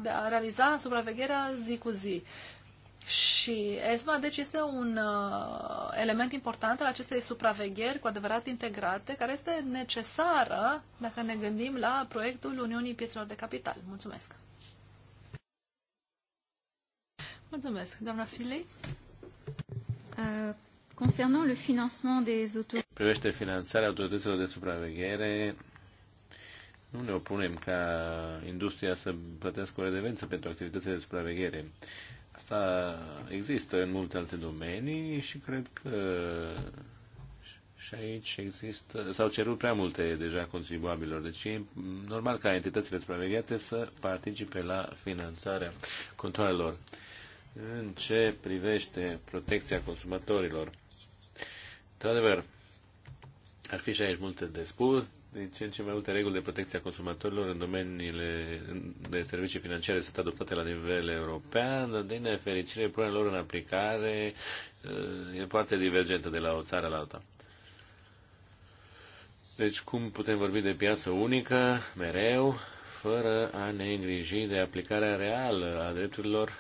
de a realiza supravegherea zi cu zi. Și ESMA, deci, este un uh, element important al acestei supravegheri cu adevărat integrate, care este necesară dacă ne gândim la proiectul Uniunii Pieților de Capital. Mulțumesc! Mulțumesc. Doamna Filei? Uh, concernant le financement des autorités... Privește finanțarea autorităților de supraveghere, nu ne opunem ca industria să plătească o redevență pentru activitățile de supraveghere. Asta există în multe alte domenii și cred că și aici există, s-au cerut prea multe deja contribuabilor, deci e normal ca entitățile supravegheate să participe la finanțarea controlelor în ce privește protecția consumatorilor. Într-adevăr, ar fi și aici multe de spus, din ce în ce mai multe reguli de protecție a consumatorilor în domeniile de servicii financiare sunt adoptate la nivel european, dar din nefericire punerea lor în aplicare uh, e foarte divergentă de la o țară la alta. Deci cum putem vorbi de piață unică mereu fără a ne îngriji de aplicarea reală a drepturilor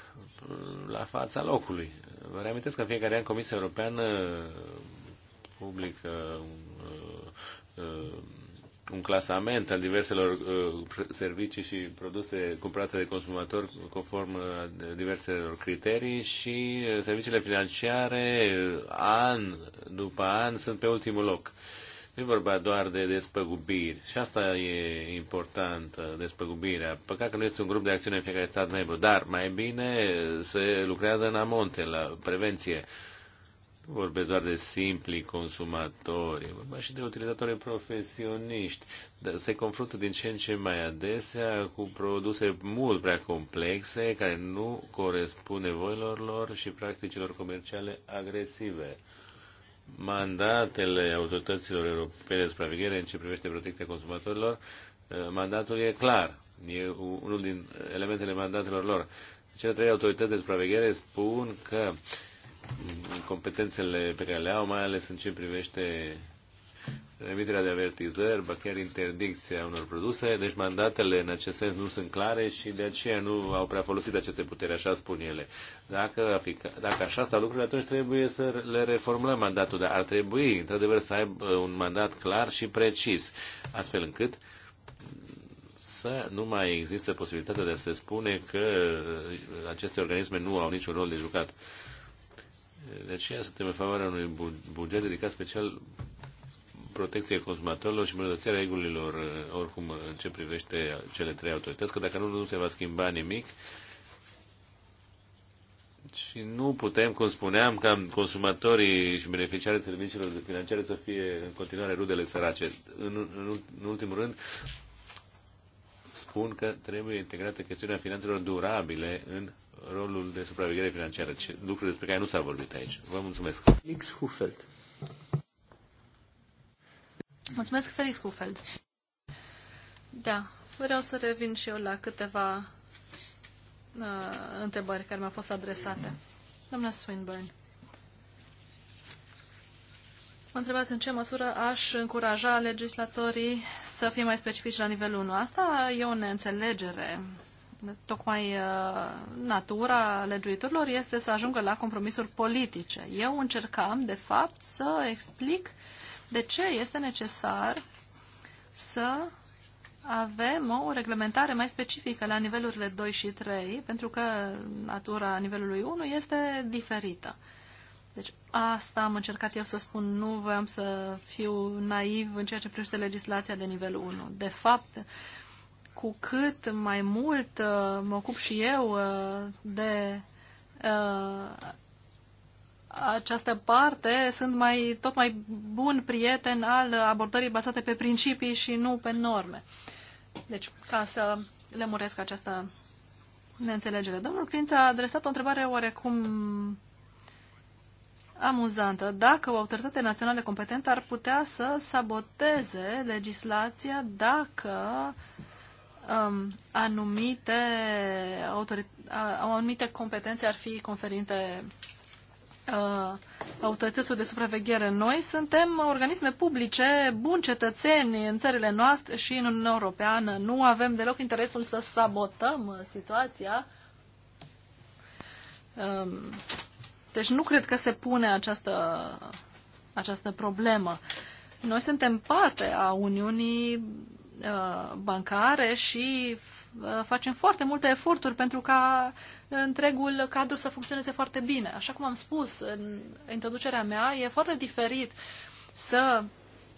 la fața locului. Vă reamintesc că în fiecare an Comisia Europeană uh, publică uh, uh, un clasament al diverselor servicii și produse cumpărate de consumatori conform diverselor criterii și serviciile financiare an după an sunt pe ultimul loc. Nu e vorba doar de despăgubiri. Și asta e important, despăgubirea. Păcat că nu este un grup de acțiune în fiecare stat membru, dar mai bine se lucrează în amonte, la prevenție. Nu vorbesc doar de simpli consumatori, vorba și de utilizatori profesioniști. Dar se confruntă din ce în ce mai adesea cu produse mult prea complexe care nu corespund nevoilor lor și practicilor comerciale agresive mandatele autorităților europene de supraveghere în ce privește protecția consumatorilor, eh, mandatul e clar. E unul din elementele mandatelor lor. Cele trei autorități de supraveghere spun că mm, competențele pe care le au, mai ales în ce privește emiterea de avertizări, ba chiar interdicția unor produse, deci mandatele în acest sens nu sunt clare și de aceea nu au prea folosit aceste puteri, așa spun ele. Dacă, dacă așa stau lucrurile, atunci trebuie să le reformulăm mandatul, dar ar trebui, într-adevăr, să aibă un mandat clar și precis, astfel încât să nu mai există posibilitatea de a se spune că uh, aceste organisme nu au niciun rol de jucat. De deci, aceea suntem în favoarea unui buget dedicat special protecție consumatorilor și îmbunătățirea regulilor, uh, oricum, în ce privește cele trei autorități, că dacă nu, nu se va schimba nimic. Și nu putem, cum spuneam, ca consumatorii și beneficiarii serviciilor financiare să fie în continuare rudele sărace. În, în, în ultimul rând, spun că trebuie integrată chestiunea finanțelor durabile în rolul de supraveghere financiară, lucru despre care nu s-a vorbit aici. Vă mulțumesc. Hufeld. Mulțumesc, Felix Hufeld. Da, vreau să revin și eu la câteva uh, întrebări care mi-au fost adresate. Doamna Swinburne, mă întrebați în ce măsură aș încuraja legislatorii să fie mai specifici la nivelul 1. Asta e o neînțelegere. Tocmai uh, natura legiuitorilor este să ajungă la compromisuri politice. Eu încercam, de fapt, să explic uh, de ce este necesar să avem o reglementare mai specifică la nivelurile 2 și 3, pentru că natura nivelului 1 este diferită. Deci asta am încercat eu să spun, nu voiam să fiu naiv în ceea ce privește legislația de nivelul 1. De fapt, cu cât mai mult uh, mă ocup și eu uh, de uh, această parte sunt mai, tot mai bun prieten al abordării bazate pe principii și nu pe norme. Deci, ca să lămuresc această neînțelegere. Domnul Clinț a adresat o întrebare oarecum amuzantă. Dacă o autoritate națională competentă ar putea să saboteze legislația dacă um, anumite, autori- anumite competențe ar fi conferite Uh, autorităților de supraveghere. Noi suntem organisme publice, buni cetățeni în țările noastre și în Uniunea Europeană. Nu avem deloc interesul să sabotăm situația. Um, deci nu cred că se pune această, această problemă. Noi suntem parte a Uniunii uh, bancare și facem foarte multe eforturi pentru ca întregul cadru să funcționeze foarte bine. Așa cum am spus în introducerea mea, e foarte diferit să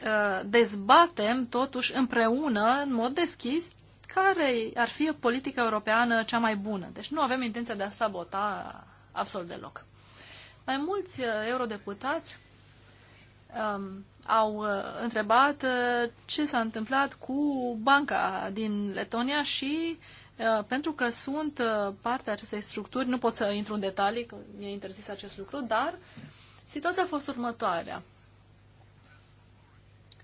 uh, dezbatem totuși împreună, în mod deschis, care ar fi politica europeană cea mai bună. Deci nu avem intenția de a sabota absolut deloc. Mai mulți uh, eurodeputați um, au uh, întrebat uh, ce s-a întâmplat cu banca din Letonia și uh, pentru că sunt parte a acestei structuri, nu pot să intru în detalii, că mi-e interzis acest lucru, dar situația a fost următoarea.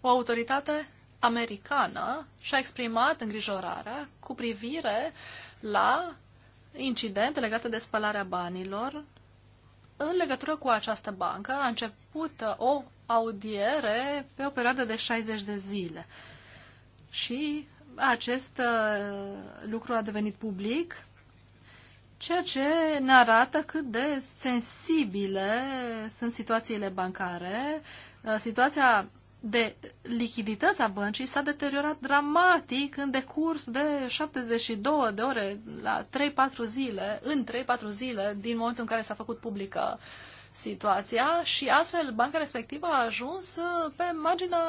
O autoritate americană și-a exprimat îngrijorarea cu privire la incidente legate de spălarea banilor în legătură cu această bancă a început o audiere pe o perioadă de 60 de zile. Și acest uh, lucru a devenit public, ceea ce ne arată cât de sensibile sunt situațiile bancare. Uh, situația de lichidități a băncii s-a deteriorat dramatic în decurs de 72 de ore la 3-4 zile, în 3-4 zile din momentul în care s-a făcut publică uh, situația și astfel banca respectivă a ajuns uh, pe marginea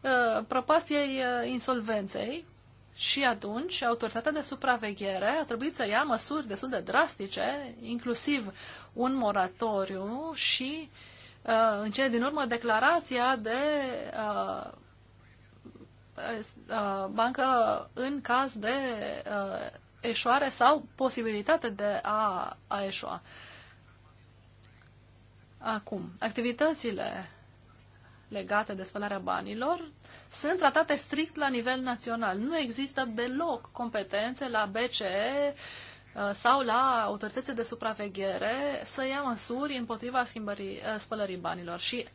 uh, prăpastiei uh, insolvenței și atunci autoritatea de supraveghere a trebuit să ia măsuri destul de drastice, inclusiv un moratoriu și în cele din urmă declarația de bancă în caz de eșoare sau posibilitate de a, a eșua. Acum, activitățile legate de spălarea banilor sunt tratate strict la nivel național. Nu există deloc competențe la BCE uh, sau la autoritățile de supraveghere să ia măsuri împotriva schimbării, uh, spălării banilor. Și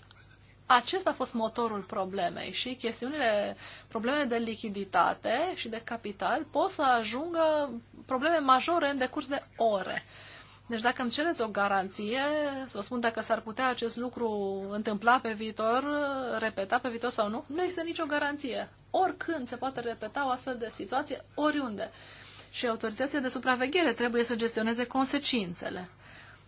acesta a fost motorul problemei și chestiunile, probleme de lichiditate și de capital pot să ajungă probleme majore în decurs de ore. Uh, deci dacă îmi cereți o garanție, să vă spun dacă s-ar putea acest lucru întâmpla pe viitor, repeta pe viitor sau nu, nu există nicio garanție. Oricând se poate repeta o astfel de situație, oriunde. Și autorizația de supraveghere trebuie să gestioneze consecințele.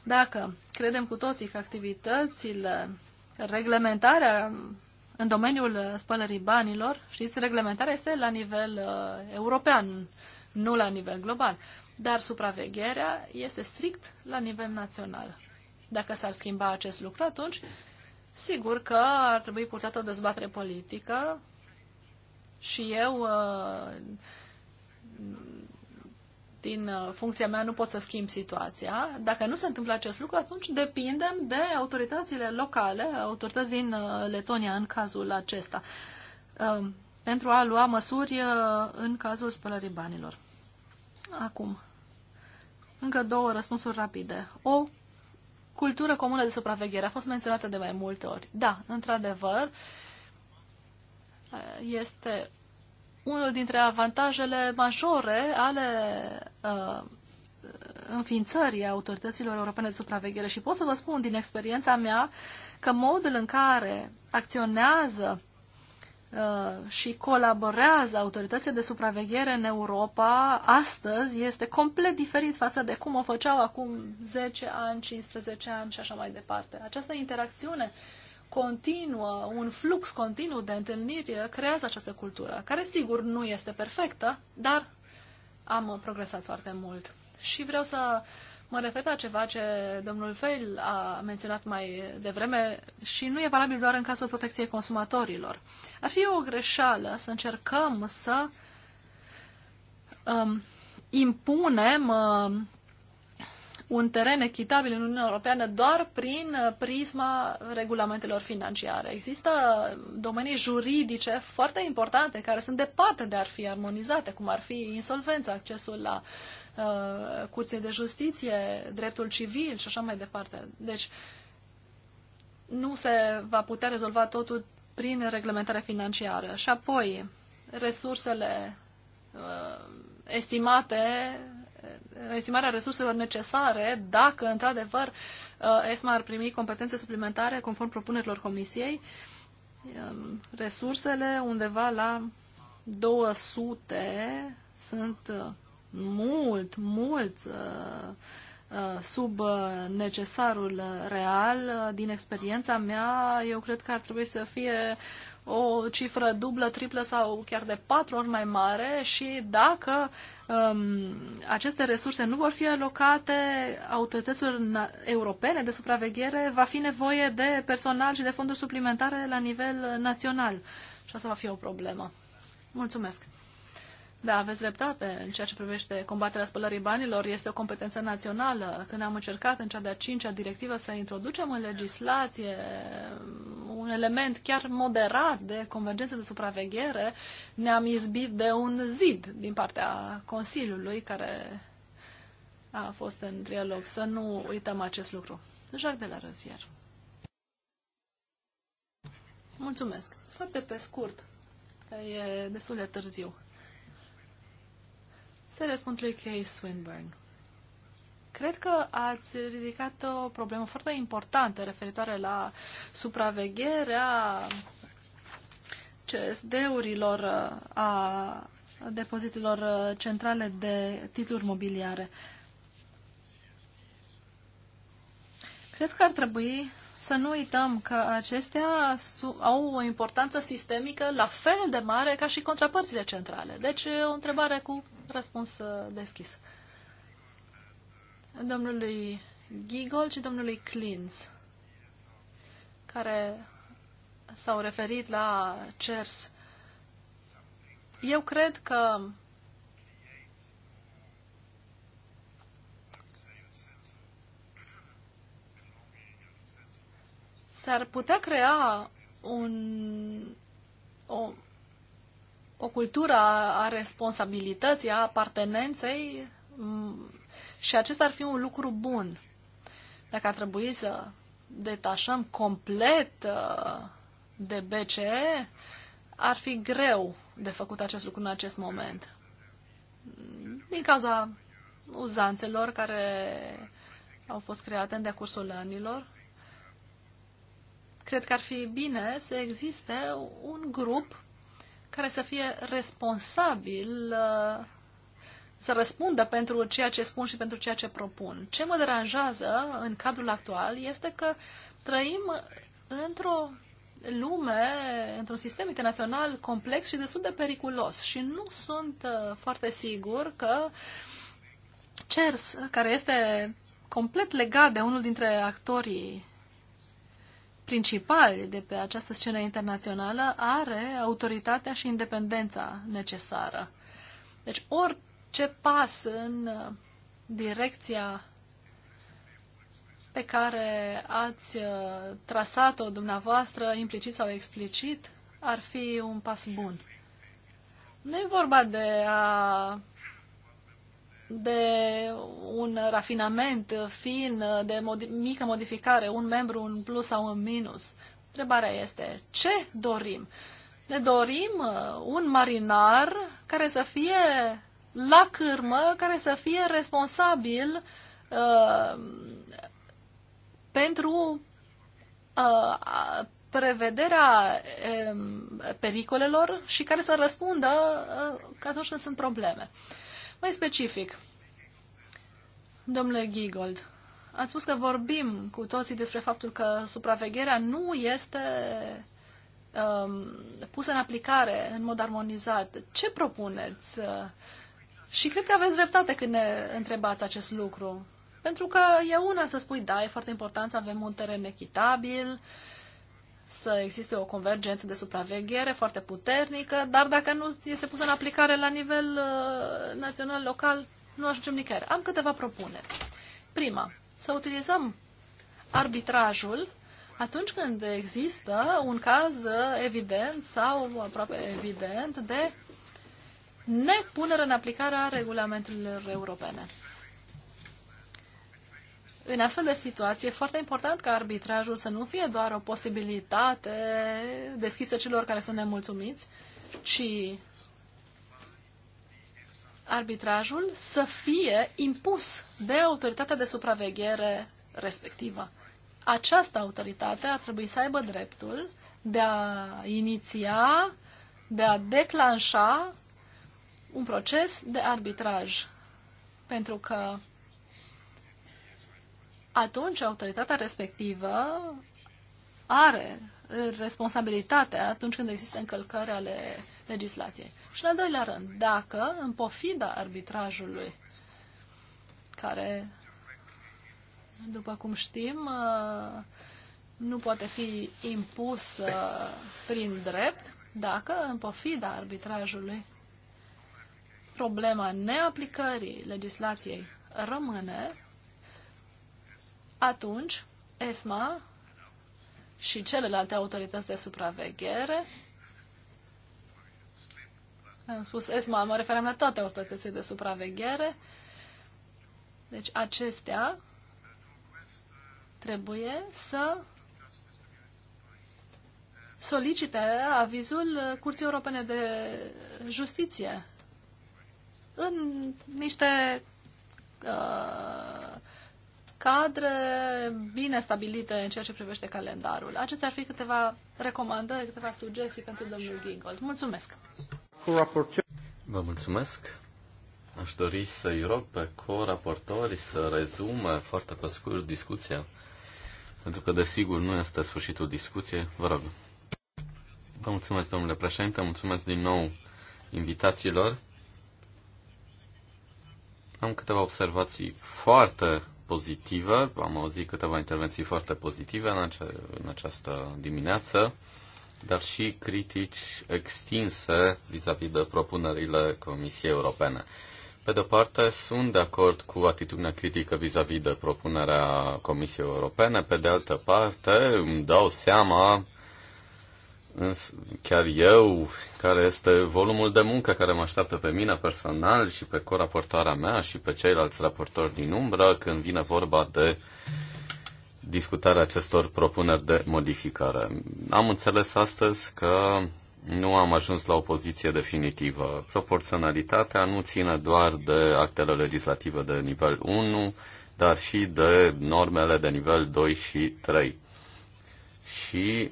Dacă credem cu toții că activitățile, reglementarea în domeniul spălării banilor, știți, reglementarea este la nivel uh, european, nu la nivel global. Dar supravegherea este strict la nivel național. Dacă s-ar schimba acest lucru, atunci sigur că ar trebui purtată o dezbatere politică și eu uh, din uh, funcția mea nu pot să schimb situația. Dacă nu se întâmplă acest lucru, atunci depindem de autoritățile locale, autorități din uh, Letonia în cazul acesta, um, pentru a lua măsuri în cazul spălării banilor. Acum, încă două răspunsuri rapide. O cultură comună de supraveghere a fost menționată de mai multe ori. Da, într-adevăr, este unul dintre avantajele majore ale uh, înființării autorităților europene de supraveghere și pot să vă spun din experiența mea că modul în care acționează Uh, și colaborează autoritățile de supraveghere în Europa astăzi este complet diferit față de cum o făceau acum 10 ani, 15 ani și așa mai departe. Această interacțiune continuă, un flux continuu de întâlniri creează această cultură, care sigur nu este perfectă, dar am progresat foarte mult. Și vreau să uh, Mă refer la ceva ce domnul Feil a menționat mai devreme și nu e valabil doar în cazul protecției consumatorilor. Ar fi o greșeală să încercăm să um, impunem um, un teren echitabil în Uniunea Europeană doar prin prisma regulamentelor financiare. Există domenii juridice foarte importante care sunt departe de a fi armonizate, cum ar fi insolvența, accesul la uh, Uh, curții de justiție, dreptul civil și așa mai departe. Deci nu se va putea rezolva totul prin reglementare financiară. Și apoi, resursele uh, estimate estimarea resurselor necesare dacă, într-adevăr, uh, ESMA ar primi competențe suplimentare conform propunerilor comisiei, um, resursele undeva la 200 sunt uh, mult, mult uh, uh, sub uh, necesarul real. Din experiența mea, eu cred că ar trebui să fie o cifră dublă, triplă sau chiar de patru ori mai mare și dacă um, aceste resurse nu vor fi alocate autorităților europene de supraveghere, va fi nevoie de personal și de fonduri suplimentare la nivel național. Și asta va fi o problemă. Mulțumesc! Da, aveți dreptate. În ceea ce privește combaterea spălării banilor, este o competență națională. Când am încercat în cea de-a cincea directivă să introducem în legislație un element chiar moderat de convergență de supraveghere, ne-am izbit de un zid din partea Consiliului care a fost în trialog. Să nu uităm acest lucru. Jacques de la Răzier. Mulțumesc. Foarte pe scurt, că e destul de târziu. Să răspund lui Kay Swinburne. Cred că ați ridicat o problemă foarte importantă referitoare la supravegherea CSD-urilor a depozitelor centrale de titluri mobiliare. Cred că ar trebui să nu uităm că acestea au o importanță sistemică la fel de mare ca și contrapărțile centrale. Deci o întrebare cu răspuns uh, deschis. Domnului Gigol și domnului Clins, care s-au referit la CERS. Eu cred că s-ar putea crea un, o, o cultură a responsabilității, a apartenenței și acesta ar fi un lucru bun. Dacă ar trebui să detașăm complet uh, de BCE, ar fi greu de făcut acest lucru în acest moment. Din cauza uzanțelor care au fost create în decursul anilor cred că ar fi bine să existe un grup care să fie responsabil să răspundă pentru ceea ce spun și pentru ceea ce propun. Ce mă deranjează în cadrul actual este că trăim într-o lume, într-un sistem internațional complex și destul de periculos și nu sunt uh, foarte sigur că CERS, care este complet legat de unul dintre actorii principali de pe această scenă internațională are autoritatea și independența necesară. Deci orice pas în uh, direcția pe care ați uh, trasat-o dumneavoastră, implicit sau explicit, ar fi un pas bun. Nu e vorba de a de un rafinament fin, de modi- mică modificare, un membru în plus sau în minus. Întrebarea este, ce dorim? Ne dorim uh, un marinar care să fie la cârmă, care să fie responsabil uh, pentru uh, prevederea uh, pericolelor și care să răspundă uh, atunci când sunt probleme. Uh, mai specific, domnule Gigold, ați spus că vorbim cu toții despre faptul că supravegherea nu este um, pusă în aplicare în mod armonizat. Ce propuneți? Și cred că aveți dreptate când ne întrebați acest lucru. Pentru că e una să spui, da, e foarte important să avem un teren echitabil, uh, să existe o convergență de supraveghere foarte puternică, dar dacă nu este pusă în aplicare la nivel uh, național, local, nu ajungem nicăieri. Am câteva propuneri. Prima, să utilizăm arbitrajul atunci când există un caz uh, evident sau aproape evident de nepunere în aplicare a regulamentelor europene în astfel de situație e foarte important ca arbitrajul să nu fie doar o posibilitate deschisă celor care sunt nemulțumiți, ci arbitrajul să fie impus de autoritatea de supraveghere respectivă. Această autoritate ar trebui să aibă dreptul de a iniția, de a declanșa un proces de arbitraj. Pentru că atunci autoritatea respectivă are responsabilitate atunci când există încălcări ale legislației. Și în al doilea rând, dacă în pofida arbitrajului care, după cum știm, uh, nu poate fi impus uh, prin drept, dacă în pofida arbitrajului problema neaplicării legislației rămâne, atunci ESMA și celelalte autorități de supraveghere am spus ESMA, mă referam la toate autoritățile de supraveghere. Deci acestea trebuie să solicite avizul Curții Europene de Justiție în niște uh, cadre bine stabilite în ceea ce privește calendarul. Acestea ar fi câteva recomandări, câteva sugestii pentru domnul Gingold. Mulțumesc! Vă mulțumesc! Aș dori să-i rog pe co-raportori să rezume foarte pe scurt discuția, pentru că, desigur, nu este sfârșitul discuției. Vă rog. Vă mulțumesc, domnule președinte, mulțumesc din nou invitațiilor. Am câteva observații foarte pozitivă. Am auzit câteva intervenții foarte pozitive în, ace- în această dimineață, dar și critici extinse vis-a-vis -vis de propunerile Comisiei Europene. Pe de-o parte, sunt de acord cu atitudinea critică vis-a-vis -vis de propunerea Comisiei Europene, pe de altă parte, îmi dau seama chiar eu, care este volumul de muncă care mă așteaptă pe mine personal și pe coraportoarea mea și pe ceilalți raportori din umbră când vine vorba de discutarea acestor propuneri de modificare. Am înțeles astăzi că nu am ajuns la o poziție definitivă. Proporționalitatea nu ține doar de actele legislative de nivel 1, dar și de normele de nivel 2 și 3. Și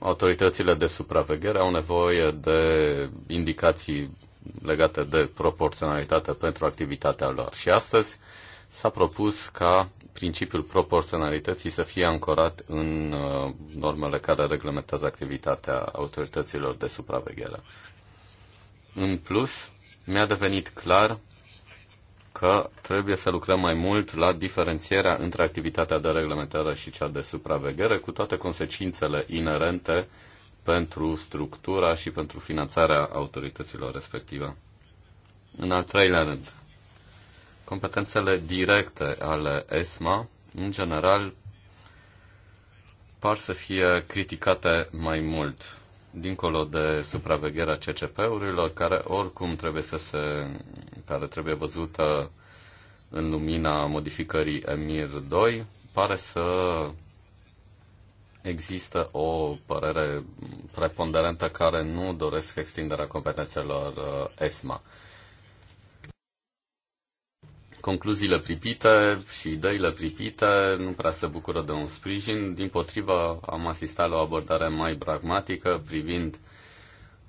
autoritățile de supraveghere au nevoie de indicații legate de proporționalitate pentru activitatea lor. Și astăzi s-a propus ca principiul proporționalității să fie ancorat în uh, normele care reglementează activitatea autorităților de supraveghere. În plus, mi-a devenit clar că trebuie să lucrăm mai mult la diferențierea între activitatea de reglementare și cea de supraveghere, cu toate consecințele inerente pentru structura și pentru finanțarea autorităților respective. În al treilea rând, competențele directe ale ESMA, în general, par să fie criticate mai mult dincolo de supravegherea CCP-urilor, care oricum trebuie să se, care trebuie văzută în lumina modificării EMIR 2, pare să există o părere preponderentă care nu doresc extinderea competențelor uh, ESMA concluziile pripite și ideile pripite nu prea se bucură de un sprijin. Din potrivă, am asistat la o abordare mai pragmatică privind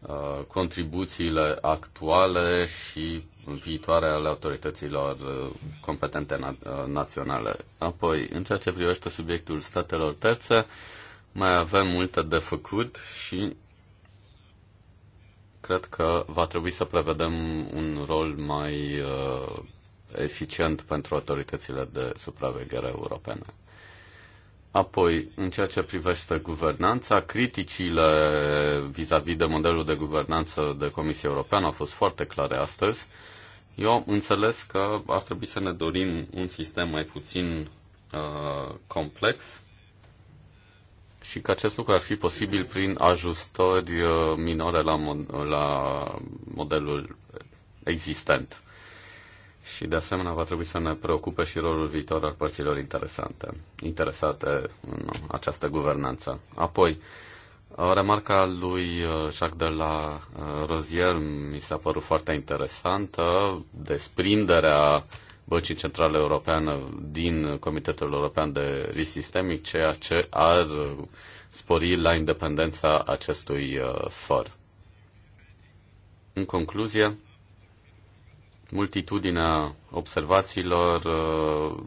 uh, contribuțiile actuale și viitoare ale autorităților uh, competente na- uh, naționale. Apoi, în ceea ce privește subiectul statelor terțe, mai avem multe de făcut și cred că va trebui să prevedem un rol mai uh, eficient pentru autoritățile de supraveghere europene. Apoi, în ceea ce privește guvernanța, criticile vis-a-vis -vis de modelul de guvernanță de Comisia Europeană au fost foarte clare astăzi. Eu am înțeles că ar trebui să ne dorim un sistem mai puțin uh, complex și că acest lucru ar fi posibil prin ajustări uh, minore la, mod- la modelul existent și de asemenea va trebui să ne preocupe și rolul viitor al părților interesante, interesate în această guvernanță. Apoi, remarca lui uh, Jacques de la uh, Rozier mi s-a părut foarte interesantă, desprinderea Băcii Centrale Europeană din Comitetul European de Risc Sistemic, ceea ce ar uh, spori la independența acestui for. În concluzie, multitudinea observațiilor uh,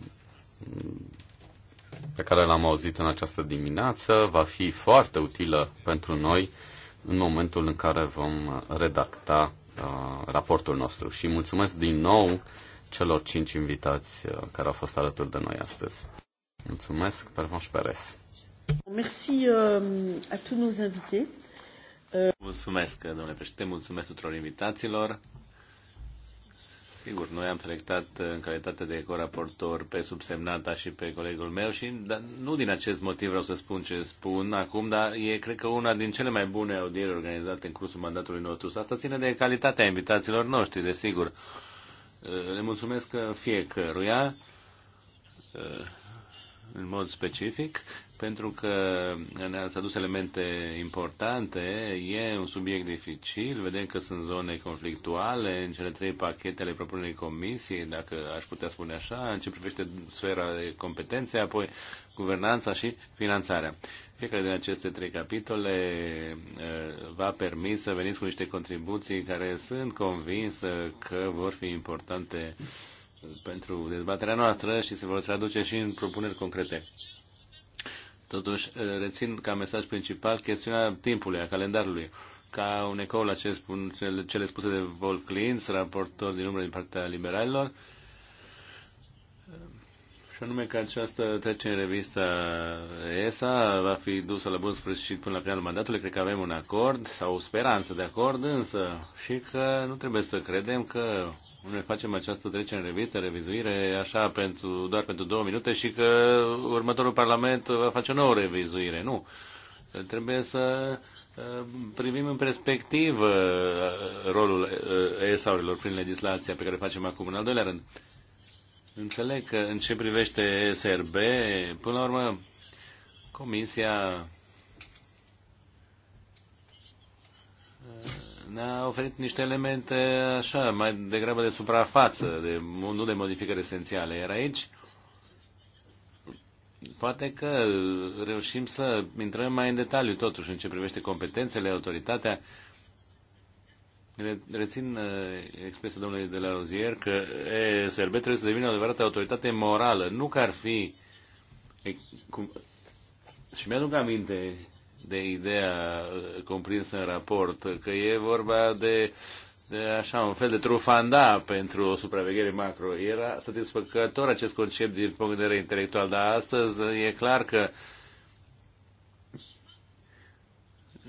pe care l-am auzit în această dimineață va fi foarte utilă pentru noi în momentul în care vom redacta uh, raportul nostru. Și mulțumesc din nou celor cinci invitați uh, care au fost alături de noi astăzi. Mulțumesc, Pervanș Perez. Merci tous nos invités. Mulțumesc, domnule președinte, mulțumesc tuturor invitațiilor. Sigur, noi am selectat în calitate de coraportor pe subsemnata și pe colegul meu și dar nu din acest motiv vreau să spun ce spun acum, dar e cred că una din cele mai bune audieri organizate în cursul mandatului nostru. Asta ține de calitatea invitațiilor noștri, desigur. Eh, le mulțumesc fiecăruia eh, în mod specific pentru că ne-ați adus elemente importante. E un subiect dificil. Vedem că sunt zone conflictuale în cele trei pachete ale propunerii comisiei, dacă aș putea spune așa, în ce privește sfera de competențe, apoi guvernanța și finanțarea. Fiecare din aceste trei capitole eh, va permis să veniți cu niște contribuții care sunt convins că vor fi importante pentru dezbaterea noastră și se vor traduce și în propuneri concrete. Totuși, eh, rețin ca mesaj principal chestiunea timpului, a calendarului. Ca un ecou la ce spun, cele spuse de Wolf Klintz, raportor din umbră din partea liberalilor, uh, și anume că această trecere în revista ESA va fi dusă la bun sfârșit până la finalul mandatului. Cred că avem un acord sau o speranță de acord, însă și că nu trebuie să credem că noi facem această trecere în revistă, revizuire, așa, pentru, doar pentru două minute și că următorul Parlament va face o nouă revizuire. Nu. Trebuie să uh, privim în perspectivă uh, rolul uh, ESA-urilor prin legislația pe care o facem acum. În al doilea rând, Înțeleg că în ce privește SRB, până la urmă, Comisia eh, ne-a oferit niște elemente așa, mai degrabă de suprafață, de, nu de modificări esențiale. Iar aici, poate că reușim să intrăm mai în detaliu totuși în ce privește competențele, autoritatea, rețin uh, expresia domnului de la Ozier că SRB trebuie să devină o adevărată autoritate morală. Nu că ar fi... Cum, și mi-aduc aminte de ideea uh, comprinsă în raport, că e vorba de, de așa un fel de trufanda pentru o supraveghere macro. Era satisfăcător acest concept din punct de vedere intelectual, dar astăzi e clar că uh,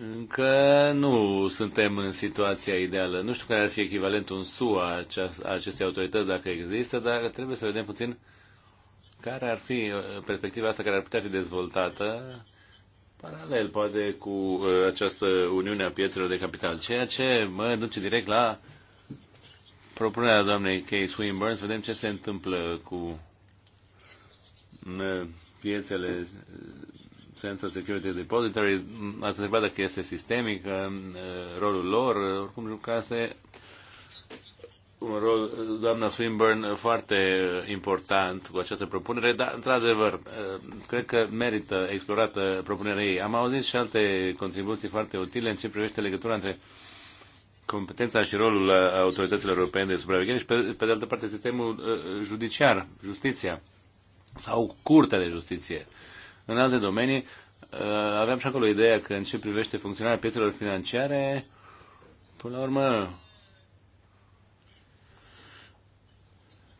Încă nu suntem în situația ideală. Nu știu care ar fi echivalentul în SUA a acestei autorități, dacă există, dar trebuie să vedem puțin care ar fi uh, perspectiva asta care ar putea fi dezvoltată paralel, poate, cu uh, această Uniune a Piețelor de Capital. Ceea ce mă duce direct la propunerea doamnei Kay Swinburne, să vedem ce se întâmplă cu uh, piețele Central Security Depository, ați întrebat dacă este sistemic mm, rolul lor, oricum jucase un rol, doamna Swinburne, foarte important cu această propunere, dar, într-adevăr, cred că merită explorată propunerea ei. Am auzit și alte contribuții foarte utile în ce privește legătura între competența și rolul uh, autorităților europene de supraveghere și, pe, pe de altă parte, sistemul uh, judiciar, justiția sau curtea de justiție. Uh, în alte domenii, uh, aveam și acolo ideea că în ce privește funcționarea piețelor financiare, până la urmă,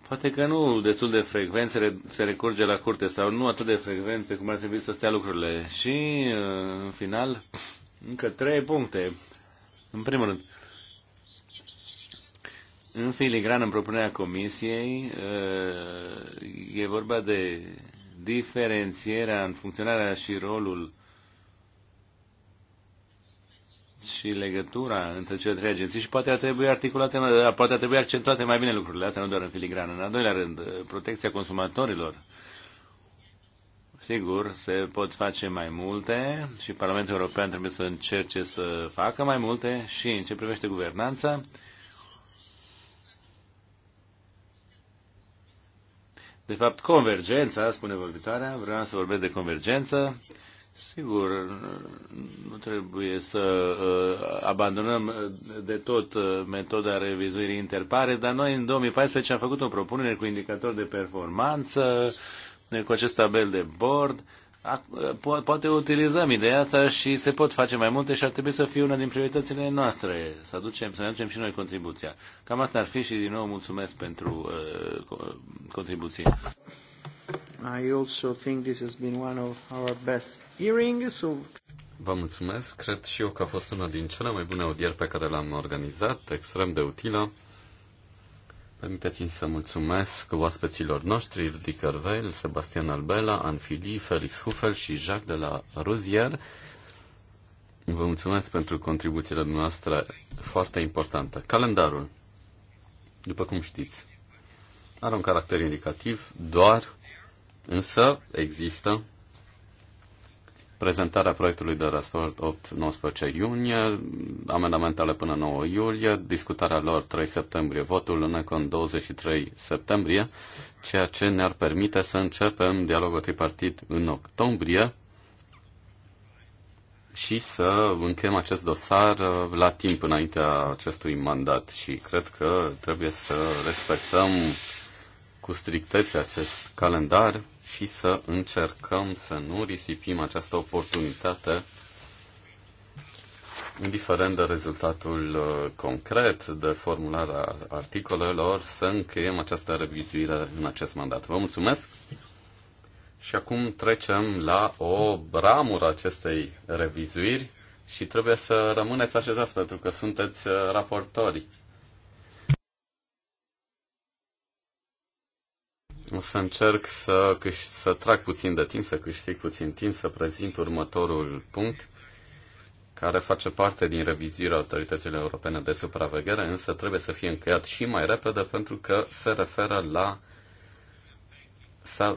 poate că nu destul de frecvent se recurge la curte sau nu atât de frecvent pe cum ar trebui să stea lucrurile. Și, uh, în final, încă trei puncte. În primul rând, în filigran, în propunerea comisiei, uh, e vorba de diferențierea în funcționarea și rolul și legătura între cele trei agenții și poate ar trebui articulate, poate ar trebui accentuate mai bine lucrurile, astea, nu doar în filigrană. În al doilea rând, protecția consumatorilor. Sigur, se pot face mai multe și Parlamentul European trebuie să încerce să facă mai multe și în ce privește guvernanța, De fapt, convergența, spune vorbitoarea, vreau să vorbesc de convergență. Sigur, nu trebuie să uh, abandonăm de tot uh, metoda revizuirii interpare, dar noi în 2014 am făcut o propunere cu indicator de performanță, cu acest tabel de bord poate utilizăm ideea asta și se pot face mai multe și ar trebui să fie una din prioritățile noastre, să, aducem, să ne aducem și noi contribuția. Cam asta ar fi și din nou mulțumesc pentru uh, contribuție. I also think this has been one of our best hearings. So... Vă mulțumesc. Cred și eu că a fost una din cele mai bune audieri pe care le-am organizat, extrem de utilă. Permiteți-mi să mulțumesc oaspeților noștri, Rudy Carvel, Sebastian Albela, Anfili, Felix Hufel și Jacques de la Rozier. Vă mulțumesc pentru contribuțiile noastre foarte importante. Calendarul, după cum știți, are un caracter indicativ, doar, însă există prezentarea proiectului de raport 8-19 iunie, amendamentele până 9 iulie, discutarea lor 3 septembrie, votul în Econ 23 septembrie, ceea ce ne-ar permite să începem dialogul tripartit în octombrie și să încheiem acest dosar uh, la timp înaintea acestui mandat și cred că trebuie să respectăm cu strictețe acest calendar și să încercăm să nu risipim această oportunitate indiferent de rezultatul uh, concret, de formularea articolelor, să încheiem această revizuire în acest mandat. Vă mulțumesc și acum trecem la o ramură acestei revizuiri și trebuie să rămâneți așezați pentru că sunteți uh, raportori. O să încerc să, să trag puțin de timp, să câștig puțin timp, să prezint următorul punct care face parte din revizuirea autorităților europene de supraveghere, însă trebuie să fie încheiat și mai repede pentru că se referă la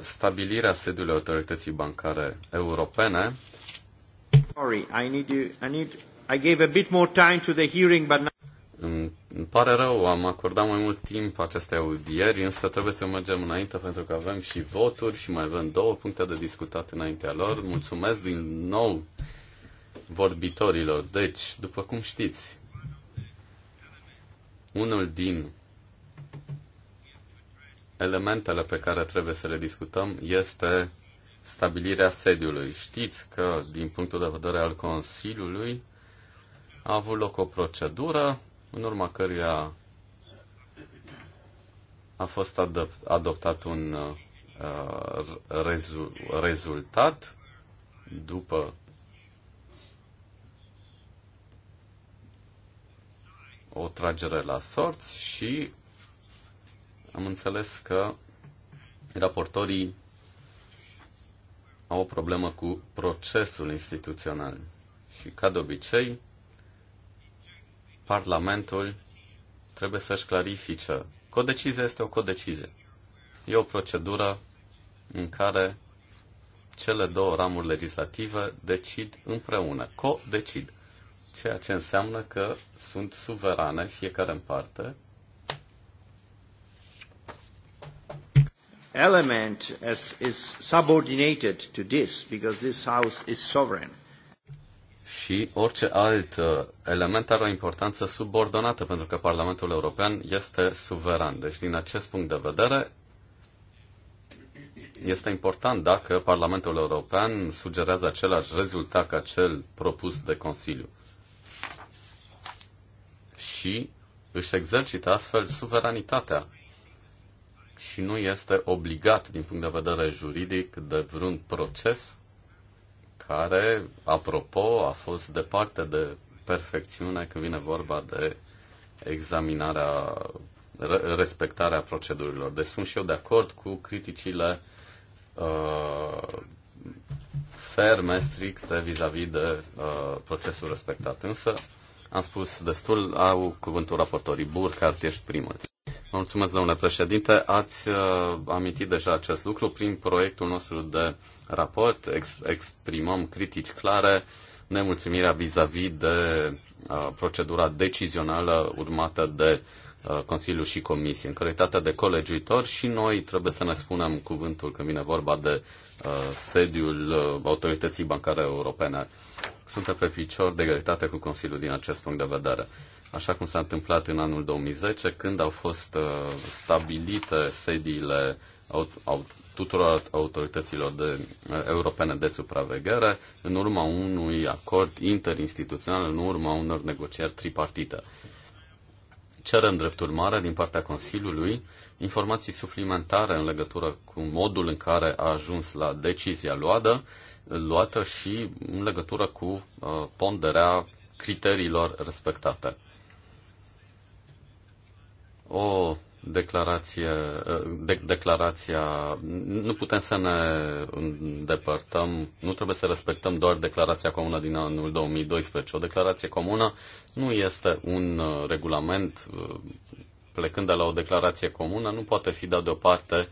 stabilirea sediului autorității bancare europene. Sorry, I need you, I need, I gave a bit more time to the hearing, but now... Îmi pare rău, am acordat mai mult timp acestei audieri, însă trebuie să mergem înainte pentru că avem și voturi și mai avem două puncte de discutat înaintea lor. Mulțumesc din nou vorbitorilor. Deci, după cum știți, unul din elementele pe care trebuie să le discutăm este stabilirea sediului. Știți că, din punctul de vedere al Consiliului, a avut loc o procedură în urma căruia a fost adoptat un uh, rezu- rezultat după o tragere la sorți și am înțeles că raportorii au o problemă cu procesul instituțional. Și ca de obicei, Parlamentul trebuie să-și clarifice. Codecizia este o codecizie. E o procedură în care cele două ramuri legislative decid împreună, co-decid, ceea ce înseamnă că sunt suverane fiecare în parte. Element is subordinated to this because this house is sovereign și orice alt uh, element are o importanță subordonată, pentru că Parlamentul European este suveran. Deci, din acest punct de vedere, este important dacă Parlamentul European sugerează același rezultat ca cel propus de Consiliu și își exercită astfel suveranitatea și nu este obligat din punct de vedere juridic de vreun proces care, apropo, a fost departe de perfecțiune când vine vorba de examinarea, respectarea procedurilor. Deci sunt și eu de acord cu criticile uh, ferme, stricte vis-a-vis -vis de uh, procesul respectat. Însă, am spus destul, au cuvântul raportorii. Burkhardt, ești primul mulțumesc, domnule președinte. Ați uh, amintit deja acest lucru. Prin proiectul nostru de raport ex- exprimăm critici clare nemulțumirea vis-a-vis -vis de uh, procedura decizională urmată de uh, Consiliu și Comisie. În calitate de colegiuitor și noi trebuie să ne spunem cuvântul când vine vorba de uh, sediul uh, Autorității Bancare Europene. Suntem pe picior de egalitate cu Consiliul din acest punct de vedere. Uh, așa cum s-a întâmplat în anul 2010, când au fost uh, stabilite sediile tuturor autorităților de, uh, europene de supraveghere, în urma unui acord interinstituțional, în urma unor negocieri tripartite. Cerem drept urmare din partea Consiliului informații suplimentare în legătură cu modul în care a ajuns la decizia luată, luată și în legătură cu uh, ponderea criteriilor respectate o declarație, de, declarația, nu putem să ne îndepărtăm, nu trebuie să respectăm doar declarația comună din anul 2012. O declarație comună nu este un uh, regulament, uh, plecând de la o declarație comună, nu poate fi dat deoparte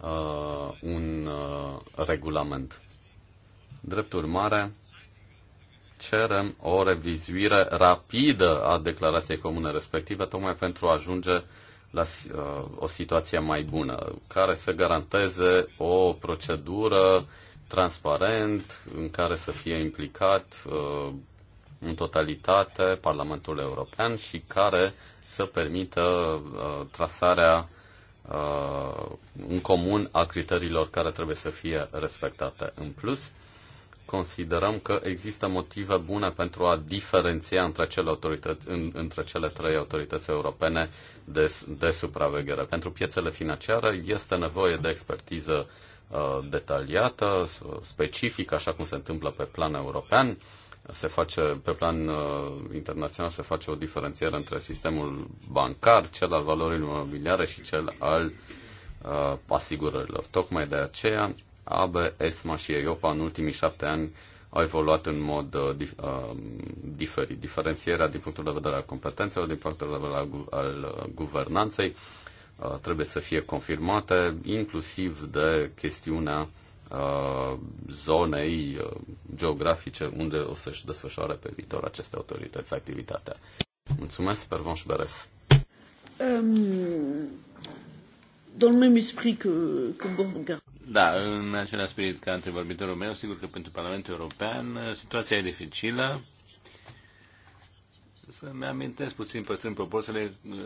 uh, un uh, regulament. Drept urmare, cerem o revizuire rapidă a declarației comune respective, tocmai pentru a ajunge la uh, o situație mai bună, care să garanteze o procedură transparent, în care să fie implicat uh, în totalitate Parlamentul European și care să permită uh, trasarea în comun a criteriilor care trebuie să fie respectate. În plus, considerăm că există motive bune pentru a diferenția între cele, autorități, în, între cele trei autorități europene de, de supraveghere. Pentru piețele financiare este nevoie de expertiză uh, detaliată, specifică, așa cum se întâmplă pe plan european. Se face, pe plan uh, internațional se face o diferențiere între sistemul bancar, cel al valorilor imobiliare și cel al uh, asigurărilor. Tocmai de aceea ABE, ESMA și EIOPA în ultimii șapte ani au evoluat în mod uh, uh, diferit. Diferențierea din punctul de vedere al competențelor, din punctul de vedere al, al uh, guvernanței, uh, trebuie să fie confirmate, inclusiv de chestiunea uh, zonei uh, geografice unde o să-și desfășoare pe viitor aceste autorități activitatea. Mulțumesc, Pervan Șberes. Um, dans le même esprit que, que Borgard. Da, în același spirit ca antevorbitorul meu, sigur că pentru Parlamentul European uh, situația e dificilă. Să-mi amintesc puțin păstrând proporțiile uh,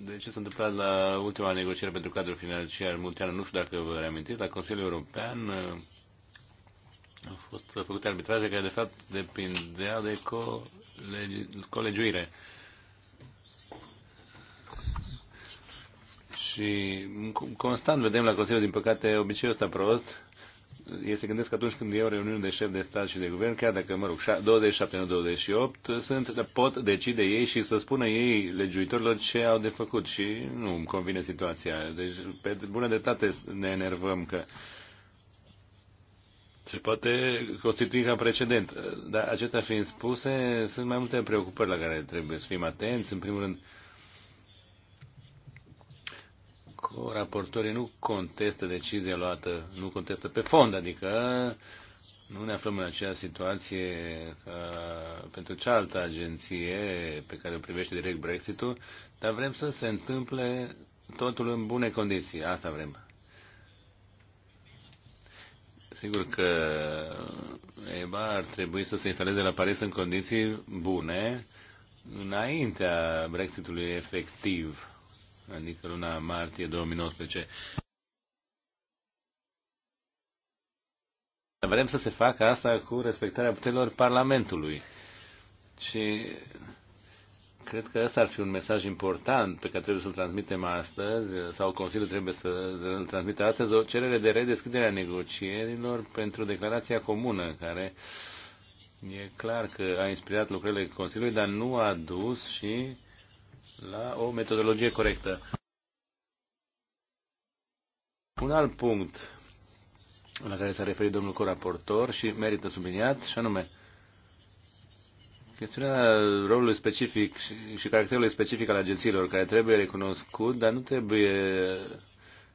de ce s-a întâmplat la ultima negociere pentru cadrul financiar multian. Nu știu dacă vă reamintiți, la Consiliul European uh, au fost făcute arbitraje care de fapt depindeau de colegiuire. Co- Și constant vedem la Consiliul, din păcate, obiceiul ăsta prost. Este se gândesc că atunci când iau reuniune de șef de stat și de guvern, chiar dacă, mă rog, 27, nu 28, sunt, pot decide ei și să spună ei legiuitorilor ce au de făcut și nu îmi convine situația. Deci, pe bună dreptate ne enervăm că se poate constitui ca precedent. Dar acestea fiind spuse, sunt mai multe preocupări la care trebuie să fim atenți. În primul rând, raportorii nu contestă decizia luată, nu contestă pe fond, adică nu ne aflăm în aceeași situație ca pentru cealaltă agenție pe care o privește direct Brexit-ul, dar vrem să se întâmple totul în bune condiții. Asta vrem. Sigur că EBA ar trebui să se instaleze la Paris în condiții bune înaintea Brexitului efectiv adică luna martie 2019. Vrem să se facă asta cu respectarea puterilor Parlamentului. Și cred că ăsta ar fi un mesaj important pe care trebuie să-l transmitem astăzi, sau Consiliul trebuie să-l transmită astăzi, o cerere de redeschidere a negocierilor pentru declarația comună, care e clar că a inspirat lucrările Consiliului, dar nu a dus și la o metodologie corectă. Un alt punct la care s-a referit domnul coraportor și merită subliniat, și anume chestiunea rolului specific și, și caracterului specific al agențiilor, care trebuie recunoscut, dar nu trebuie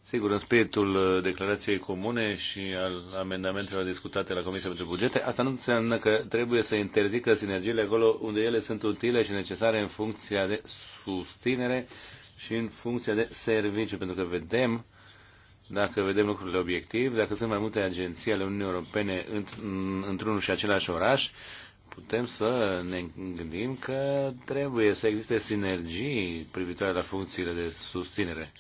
Sigur, în spiritul uh, declarației comune și al amendamentelor discutate la Comisia pentru Bugete, asta nu înseamnă că trebuie să interzică sinergiile acolo unde ele sunt utile și necesare în funcția de susținere și în funcția de serviciu, pentru că vedem, dacă vedem lucrurile obiectiv, dacă sunt mai multe agenții ale Uniunii Europene într-unul și același oraș, putem să ne gândim că trebuie să existe sinergii privitoare la funcțiile de susținere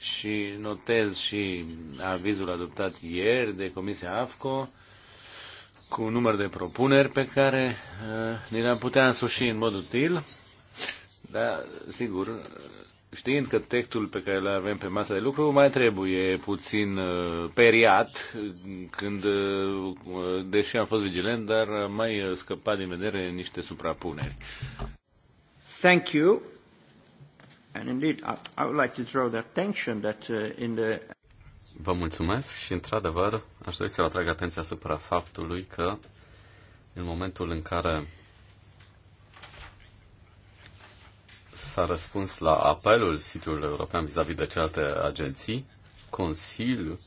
și notez și avizul adoptat ieri de Comisia AFCO cu un număr de propuneri pe care uh, ni le-am putea însuși în mod util, dar, sigur, știind că textul pe care îl avem pe masa de lucru mai trebuie puțin uh, periat, când, uh, deși am fost vigilent, dar mai scăpat din vedere niște suprapuneri. Thank you. And indeed, I, I would like to draw that uh, in the Vă mulțumesc și, într-adevăr, aș dori să vă atrag atenția asupra faptului că în momentul în care s-a răspuns la apelul sitiului european vis-a-vis -vis de celelalte agenții, Consiliul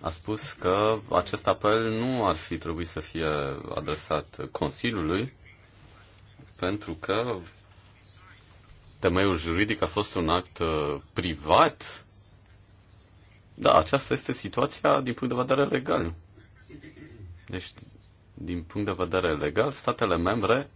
a spus că acest apel nu ar fi trebuit să fie adresat Consiliului, pentru că temeiul juridic a fost un act uh, privat? Da, aceasta este situația din punct de vedere legal. Deci, din punct de vedere legal, statele membre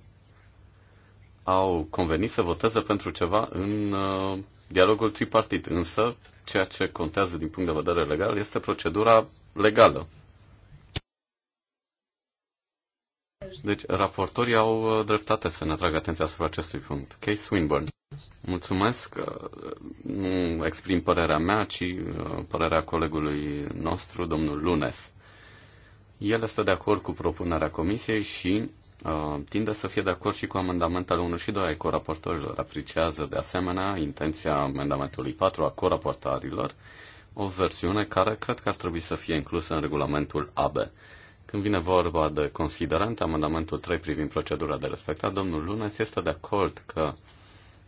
au convenit să voteze pentru ceva în uh, dialogul tripartit, însă ceea ce contează din punct de vedere legal este procedura legală. Deci, raportorii au uh, dreptate să ne atragă atenția asupra acestui punct. Case Swinburne. Mulțumesc. Uh, nu exprim părerea mea, ci uh, părerea colegului nostru, domnul Lunes. El este de acord cu propunerea comisiei și uh, tinde să fie de acord și cu amendamentele 1 și 2 ai coraportorilor. Apreciază de asemenea intenția amendamentului 4 a coraportarilor, o versiune care cred că ar trebui să fie inclusă în regulamentul AB. Când vine vorba de considerant, amendamentul 3 privind procedura de respectat, domnul Lunes este de acord că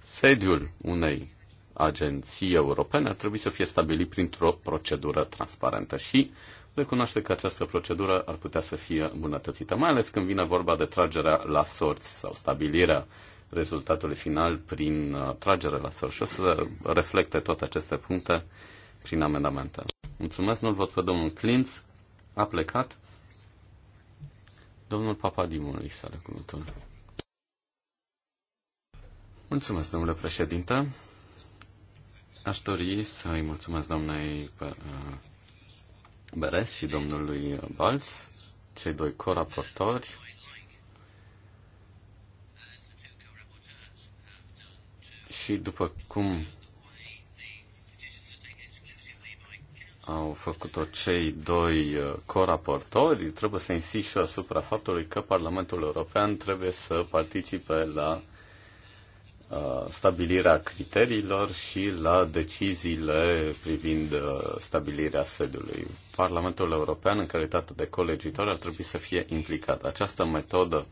sediul unei agenții europene ar trebui să fie stabilit printr-o procedură transparentă și recunoaște că această procedură ar putea să fie îmbunătățită, mai ales când vine vorba de tragerea la sorți sau stabilirea rezultatului final prin uh, tragere la sorți. Și o să reflecte toate aceste puncte prin amendamente. Mulțumesc, nu-l văd pe domnul Clinț. A plecat. Domnul Papadimulis să are cuvântul. Mulțumesc, domnule președinte. Aș dori să îi mulțumesc doamnei uh, Beres și domnului Balz, cei doi coraportori. Și după cum au făcut-o cei doi uh, coraportori, trebuie să insist și asupra faptului că Parlamentul European trebuie să participe la uh, stabilirea criteriilor și la deciziile privind uh, stabilirea sediului. Parlamentul European, în calitate de colegitor, ar trebui să fie implicat. Această metodă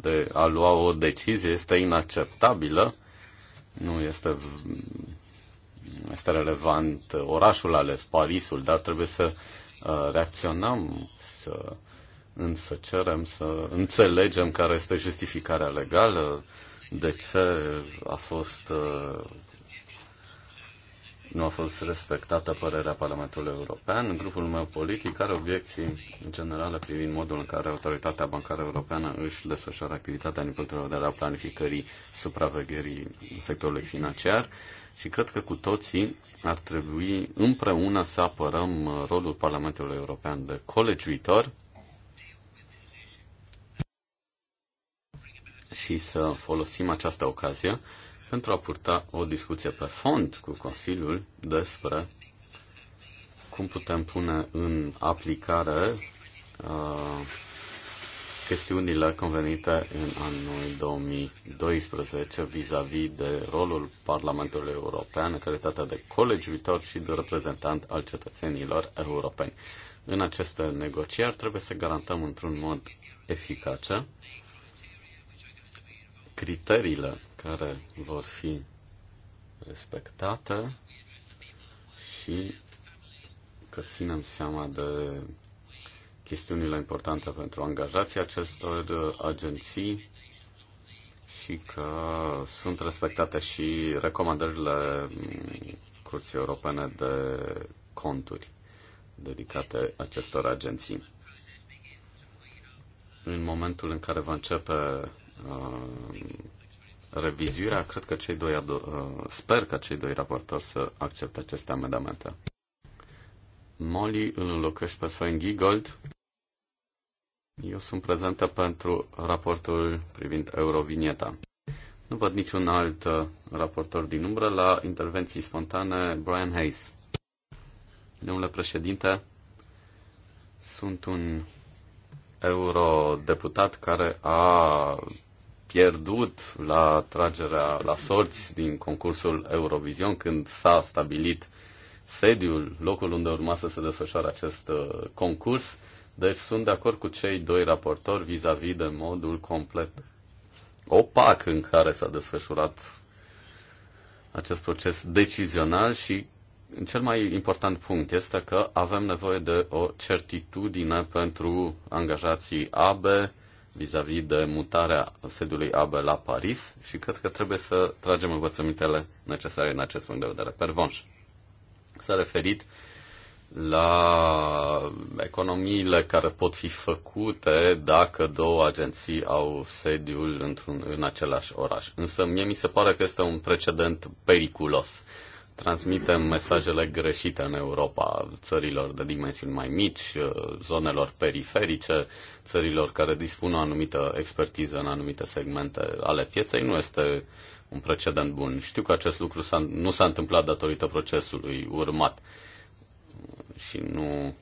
de a lua o decizie este inacceptabilă, nu este este relevant orașul ales, Parisul, dar trebuie să uh, reacționăm, să însă cerem să înțelegem care este justificarea legală, de ce a fost uh, nu a fost respectată părerea Parlamentului European. Grupul meu politic are obiecții generale privind modul în care Autoritatea Bancară Europeană își desfășoară activitatea din punctul de vedere a planificării supravegherii sectorului financiar. Și cred că cu toții ar trebui împreună să apărăm uh, rolul Parlamentului European de colegiuitor și să folosim această ocazie pentru a purta o discuție pe fond cu Consiliul despre cum putem pune în aplicare uh, chestiunile convenite în anul 2012 vis-a-vis -vis de rolul Parlamentului European în calitatea de viitor și de reprezentant al cetățenilor europeni. În aceste negocieri trebuie să garantăm într-un mod eficace criteriile care vor fi respectate și că ținem seama de chestiunile importante pentru angajații acestor uh, agenții și că sunt respectate și recomandările mm, Curții Europene de Conturi dedicate acestor agenții. În momentul în care va începe uh, revizuirea, cred că cei doi, uh, sper că cei doi raportori să accepte aceste amendamente. Molly îl înlocuiește pe Sven Giegold. Eu sunt prezentă pentru raportul privind Eurovinieta. Nu văd niciun alt uh, raportor din umbră la intervenții spontane Brian Hayes. Domnule președinte, sunt un eurodeputat care a pierdut la tragerea la sorți din concursul Eurovision când s-a stabilit sediul, locul unde urma să se desfășoare acest uh, concurs deci sunt de acord cu cei doi raportori vis-a-vis -vis de modul complet opac în care s-a desfășurat acest proces decizional și cel mai important punct este că avem nevoie de o certitudine pentru angajații ABE vis-a-vis -vis de mutarea sediului AB la Paris și cred că trebuie să tragem învățămintele necesare în acest punct de vedere. Pervonș s-a referit uh, la economiile care pot fi făcute dacă două agenții au sediul într-un, în același oraș. Însă mie mi se pare că este un precedent periculos. Transmitem mesajele greșite în Europa, țărilor de dimensiuni mai mici, zonelor periferice, țărilor care dispun o anumită expertiză în anumite segmente ale pieței. Nu este un precedent bun. Știu că acest lucru nu s-a întâmplat datorită procesului urmat și nu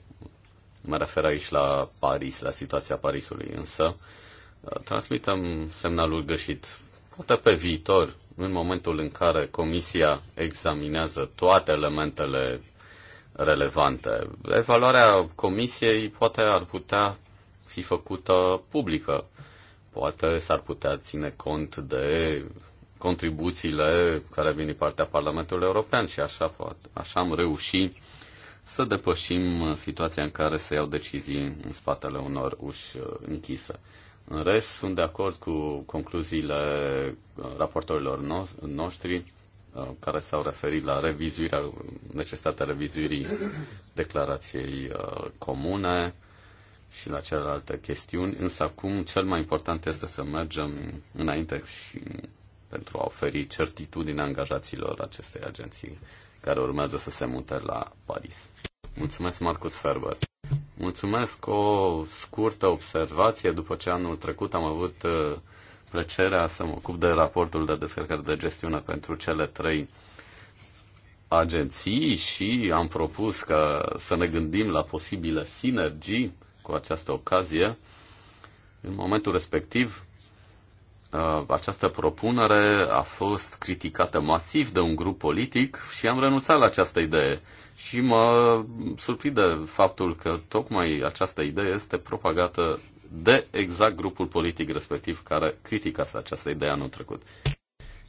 mă refer aici la Paris, la situația Parisului, însă uh, transmitem semnalul greșit. Poate pe viitor, în momentul în care Comisia examinează toate elementele relevante, evaluarea Comisiei poate ar putea fi făcută publică. Poate s-ar putea ține cont de contribuțiile care vin din partea Parlamentului European și așa, poate, așa am reușit să depășim uh, situația în care se iau decizii în spatele unor uși uh, închise. În rest, sunt de acord cu concluziile uh, raportorilor noștri care s-au referit la revizuirea, necesitatea revizuirii declarației comune și la celelalte chestiuni, însă acum cel mai important este să mergem înainte și pentru a oferi certitudine angajaților acestei agenții care urmează să se mute la Paris. Mulțumesc, Marcus Ferber. Mulțumesc. O scurtă observație. După ce anul trecut am avut uh, plăcerea să mă ocup de raportul de descărcare de gestiune pentru cele trei agenții și am propus că să ne gândim la posibile sinergii cu această ocazie. În momentul respectiv, Uh, această propunere a fost criticată masiv de un grup politic și am renunțat la această idee. Și mă surprinde faptul că tocmai această idee este propagată de exact grupul politic respectiv care criticase această idee anul trecut.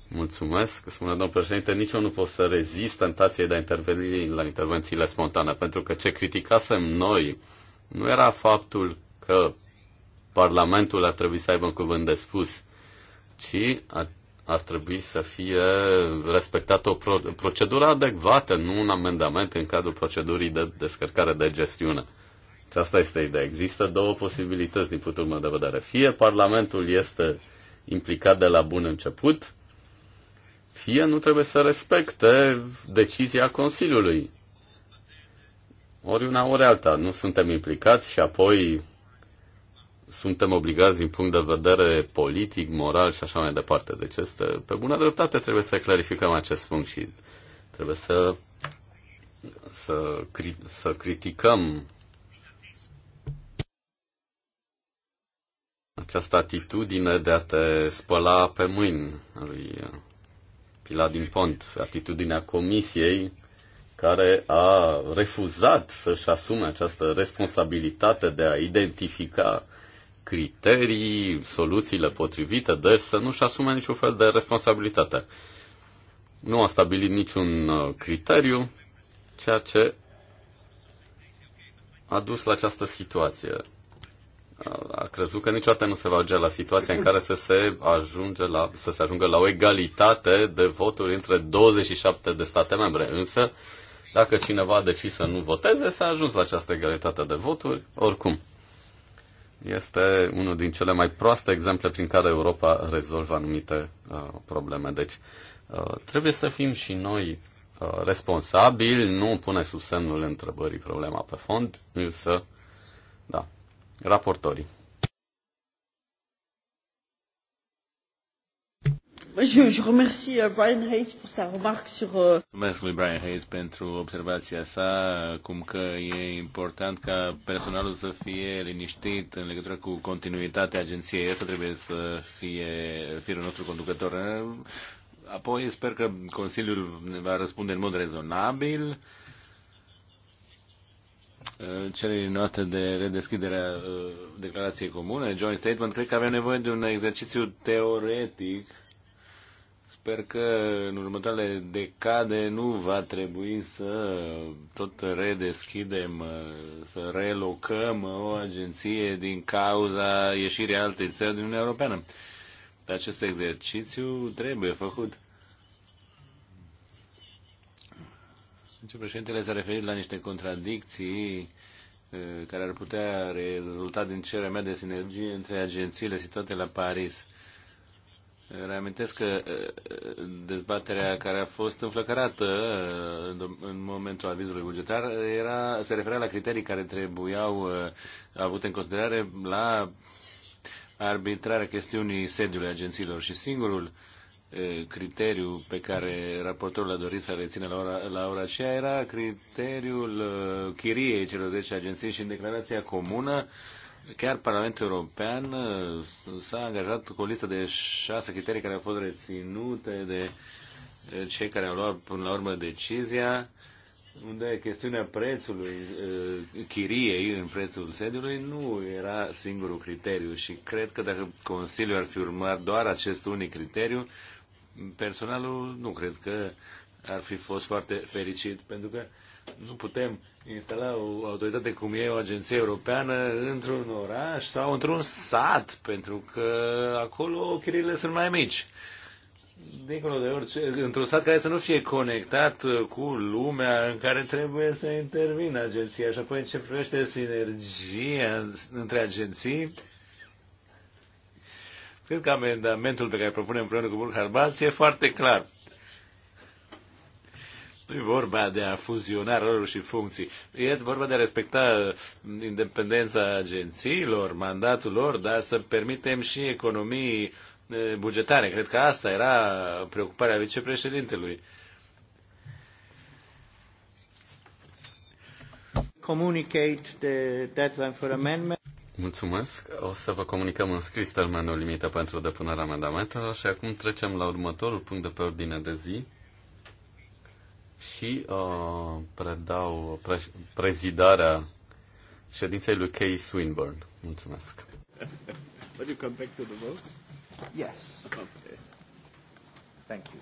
Mulțumesc, spune domnul președinte, nici eu nu pot să rezist tentației de a interveni la intervențiile spontane, pentru că ce criticasem noi nu era faptul că Parlamentul ar trebui să aibă un cuvânt de spus, ci ar, ar trebui să fie respectată o pro, procedură adecvată, nu un amendament în cadrul procedurii de descărcare de gestiune. Și asta este ideea. Există două posibilități din punctul meu de vedere. Fie Parlamentul este implicat de la bun început, fie nu trebuie să respecte decizia Consiliului. Ori una, ori alta. Nu suntem implicați și apoi suntem obligați din punct de vedere politic, moral și așa mai departe. Deci este, pe bună dreptate trebuie să clarificăm acest punct și trebuie să, să, cri, să criticăm această atitudine de a te spăla pe mâini a lui Pilat din Pont, atitudinea comisiei care a refuzat să-și asume această responsabilitate de a identifica criterii, soluțiile potrivite, deci să nu-și asume niciun fel de responsabilitate. Nu a stabilit niciun uh, criteriu, ceea ce a dus la această situație. A crezut că niciodată nu se va ajunge la situația în care să se, ajunge la, să se ajungă la o egalitate de voturi între 27 de state membre. Însă, dacă cineva a decis să nu voteze, s-a ajuns la această egalitate de voturi, oricum este unul din cele mai proaste exemple prin care Europa rezolvă anumite uh, probleme. Deci uh, trebuie să fim și noi uh, responsabili, nu pune sub semnul întrebării problema pe fond, însă, da, raportorii. Je, je remercie euh, Brian Hayes pour sa remarque sur... Euh, Mulțumesc lui Brian Hayes pentru observația sa, cum că e important ca personalul să fie liniștit în legătură cu continuitatea agenției. Asta trebuie să fie firul nostru conducător. Apoi sper că Consiliul ne va răspunde în mod rezonabil cererii note de redeschiderea a uh, declarației comune, joint statement, cred că avem nevoie de un exercițiu teoretic sper că în următoarele decade nu va trebui să tot redeschidem, să relocăm o agenție din cauza ieșirii altei țări din Uniunea Europeană. Acest exercițiu trebuie făcut. Deci, președintele s-a referit la niște contradicții eh, care ar putea rezulta din cererea mea de sinergie între agențiile situate la Paris. Reamintesc că uh, dezbaterea care a fost înflăcărată uh, în momentul avizului bugetar era, se referea la criterii care trebuiau uh, avute în considerare la arbitrarea chestiunii sediului agențiilor și singurul criteriu pe care raportorul a dorit să rețină la ora, la ora aceea era criteriul chiriei celor 10 agenții și în declarația comună Chiar Parlamentul European uh, s-a angajat cu o listă de șase criterii care au fost reținute de cei care au luat până la urmă decizia, unde chestiunea prețului uh, chiriei în prețul sediului nu era singurul criteriu și cred că dacă Consiliul ar fi urmat doar acest unic criteriu, personalul nu cred că ar fi fost foarte fericit, pentru că uh, nu putem instala o autoritate cum e o agenție europeană într-un oraș sau într-un sat, pentru că acolo chirile sunt mai mici. Dincolo de orice, într-un sat care să nu fie conectat cu lumea în care trebuie să intervină agenția. Și apoi ce privește sinergia între agenții, cred că amendamentul pe care îl propunem împreună cu Burkhard Balz e foarte clar nu e vorba de a fuziona roluri și funcții. E vorba de a respecta independența agențiilor, mandatul lor, dar să permitem și economii bugetare. Cred că asta era preocuparea vicepreședintelui. Communicate the deadline for amendment. Mulțumesc. O să vă comunicăm în scris termenul limită pentru depunerea amendamentelor și acum trecem la următorul punct de pe ordine de zi și uh, predau pre- prezidarea ședinței lui Kay Swinburne. Mulțumesc. Will you come back to the votes? Yes. Okay. Thank you.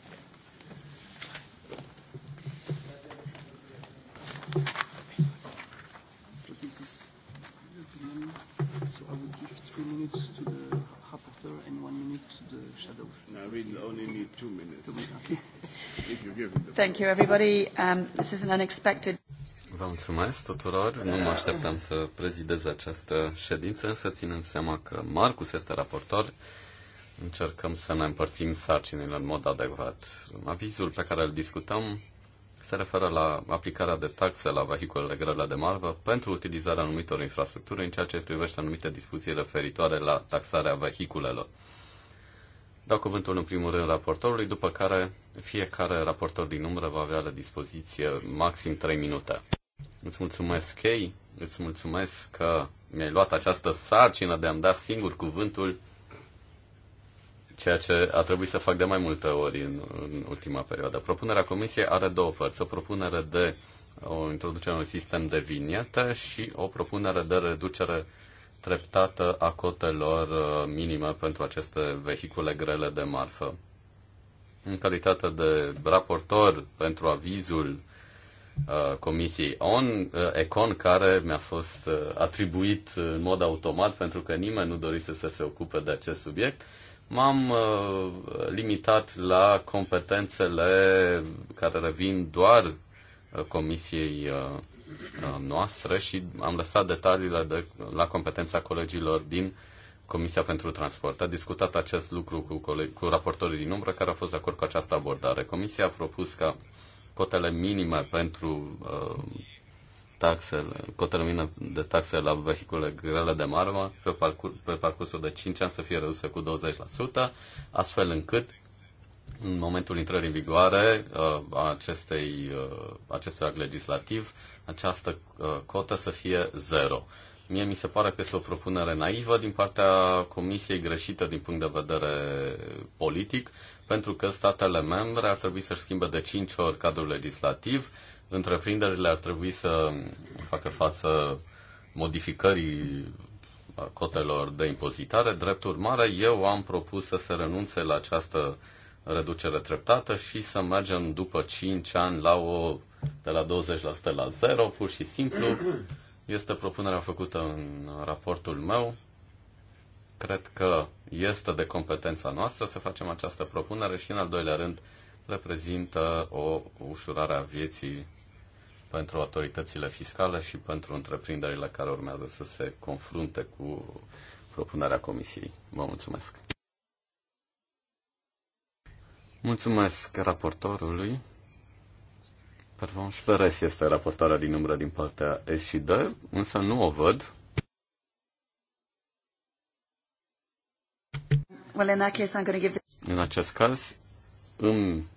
So this is so I will give three minutes to the rapporteur and one minute to the shadows. No, we we'll only need two minutes. Two minutes. Okay. If you give the Thank you, everybody. Um, this is an unexpected... Vă mulțumesc tuturor. Nu mă așteptam să prezidez această ședință, să ținem seama că Marcus este raportor. Încercăm să ne împărțim sarcinile în mod adecvat. Avizul pe care îl discutăm se referă la aplicarea de taxe la vehiculele grele de marfă pentru utilizarea anumitor infrastructuri în ceea ce privește anumite discuții referitoare la taxarea vehiculelor. Dau cuvântul în primul rând raportorului, după care fiecare raportor din umbră va avea la dispoziție maxim 3 minute. Îți mulțumesc, Kay, îți mulțumesc că mi-ai luat această sarcină de a-mi da singur cuvântul ceea ce a trebuit să fac de mai multe ori în, în ultima perioadă. Propunerea comisiei are două părți. O propunere de o introducere a unui sistem de vinietă și o propunere de reducere treptată a cotelor uh, minime pentru aceste vehicule grele de marfă. În calitate de raportor pentru avizul uh, Comisiei ON, uh, Econ, care mi-a fost atribuit în mod automat pentru că nimeni nu dorise să se ocupe de acest subiect, uh, M-am uh, limitat la competențele care revin doar uh, comisiei uh, uh noastră și am lăsat detaliile de, la competența colegilor din Comisia pentru Transport. A discutat acest lucru cu, coleg- cu raportorii din umbră care au fost de acord cu această abordare. Comisia a propus ca cotele minime pentru uh, taxele, cotele termină de taxe la vehicule grele de marmă pe, parcur, pe parcursul de 5 ani să fie reduse cu 20%, astfel încât în momentul intrării în vigoare uh, a acestei, uh, acestui act legislativ, această uh, cotă să fie zero. Mie mi se pare că este o propunere naivă din partea Comisiei greșită din punct de vedere politic, pentru că statele membre ar trebui să-și schimbe de 5 ori cadrul legislativ, întreprinderile ar trebui să facă față modificării cotelor de impozitare. Drept urmare, eu am propus să se renunțe la această reducere treptată și să mergem după 5 ani la o, de la 20% la 0, pur și simplu. Este propunerea făcută în raportul meu. Cred că este de competența noastră să facem această propunere și, în al doilea rând, reprezintă o ușurare a vieții pentru autoritățile fiscale și pentru întreprinderile care urmează să se confrunte cu propunerea Comisiei. Vă mulțumesc! Mulțumesc raportorului. Pervanș Peres este raportarea din umbră din partea S și D, însă nu o văd. Well, in that case, I'm going to give the... În acest caz, îmi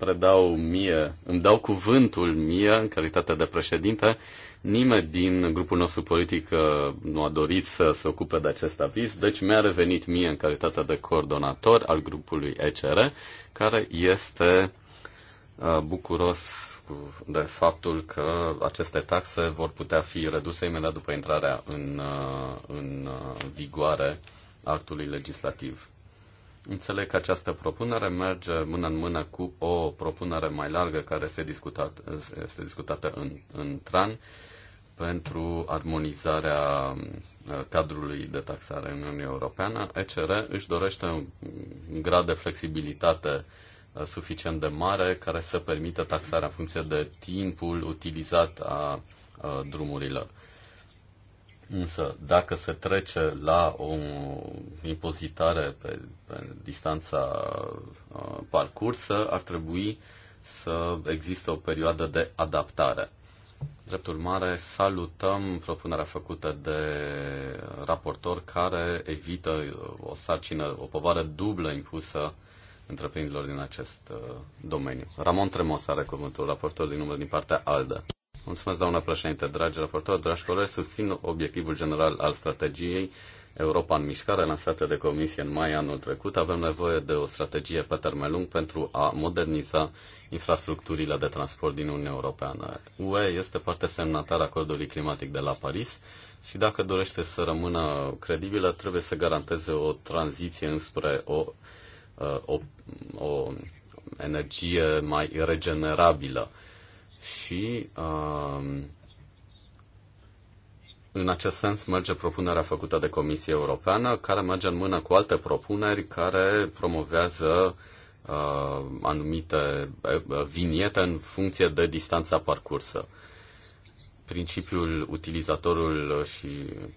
predau mie, îmi dau cuvântul mie, în calitate de președinte, nimeni din grupul nostru politic uh, nu a dorit să se ocupe de acest aviz, deci mi-a revenit mie în calitate de coordonator al grupului ECR, care este uh, bucuros de faptul că aceste taxe vor putea fi reduse imediat după intrarea în, uh, în vigoare actului legislativ. Înțeleg că această propunere merge mână în mână cu o propunere mai largă care este, discutat, este discutată în, în TRAN pentru armonizarea uh, cadrului de taxare în Uniunea Europeană. ECR își dorește un grad de flexibilitate uh, suficient de mare care să permită taxarea în funcție de timpul utilizat a uh, drumurilor. Însă, dacă se trece la o impozitare pe, pe distanța uh, parcursă, ar trebui să există o perioadă de adaptare. Drept urmare, salutăm propunerea făcută de raportor care evită uh, o sarcină, o povară dublă impusă întreprinderilor din acest uh, domeniu. Ramon Tremos are cuvântul, raportor din număr din partea ALDE. Mulțumesc, doamna președinte, dragi raportori, dragi colegi. Susțin obiectivul general al strategiei Europa în mișcare, lansată de Comisie în mai anul trecut. Avem nevoie de o strategie pe termen lung pentru a moderniza infrastructurile de transport din Uniunea Europeană. UE este parte semnatară a acordului climatic de la Paris și dacă dorește să rămână credibilă, trebuie să garanteze o tranziție înspre o, uh, o, o energie mai regenerabilă și um, în acest sens merge propunerea făcută de Comisia Europeană, care merge în mână cu alte propuneri care promovează uh, anumite uh, viniete în funcție de distanța parcursă. Principiul utilizatorul și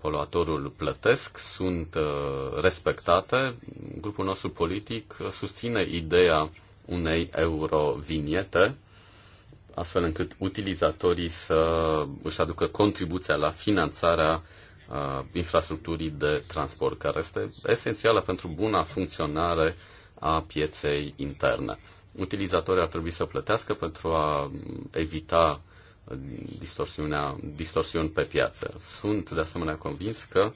poluatorul plătesc sunt uh, respectate. Grupul nostru politic susține ideea unei euroviniete astfel încât utilizatorii să își aducă contribuția la finanțarea uh, infrastructurii de transport, care este esențială pentru buna funcționare a pieței interne. Utilizatorii ar trebui să plătească pentru a evita uh, distorsiunea, distorsiuni pe piață. Sunt de asemenea convins că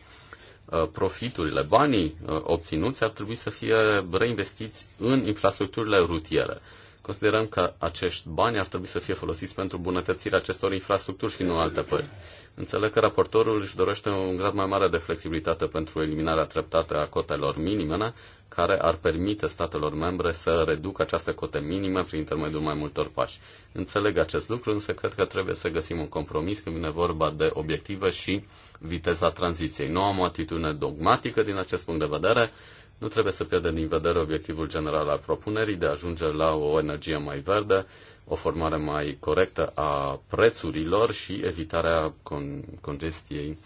uh, profiturile, banii obținuți ar trebui să fie reinvestiți în infrastructurile rutiere. Considerăm că acești bani ar trebui să fie folosiți pentru bunătățirea acestor infrastructuri și nu alte părți. Înțeleg că raportorul își dorește un grad mai mare de flexibilitate pentru eliminarea treptată a cotelor minime, care ar permite statelor membre să reducă această cote minime prin intermediul mai multor pași. Înțeleg acest lucru, însă cred că trebuie să găsim un compromis când vine vorba de obiective și viteza tranziției. Nu am o atitudine dogmatică din acest punct de vedere, nu trebuie să pierdem din vedere obiectivul general al propunerii de a ajunge la o energie mai verde, o formare mai corectă a prețurilor și evitarea con- congestiei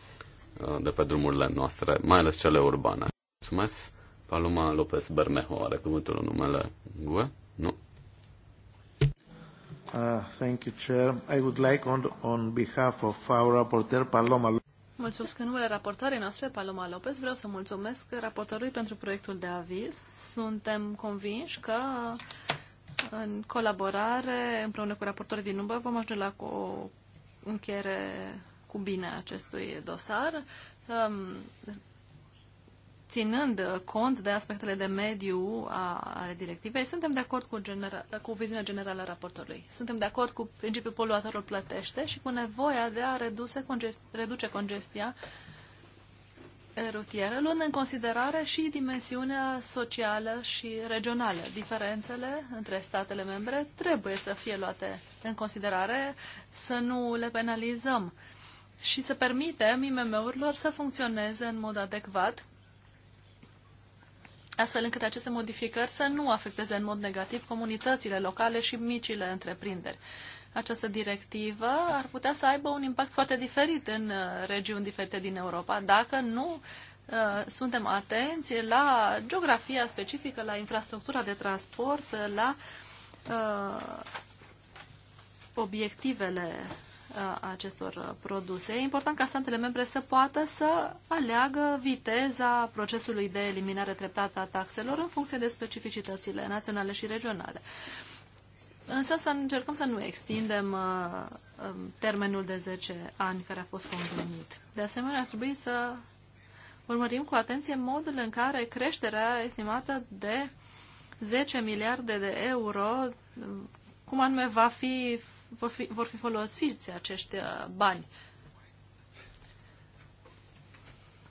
uh, de pe drumurile noastre, mai ales cele urbane. Mulțumesc. Paloma Lopez Bermejo are cuvântul în numele GUE? Nu? Uh, thank you, Chair. I would like on, on behalf of our rapporteur Paloma Mulțumesc în numele raportoarei noastre, Paloma Lopez. Vreau să mulțumesc raportorului pentru proiectul de aviz. Suntem convinși că în colaborare, împreună cu raportorii din Umbă vom ajunge la o încheiere cu bine acestui dosar ținând cont de aspectele de mediu ale directivei, suntem de acord cu, genera- cu viziunea generală a raportorului. Suntem de acord cu principiul poluatorul plătește și cu nevoia de a reduce, congest- reduce congestia rutieră, luând în considerare și dimensiunea socială și regională. Diferențele între statele membre trebuie să fie luate în considerare, să nu le penalizăm și să permitem IMM-urilor să funcționeze în mod adecvat astfel încât aceste modificări să nu afecteze în mod negativ comunitățile locale și micile întreprinderi. Această directivă ar putea să aibă un impact foarte diferit în uh, regiuni diferite din Europa, dacă nu uh, suntem atenți la geografia specifică, la infrastructura de transport, la uh, obiectivele acestor produse. E important ca statele membre să poată să aleagă viteza procesului de eliminare treptată a taxelor în funcție de specificitățile naționale și regionale. Însă să încercăm să nu extindem termenul de 10 ani care a fost convenit. De asemenea, ar trebui să urmărim cu atenție modul în care creșterea estimată de 10 miliarde de euro, cum anume va fi vor fi, vor fi folosiți acești uh, bani.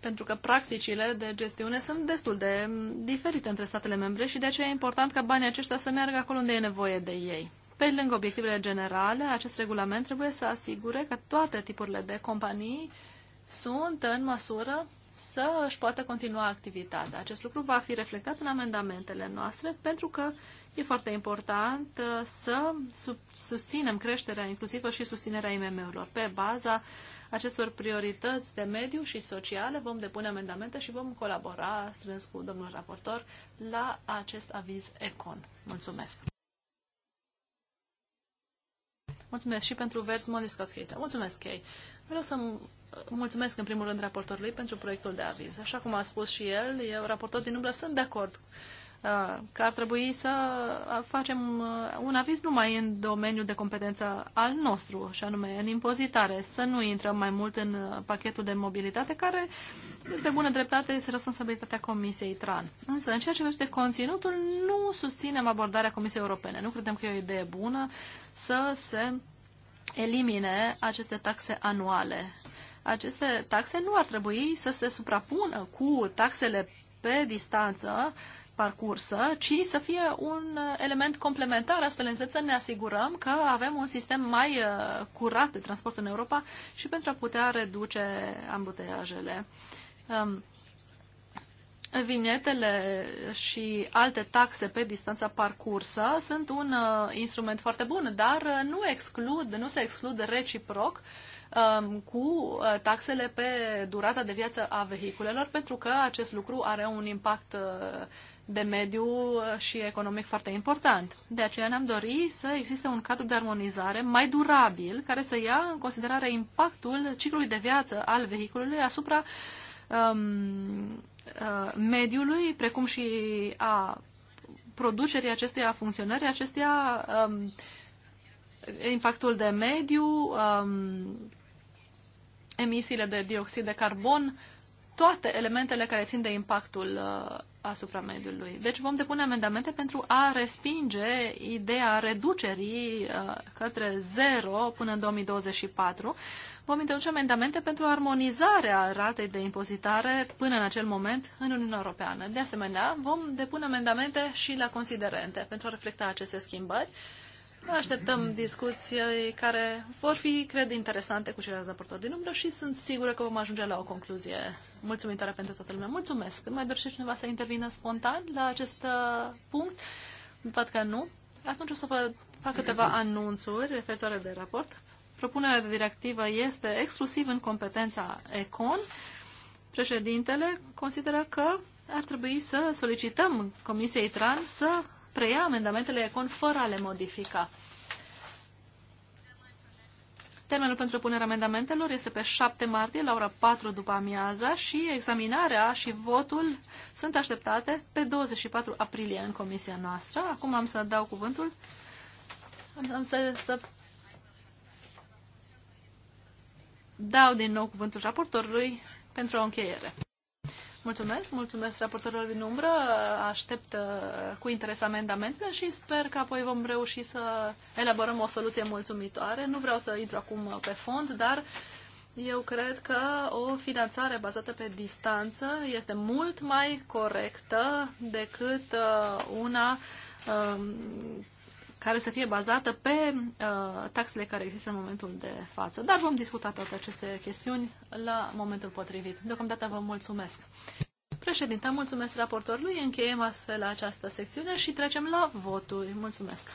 Pentru că practicile de gestiune sunt destul de mm, diferite între statele membre și de aceea e important ca banii aceștia să meargă acolo unde e nevoie de ei. Pe lângă obiectivele generale, acest regulament trebuie să asigure că toate tipurile de companii sunt în măsură să își poată continua activitatea. Acest lucru va fi reflectat în amendamentele noastre pentru că uh, E foarte important uh, să susținem creșterea inclusivă și susținerea IMM-urilor. Pe baza acestor priorități de mediu și sociale vom depune amendamente și vom colabora strâns cu domnul raportor la acest aviz ECON. Mulțumesc! Mulțumesc și pentru vers Molly Scott Cater. Mulțumesc, Kay. Vreau să uh, mulțumesc în primul rând raportorului pentru proiectul de aviz. Așa cum a spus și el, eu, raportor din umbră, sunt de acord Uh, că ar trebui să uh, facem uh, un aviz numai în domeniul de competență al nostru, și anume în impozitare, să nu intrăm mai mult în pachetul de mobilitate, care, pe bună dreptate, este responsabilitatea Comisiei TRAN. Însă, în ceea ce privește conținutul, nu susținem abordarea Comisiei Europene. Nu credem că e o idee bună să se elimine aceste taxe anuale. Aceste taxe nu ar trebui să se suprapună cu taxele pe distanță uh, parcursă, ci să fie un element complementar, astfel încât să ne asigurăm că avem un sistem mai uh, curat de transport în Europa și pentru a putea reduce ambuteiajele. Um, Vinetele și alte taxe pe distanța parcursă sunt un uh, instrument foarte bun, dar uh, nu exclud, nu se exclud reciproc um, cu taxele pe durata de viață a vehiculelor, pentru că acest lucru are un impact uh, de mediu uh, și economic foarte important. De aceea ne-am dorit să existe un cadru de armonizare mai durabil care să ia în considerare impactul ciclului de viață al vehiculului asupra um, uh, mediului, precum și a producerii acesteia, a funcționării acesteia, um, impactul de mediu, um, emisiile de dioxid de carbon, toate elementele care țin de impactul uh, asupra mediului. Deci vom depune amendamente pentru a respinge ideea reducerii uh, către zero până în 2024. Vom introduce amendamente pentru armonizarea ratei de impozitare până în acel moment în Uniunea Europeană. De asemenea, vom depune amendamente și la considerente pentru a reflecta aceste schimbări noi așteptăm discuții care vor fi, cred, interesante cu ceilalți raportori din umbră și sunt sigură că vom ajunge la o concluzie mulțumitoare pentru toată lumea. Mulțumesc! Mai dorește cineva să intervină spontan la acest uh, punct? Văd că nu. Atunci o să vă fac câteva anunțuri referitoare de raport. Propunerea de directivă este exclusiv în competența ECON. Președintele consideră că ar trebui să solicităm Comisiei TRAN să preia amendamentele Econ fără a le modifica. Termenul pentru punerea amendamentelor este pe 7 martie la ora 4 după amiaza și examinarea și votul sunt așteptate pe 24 aprilie în comisia noastră. Acum am să dau cuvântul. Am să, să dau din nou cuvântul raportorului pentru o încheiere. Mulțumesc, mulțumesc raportorilor din umbră, aștept uh, cu interes amendamentele și sper că apoi vom reuși să elaborăm o soluție mulțumitoare. Nu vreau să intru acum pe fond, dar eu cred că o finanțare bazată pe distanță este mult mai corectă decât uh, una um, care să fie bazată pe uh, taxele care există în momentul de față. Dar vom discuta toate aceste chestiuni la momentul potrivit. Deocamdată vă mulțumesc. Președinte, mulțumesc raportorului. Încheiem astfel această secțiune și trecem la voturi. Mulțumesc!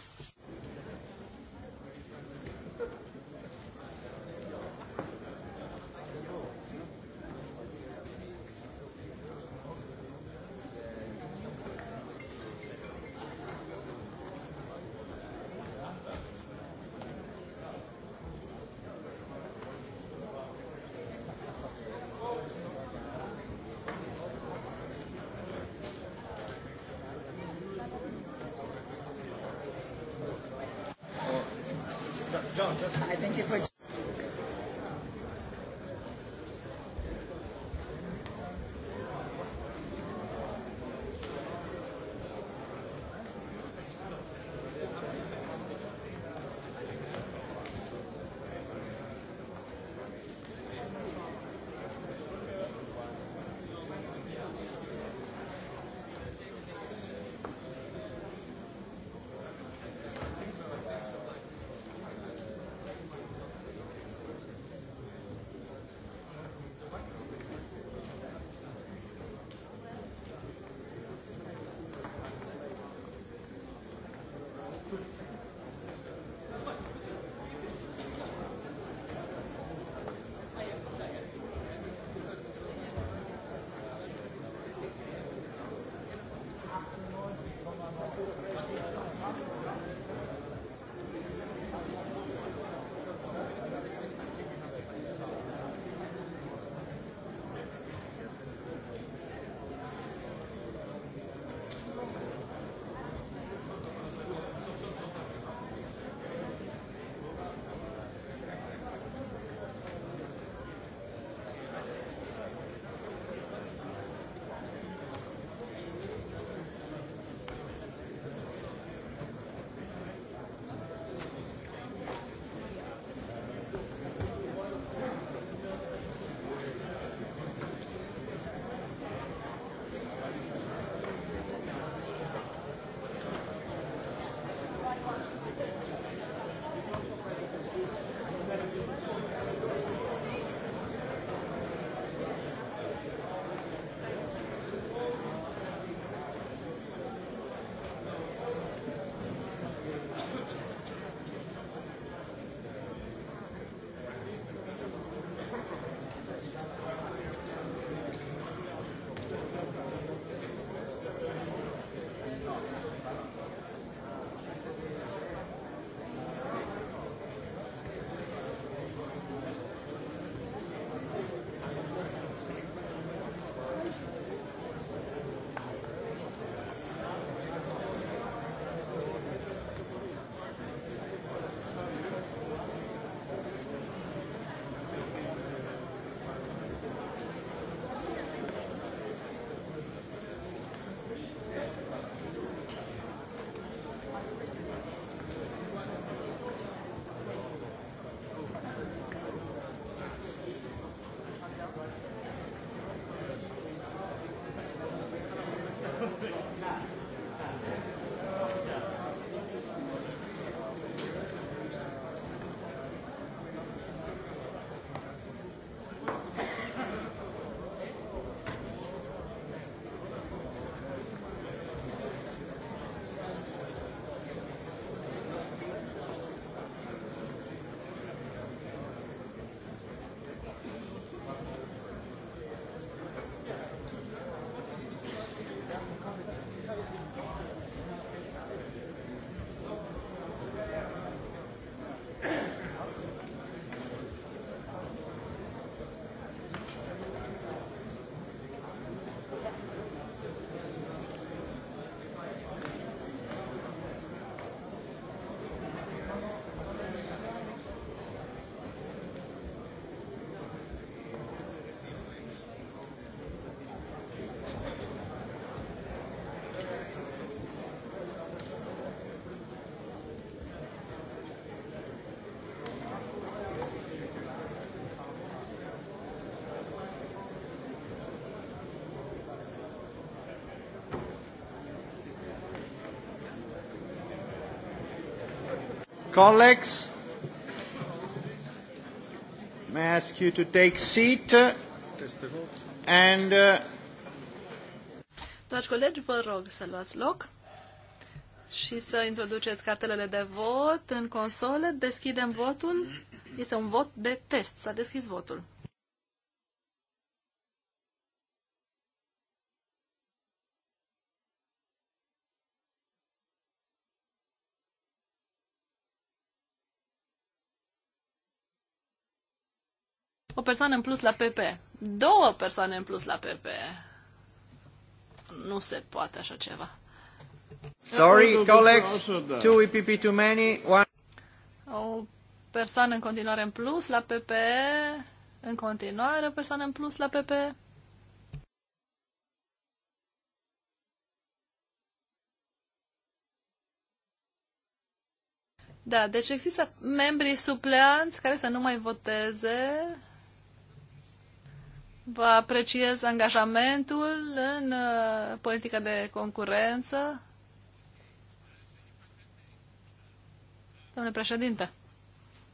Colleagues, may I ask you to take seat and uh... Dragi colegi, vă rog să luați loc și să introduceți cartelele de vot în console. Deschidem votul. Este un vot de test. S-a deschis votul. persoană în plus la PP. Două persoane în plus la PP. Nu se poate așa ceva. Sorry, colleagues, da. two EPP too many, one... O persoană în continuare în plus la PP. În continuare, persoană în plus la PP. Da, deci există membrii supleanți care să nu mai voteze Vă apreciez angajamentul în uh, politica de concurență. Domnule președinte,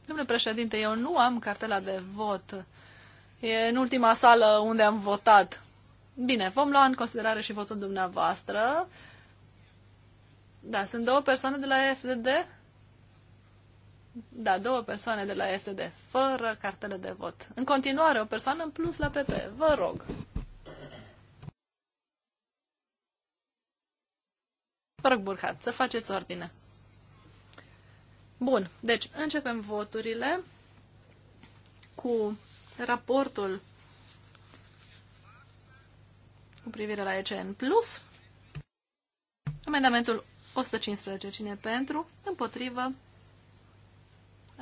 domnule președinte, eu nu am cartela de vot. E în ultima sală unde am votat. Bine, vom lua în considerare și votul dumneavoastră. Da, sunt două persoane de la FDD. Da, două persoane de la FTD, fără cartele de vot. În continuare, o persoană în plus la PP. Vă rog. Vă rog, Burhat, să faceți ordine. Bun, deci începem voturile cu raportul cu privire la ECN+. Amendamentul 115, cine pentru, împotrivă,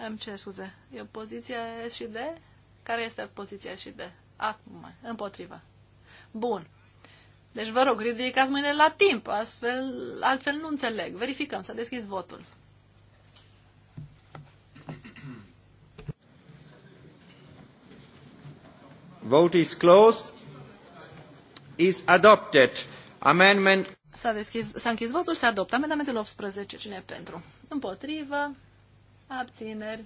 îmi cer scuze. E o poziție S și D? Care este poziția S și D? Acum, împotriva. Bun. Deci vă rog, ridicați mâinile la timp, astfel, altfel nu înțeleg. Verificăm, s-a deschis votul. Vote is closed. Is adopted. Amendment. S-a deschis, s-a închis votul, se adoptă amendamentul 18. Cine e pentru? Împotrivă abțineri.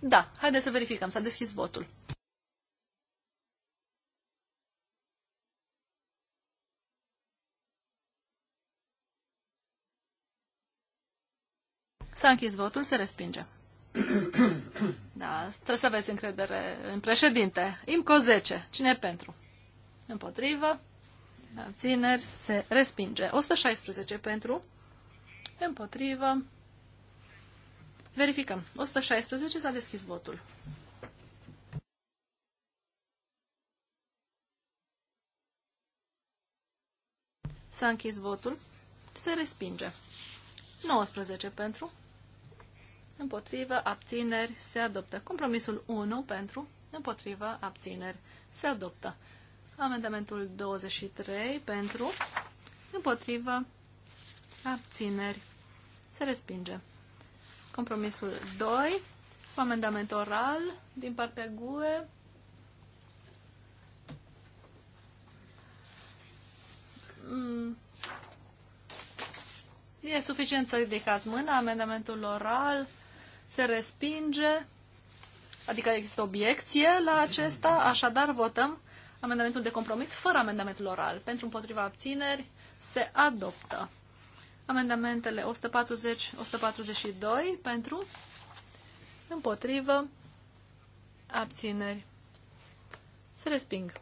Da, haideți să verificăm. S-a deschis votul. S-a închis votul, se respinge. da, trebuie să aveți încredere în președinte. IMCO 10. Cine e pentru? Împotrivă? abțineri, se respinge. 116 pentru, împotrivă, verificăm. 116 s-a deschis votul. S-a închis votul, se respinge. 19 pentru, împotrivă, abțineri, se adoptă. Compromisul 1 pentru, împotrivă, abțineri, se adoptă. Amendamentul 23 pentru, împotrivă, abțineri, se respinge. Compromisul 2, cu amendament oral din partea GUE. Mm. E suficient să ridicați mâna, amendamentul oral se respinge, adică există obiecție la acesta, așadar votăm Amendamentul de compromis fără amendamentul oral. Pentru împotriva abțineri se adoptă. Amendamentele 140-142 pentru împotrivă abțineri se resping.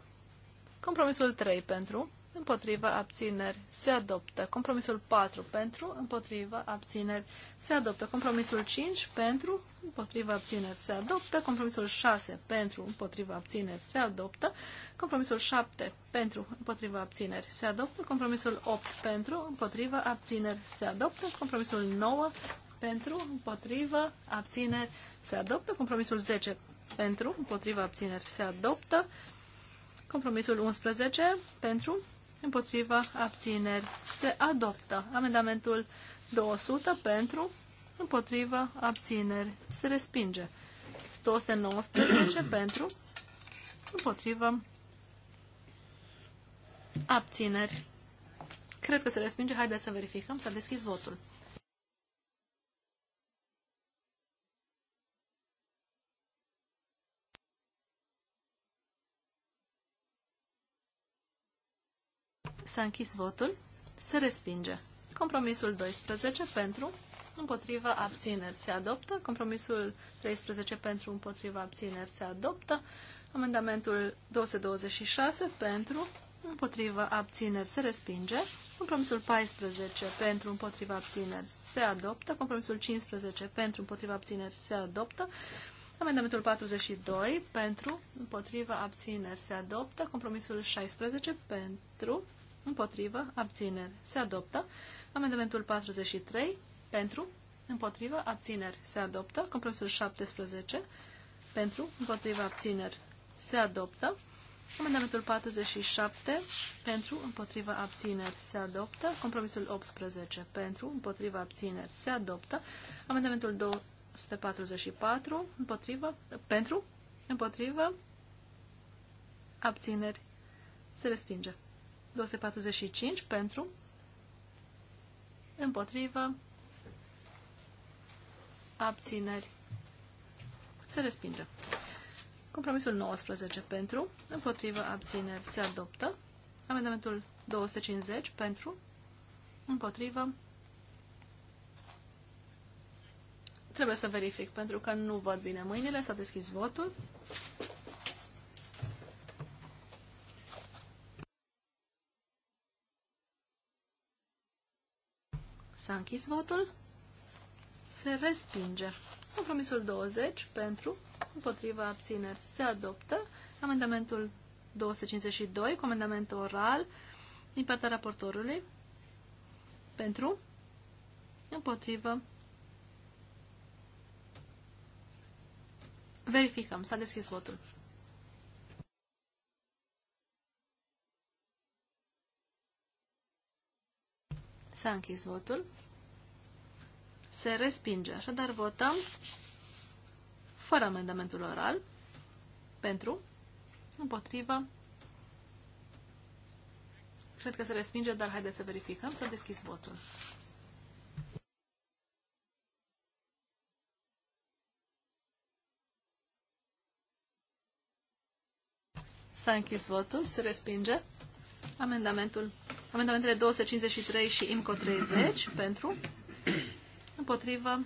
Compromisul 3 pentru împotrivă, abțineri, se adoptă. Compromisul 4 pentru, împotrivă, abțineri, se adoptă. Compromisul 5 pentru, împotrivă, abțineri, se adoptă. Compromisul 6 pentru, împotrivă, abțineri, se adoptă. Compromisul 7 pentru, împotrivă, abțineri, se adoptă. Compromisul 8 pentru, împotrivă, abțineri, se adoptă. Compromisul 9 pentru, împotrivă, abțineri, se adoptă. Compromisul 10 pentru, împotrivă, abțineri, se adoptă. Compromisul 11 pentru, împotriva, abțineri, se adoptă. Amendamentul 200 pentru, împotriva, abțineri, se respinge. 219 pentru, împotriva, abțineri. Cred că se respinge. Haideți să verificăm. S-a deschis votul. S-a închis votul. Se respinge. Compromisul 12 pentru, împotriva abțineri se adoptă. Compromisul 13 pentru, împotriva abțineri se adoptă. Amendamentul 226 pentru, împotriva abțineri se respinge. Compromisul 14 pentru, împotriva abțineri se adoptă. Compromisul 15 pentru, împotriva abțineri se adoptă. Amendamentul 42 pentru, împotriva abțineri se adoptă. Compromisul 16 pentru, împotrivă, abțineri, se adoptă. Amendamentul 43, pentru, împotrivă, abțineri, se adoptă. Compromisul 17, pentru, împotrivă, abțineri, se adoptă. Amendamentul 47, pentru, împotrivă, abțineri, se adoptă. Compromisul 18, pentru, împotrivă, abțineri, se adoptă. Amendamentul 244, împotrivă, pentru, împotrivă, abțineri, se respinge. 245 pentru, împotrivă, abțineri, se respinge. Compromisul 19 pentru, împotrivă, abțineri, se adoptă. Amendamentul 250 pentru, împotrivă, trebuie să verific pentru că nu văd bine mâinile, s-a deschis votul. S-a închis votul. Se respinge. Compromisul 20 pentru, împotriva abțineri, se adoptă. Amendamentul 252, comandament oral, din partea raportorului, pentru, împotrivă, verificăm, s-a deschis votul. S-a închis votul. Se respinge. Așadar, votăm fără amendamentul oral. Pentru. Împotrivă. Cred că se respinge, dar haideți să verificăm. S-a deschis votul. S-a închis votul. Se respinge. Amendamentul, amendamentele 253 și IMCO 30 pentru, împotrivă,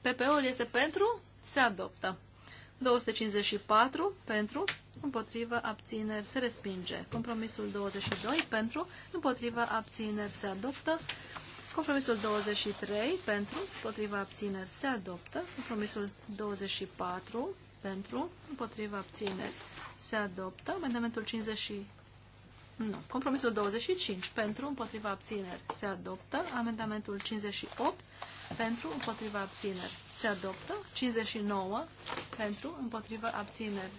ppo ul este pentru, se adoptă. 254 pentru, împotrivă, abțineri, se respinge. Compromisul 22 pentru, împotrivă, abțineri, se adoptă. Compromisul 23 pentru, Împotrivă. abțineri se adoptă. Compromisul 24 pentru, Împotrivă. abțineri se adoptă. Amendamentul 50 nu. Compromisul 25 pentru, împotriva abțineri se adoptă. Amendamentul 58 pentru, împotriva abțineri se adoptă. 59 pentru, împotriva abțineri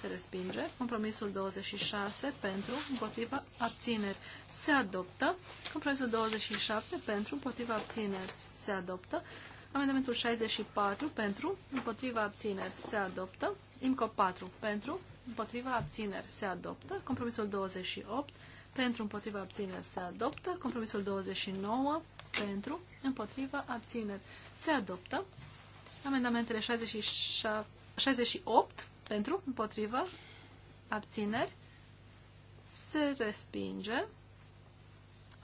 se respinge. Compromisul 26 pentru, împotriva abțineri se adoptă. Compromisul 27 pentru, împotriva abțineri se adoptă. Amendamentul 64 pentru, împotriva abțineri se adoptă. IMCO 4 pentru, împotriva abțineri se adoptă. Compromisul 28 pentru împotriva abțineri se adoptă. Compromisul 29 pentru împotriva abțineri se adoptă. Amendamentele 67, 68 pentru împotriva abțineri se respinge.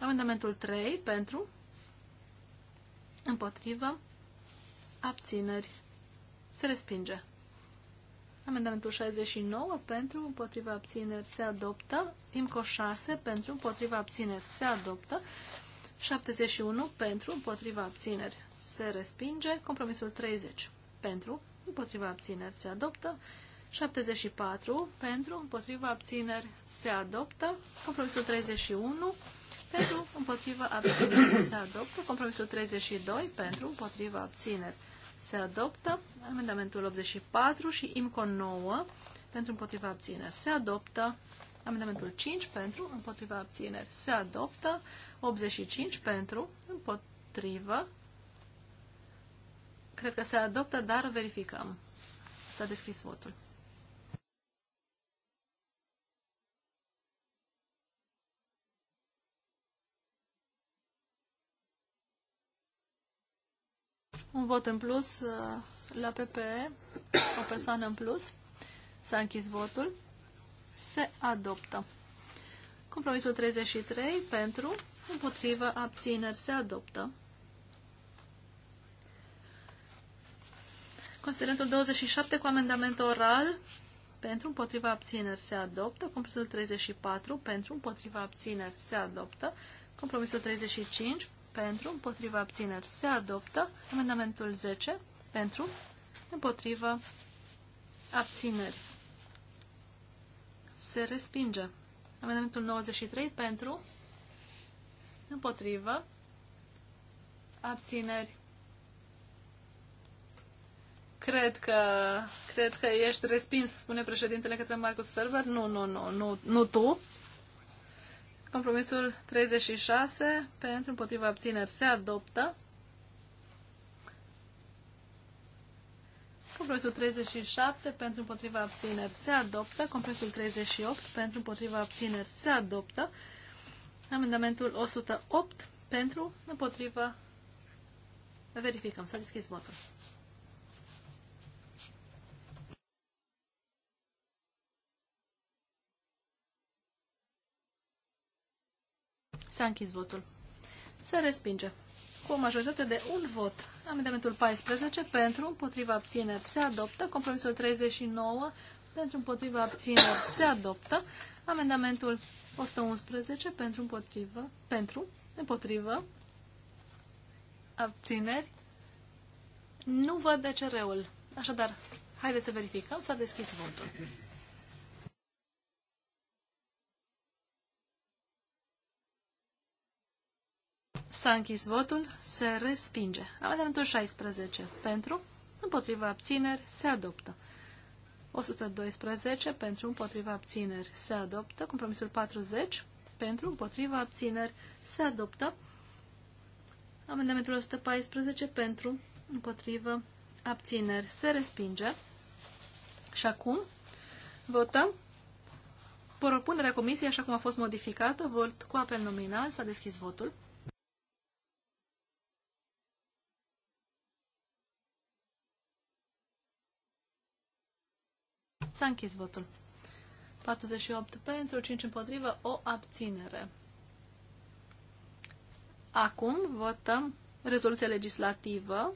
Amendamentul 3 pentru împotriva abțineri se respinge. Amendamentul 69 pentru împotriva abțineri se adoptă. IMCO 6 pentru împotriva abțineri se adoptă. 71 pentru împotriva abțineri se respinge. Compromisul 30 pentru împotriva abțineri se adoptă. 74 pentru împotriva abțineri se adoptă. Compromisul 31 pentru împotriva abțineri se adoptă. Compromisul 32 pentru împotriva abțineri se adoptă. Amendamentul 84 și IMCO 9 pentru împotriva abțineri se adoptă. Amendamentul 5 pentru împotriva abțineri se adoptă. 85 pentru împotrivă. Cred că se adoptă, dar verificăm. S-a deschis votul. un vot în plus uh, la PPE, o persoană în plus. S-a închis votul. Se adoptă. Compromisul 33 pentru, împotrivă, abțineri se adoptă. Considerentul 27 cu amendament oral pentru împotriva abțineri se adoptă. Compromisul 34 pentru împotriva abțineri se adoptă. Compromisul 35 pentru, împotriva abțineri se adoptă. Amendamentul 10 pentru, împotriva abțineri se respinge. Amendamentul 93 pentru, împotriva abțineri. Cred că, cred că ești respins, spune președintele către Marcus Ferber. Nu, nu, nu, nu, nu tu. Compromisul 36 pentru împotriva abțineri se adoptă. Compromisul 37 pentru împotriva abțineri se adoptă. Compromisul 38 pentru împotriva abțineri se adoptă. Amendamentul 108 pentru împotriva. Verificăm. S-a deschis votul. S-a închis votul. Se respinge. Cu o majoritate de un vot. Amendamentul 14 pentru, împotriva abțineri se adoptă. Compromisul 39 pentru, împotriva abțineri se adoptă. Amendamentul 111 pentru, împotriva, pentru, împotriva abțineri. Nu văd de cereul. Așadar, haideți să verificăm. S-a deschis votul. S-a închis votul, se respinge. Amendamentul 16 pentru, împotriva abțineri, se adoptă. 112 pentru, împotriva abțineri, se adoptă. Compromisul 40 pentru, împotriva abțineri, se adoptă. Amendamentul 114 pentru, împotriva abțineri, se respinge. Și acum votăm propunerea comisiei așa cum a fost modificată, vot cu apel nominal, s-a deschis votul. S-a închis votul. 48 pentru, 5 împotrivă, o abținere. Acum votăm rezoluția legislativă.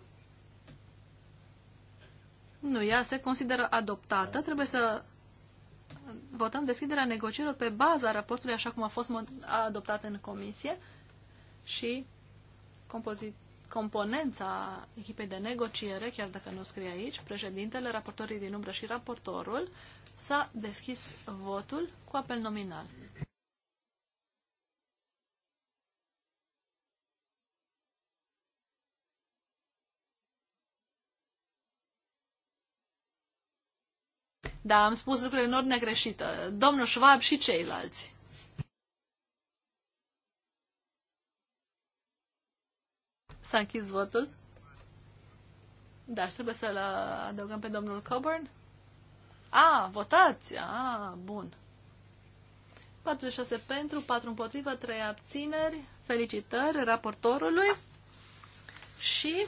Nu, ea se consideră adoptată. Trebuie să votăm deschiderea negocierilor pe baza raportului așa cum a fost adoptat în comisie și compozit componența echipei de negociere, chiar dacă nu scrie aici, președintele, raportorii din umbră și raportorul, s-a deschis votul cu apel nominal. Da, am spus lucrurile în ordine greșită. Domnul Schwab și ceilalți. S-a închis votul. Da, și trebuie să-l adăugăm pe domnul Coburn. A, votați! A, bun. 46 pentru, 4 împotrivă, 3 abțineri. Felicitări raportorului și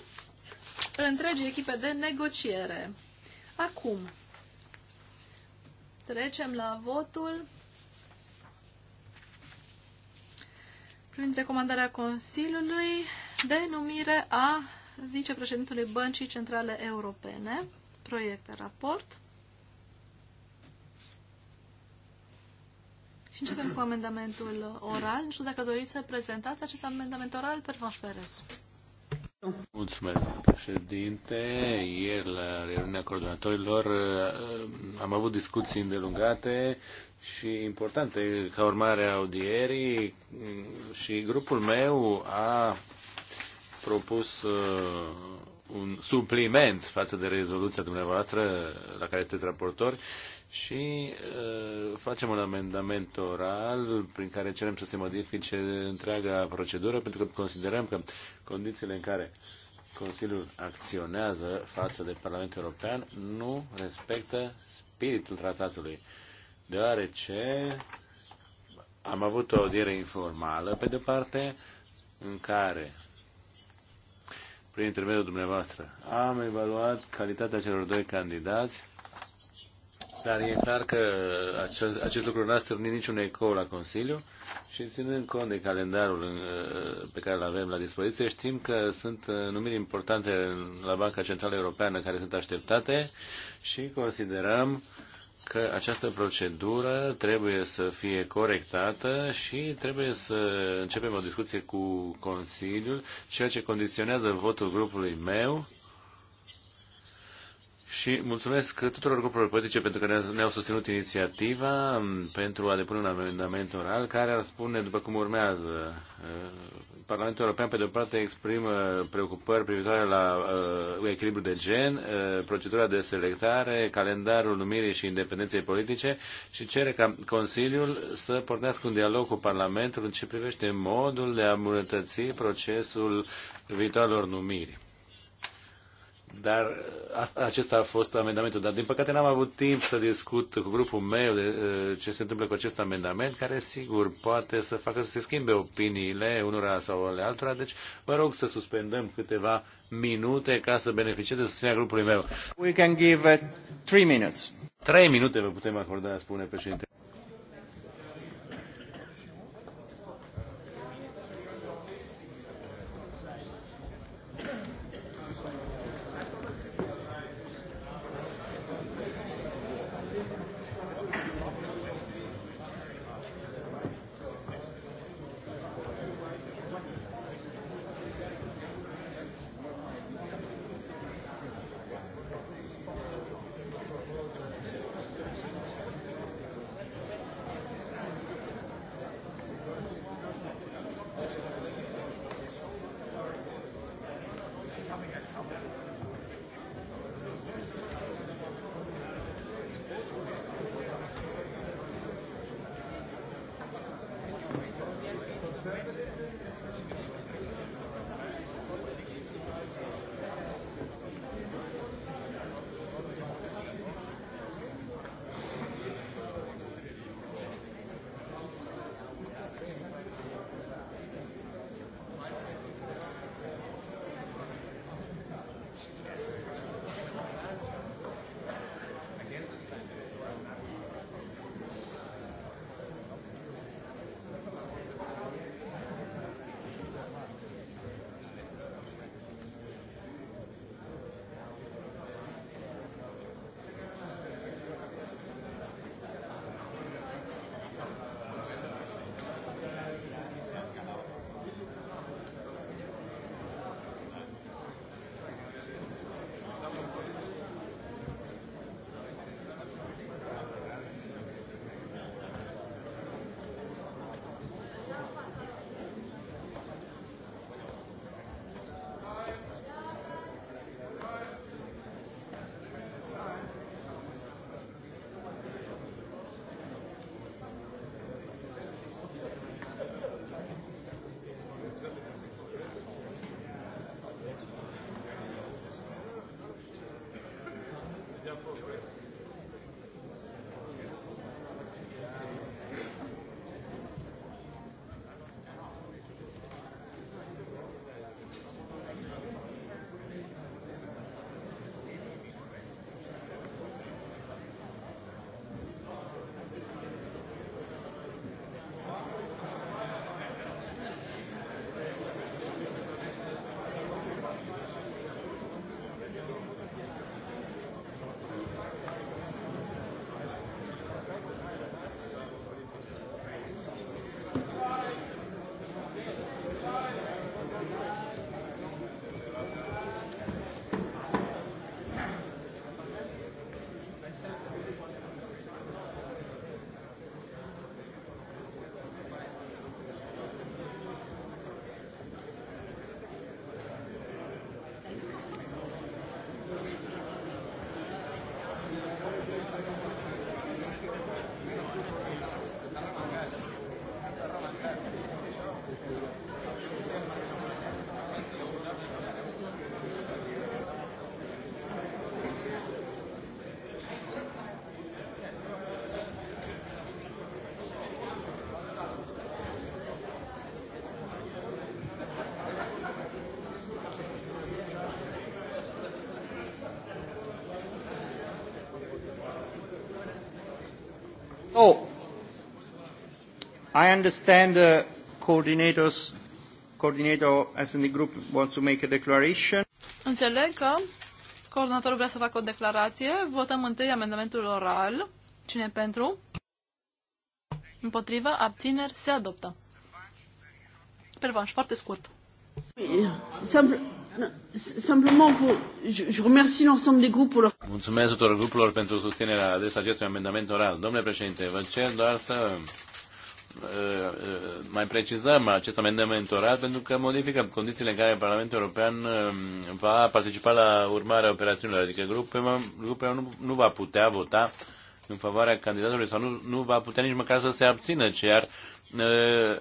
întregii echipe de negociere. Acum, trecem la votul prin recomandarea Consiliului de numire a vicepreședintului Băncii Centrale Europene, proiect de raport. Și începem cu amendamentul oral. Nu știu dacă doriți să prezentați acest amendament oral, Pervanș Perez. Mulțumesc, președinte. Ieri, la reuniunea coordonatorilor, eh, am avut discuții îndelungate și importante ca urmare a audierii mm, și grupul meu a propus uh, un supliment față de rezoluția dumneavoastră la care sunteți raportori și uh, facem un amendament oral prin care cerem să se modifice întreaga procedură pentru că considerăm că condițiile în care Consiliul acționează față de Parlamentul European nu respectă spiritul tratatului, deoarece am avut o audiere informală, pe de parte, în care prin intermediul dumneavoastră. Am evaluat calitatea celor doi candidați, dar e clar că acest, acest lucru n-a stârnit niciun ecou la Consiliu și ținând cont de calendarul uh, pe care îl avem la dispoziție, știm că sunt uh, numiri importante la Banca Centrală Europeană care sunt așteptate și considerăm uh, că această procedură trebuie să fie corectată și trebuie să începem o discuție cu Consiliul, ceea ce condiționează votul grupului meu și mulțumesc tuturor grupurilor politice pentru că ne-au susținut inițiativa um, pentru a depune un amendament oral care ar spune după cum urmează. Uh, Parlamentul European, pe de-o parte, exprimă preocupări privitoare la uh, echilibru de gen, uh, procedura de selectare, calendarul numirii și independenței politice și cere ca Consiliul să pornească un dialog cu Parlamentul în ce privește modul de a îmbunătăți procesul viitoarelor numiri. Dar uh, acesta a fost amendamentul. Dar din păcate n-am avut timp să discut cu grupul meu de uh, ce se întâmplă cu acest amendament, care sigur poate să facă să se schimbe opiniile unora sau ale altora. Deci vă rog să suspendăm câteva minute ca să beneficieze de susținerea grupului meu. We can give uh, three minutes. Trei minute vă putem acorda, spune președinte. Oh, I understand the coordinators, coordinator the Group wants to make a declaration. Înțeleg că coordonatorul vrea să facă o declarație. Votăm întâi amendamentul oral. Cine pentru? Împotrivă, abțineri, se adoptă. Pervanș, foarte scurt. Simplement, je remercie l'ensemble des groupes pour leur Mulțumesc tuturor grupurilor pentru susținerea adresa acestui amendament oral. Domnule președinte, vă cer doar să uh, uh, mai precizăm acest amendament oral pentru că modifică condițiile în care Parlamentul European um, va participa la urmarea operațiunilor, adică grupul, grupul nu, nu va putea vota în favoarea candidatului sau nu, nu va putea nici măcar să se abțină, ci ar uh,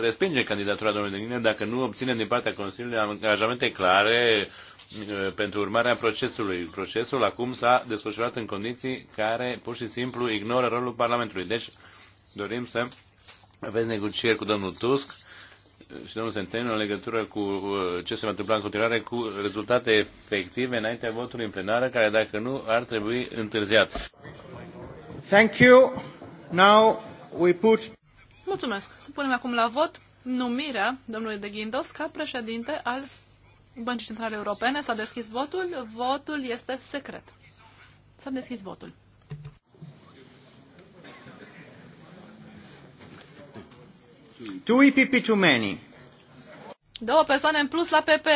respinge candidatura domnului Dăghine dacă nu obține din partea Consiliului angajamente clare Eh, pentru urmarea procesului. Procesul acum s-a desfășurat în condiții care pur și simplu ignoră rolul Parlamentului. Deci dorim să aveți negocieri cu domnul Tusk și domnul Centeniu în legătură cu eh, ce se va întâmpla în continuare cu rezultate efective înaintea votului în plenară, care dacă nu ar trebui întârziat. Thank you. Now we put... Mulțumesc. Supunem acum la vot numirea domnului de Ghindos ca președinte al Băncii Centrale Europene. S-a deschis votul. Votul este secret. S-a deschis votul. Two EPP too many. Două persoane în plus la PP.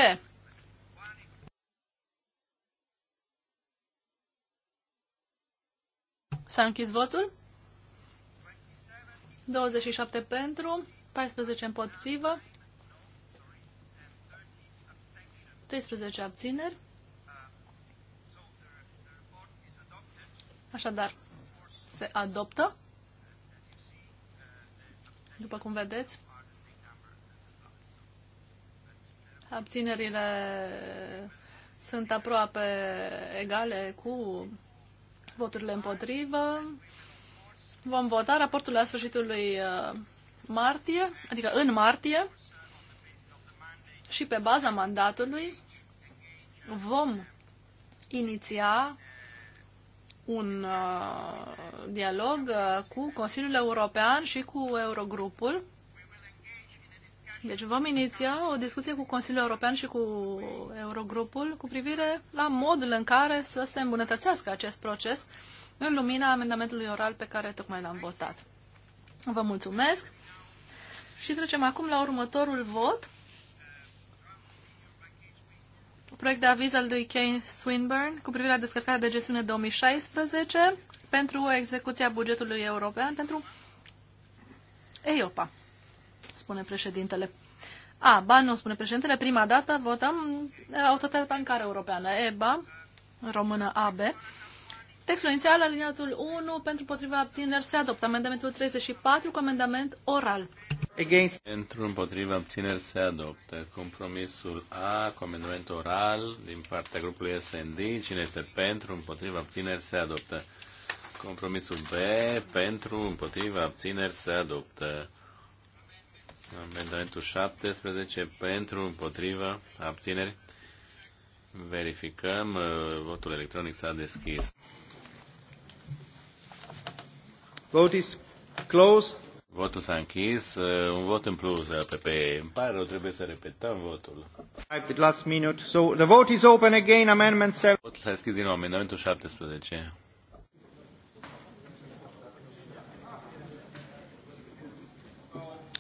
S-a închis votul. 27 pentru, 14 împotrivă. 13 abțineri. Așadar, se adoptă. După cum vedeți, abținerile sunt aproape egale cu voturile împotrivă. Vom vota raportul la sfârșitul lui uh, martie, adică în martie, și pe baza mandatului vom iniția un uh, dialog uh, cu Consiliul European și cu Eurogrupul. Deci vom iniția o discuție cu Consiliul European și cu Eurogrupul cu privire la modul în care să se îmbunătățească acest proces în lumina amendamentului oral pe care tocmai l-am votat. Vă mulțumesc și trecem acum la următorul vot proiect de aviz al lui Kane Swinburne cu privire la descărcarea de gestiune 2016 pentru execuția bugetului european pentru EIOPA, spune președintele. A, ba nu, spune președintele, prima dată votăm uh, Autoritatea Bancară Europeană, EBA, română AB. Textul inițial, aliniatul 1, pentru potriva abțineri, se adoptă amendamentul 34 cu amendament oral. Against. Pentru împotriva abțineri se adoptă compromisul A cu amendament oral din partea grupului SND. Cine este pentru împotriva abțineri se adoptă. Compromisul B pentru împotriva abțineri se adoptă. Amendamentul 17 pentru împotriva abțineri. Verificăm. Uh, votul electronic s-a deschis. Vote is closed. Votul s-a închis. Uh, un vot în plus de la PPE. Îmi pare rău, trebuie să repetăm votul. last minute. So the vote is open again, amendment 7. Votul s-a deschis din nou, amendamentul 17.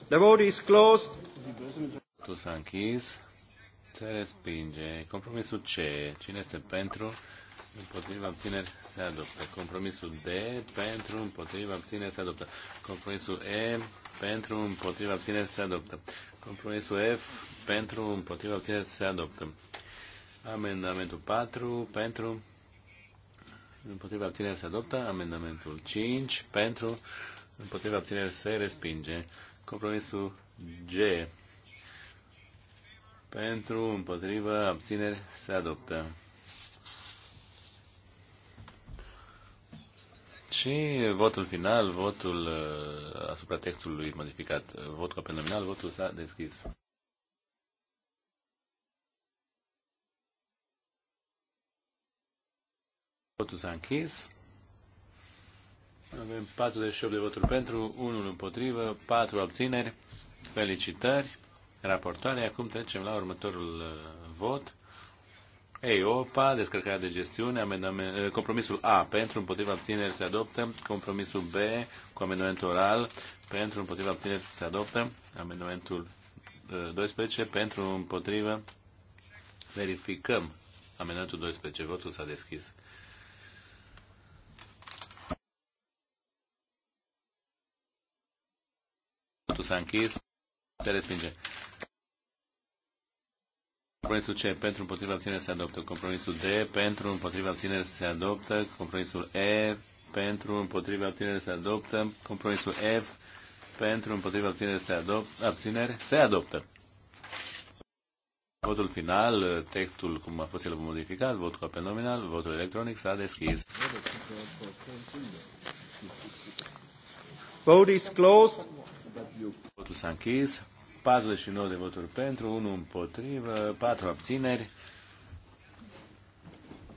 The vote is closed. Votul s-a închis. Se respinge. Compromisul C. Cine este pentru? împotriva abțineri se adoptă. Compromisul D pentru împotriva abțineri se adoptă. Compromisul E pentru împotriva abțineri se adoptă. Compromisul F pentru împotriva abțineri se adoptă. Amendamentul 4 pentru împotriva abțineri se adoptă. Amendamentul 5 pentru împotriva abțineri se respinge. Compromisul G pentru împotriva abțineri se adoptă. Și votul final, votul uh, asupra textului modificat, uh, vot pe nominal, votul s-a deschis. Votul s-a închis. Avem 48 de voturi pentru, 1 împotrivă, 4 abțineri. Felicitări, raportoare. Acum trecem la următorul uh, vot. EIOPA, descărcarea de gestiune, eh, compromisul A pentru împotriva abțineri se adoptă, compromisul B cu amendamentul oral pentru împotriva abțineri se adoptă, amendamentul 12 eh, pentru împotriva verificăm amendamentul 12, votul s-a deschis. Votul s-a închis, se respinge. Compromisul C pentru împotriva abținere se adoptă. Compromisul D pentru împotriva abținere se adoptă. Compromisul E pentru împotriva abținere se adoptă. Compromisul F pentru împotriva abținere se adoptă. Abținere se adoptă. Votul final, textul cum a fost el modificat, votul cu apel nominal, votul electronic s-a deschis. Vote is closed. Votul s-a închis. 49 de voturi pentru, 1 împotrivă, 4 abțineri.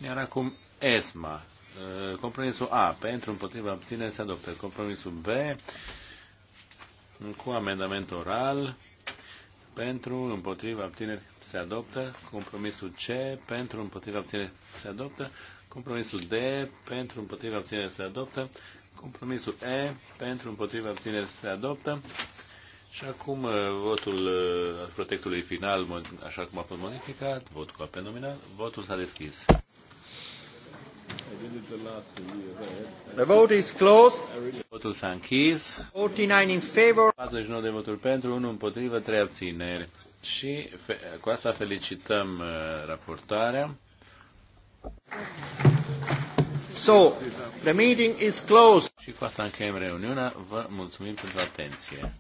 Iar acum ESMA. Uh, compromisul A. Pentru împotriva abțineri se adoptă. Compromisul B. Cu amendament oral. Pentru împotriva abțineri se adoptă. Compromisul C. Pentru împotriva abțineri se adoptă. Compromisul D. Pentru împotriva abțineri se adoptă. Compromisul E. Pentru împotriva abțineri se adoptă. Și acum uh, votul uh, asupra textului final, așa cum a fost modificat, vot cu apel nominal, votul s-a deschis. The vote is closed. Votul s-a închis. 49 in favor. 49 de voturi pentru, 1 împotrivă, 3 abțineri. Și cu asta felicităm uh, raportarea. So, the meeting is closed. Și cu asta încheiem reuniunea. Vă mulțumim pentru atenție.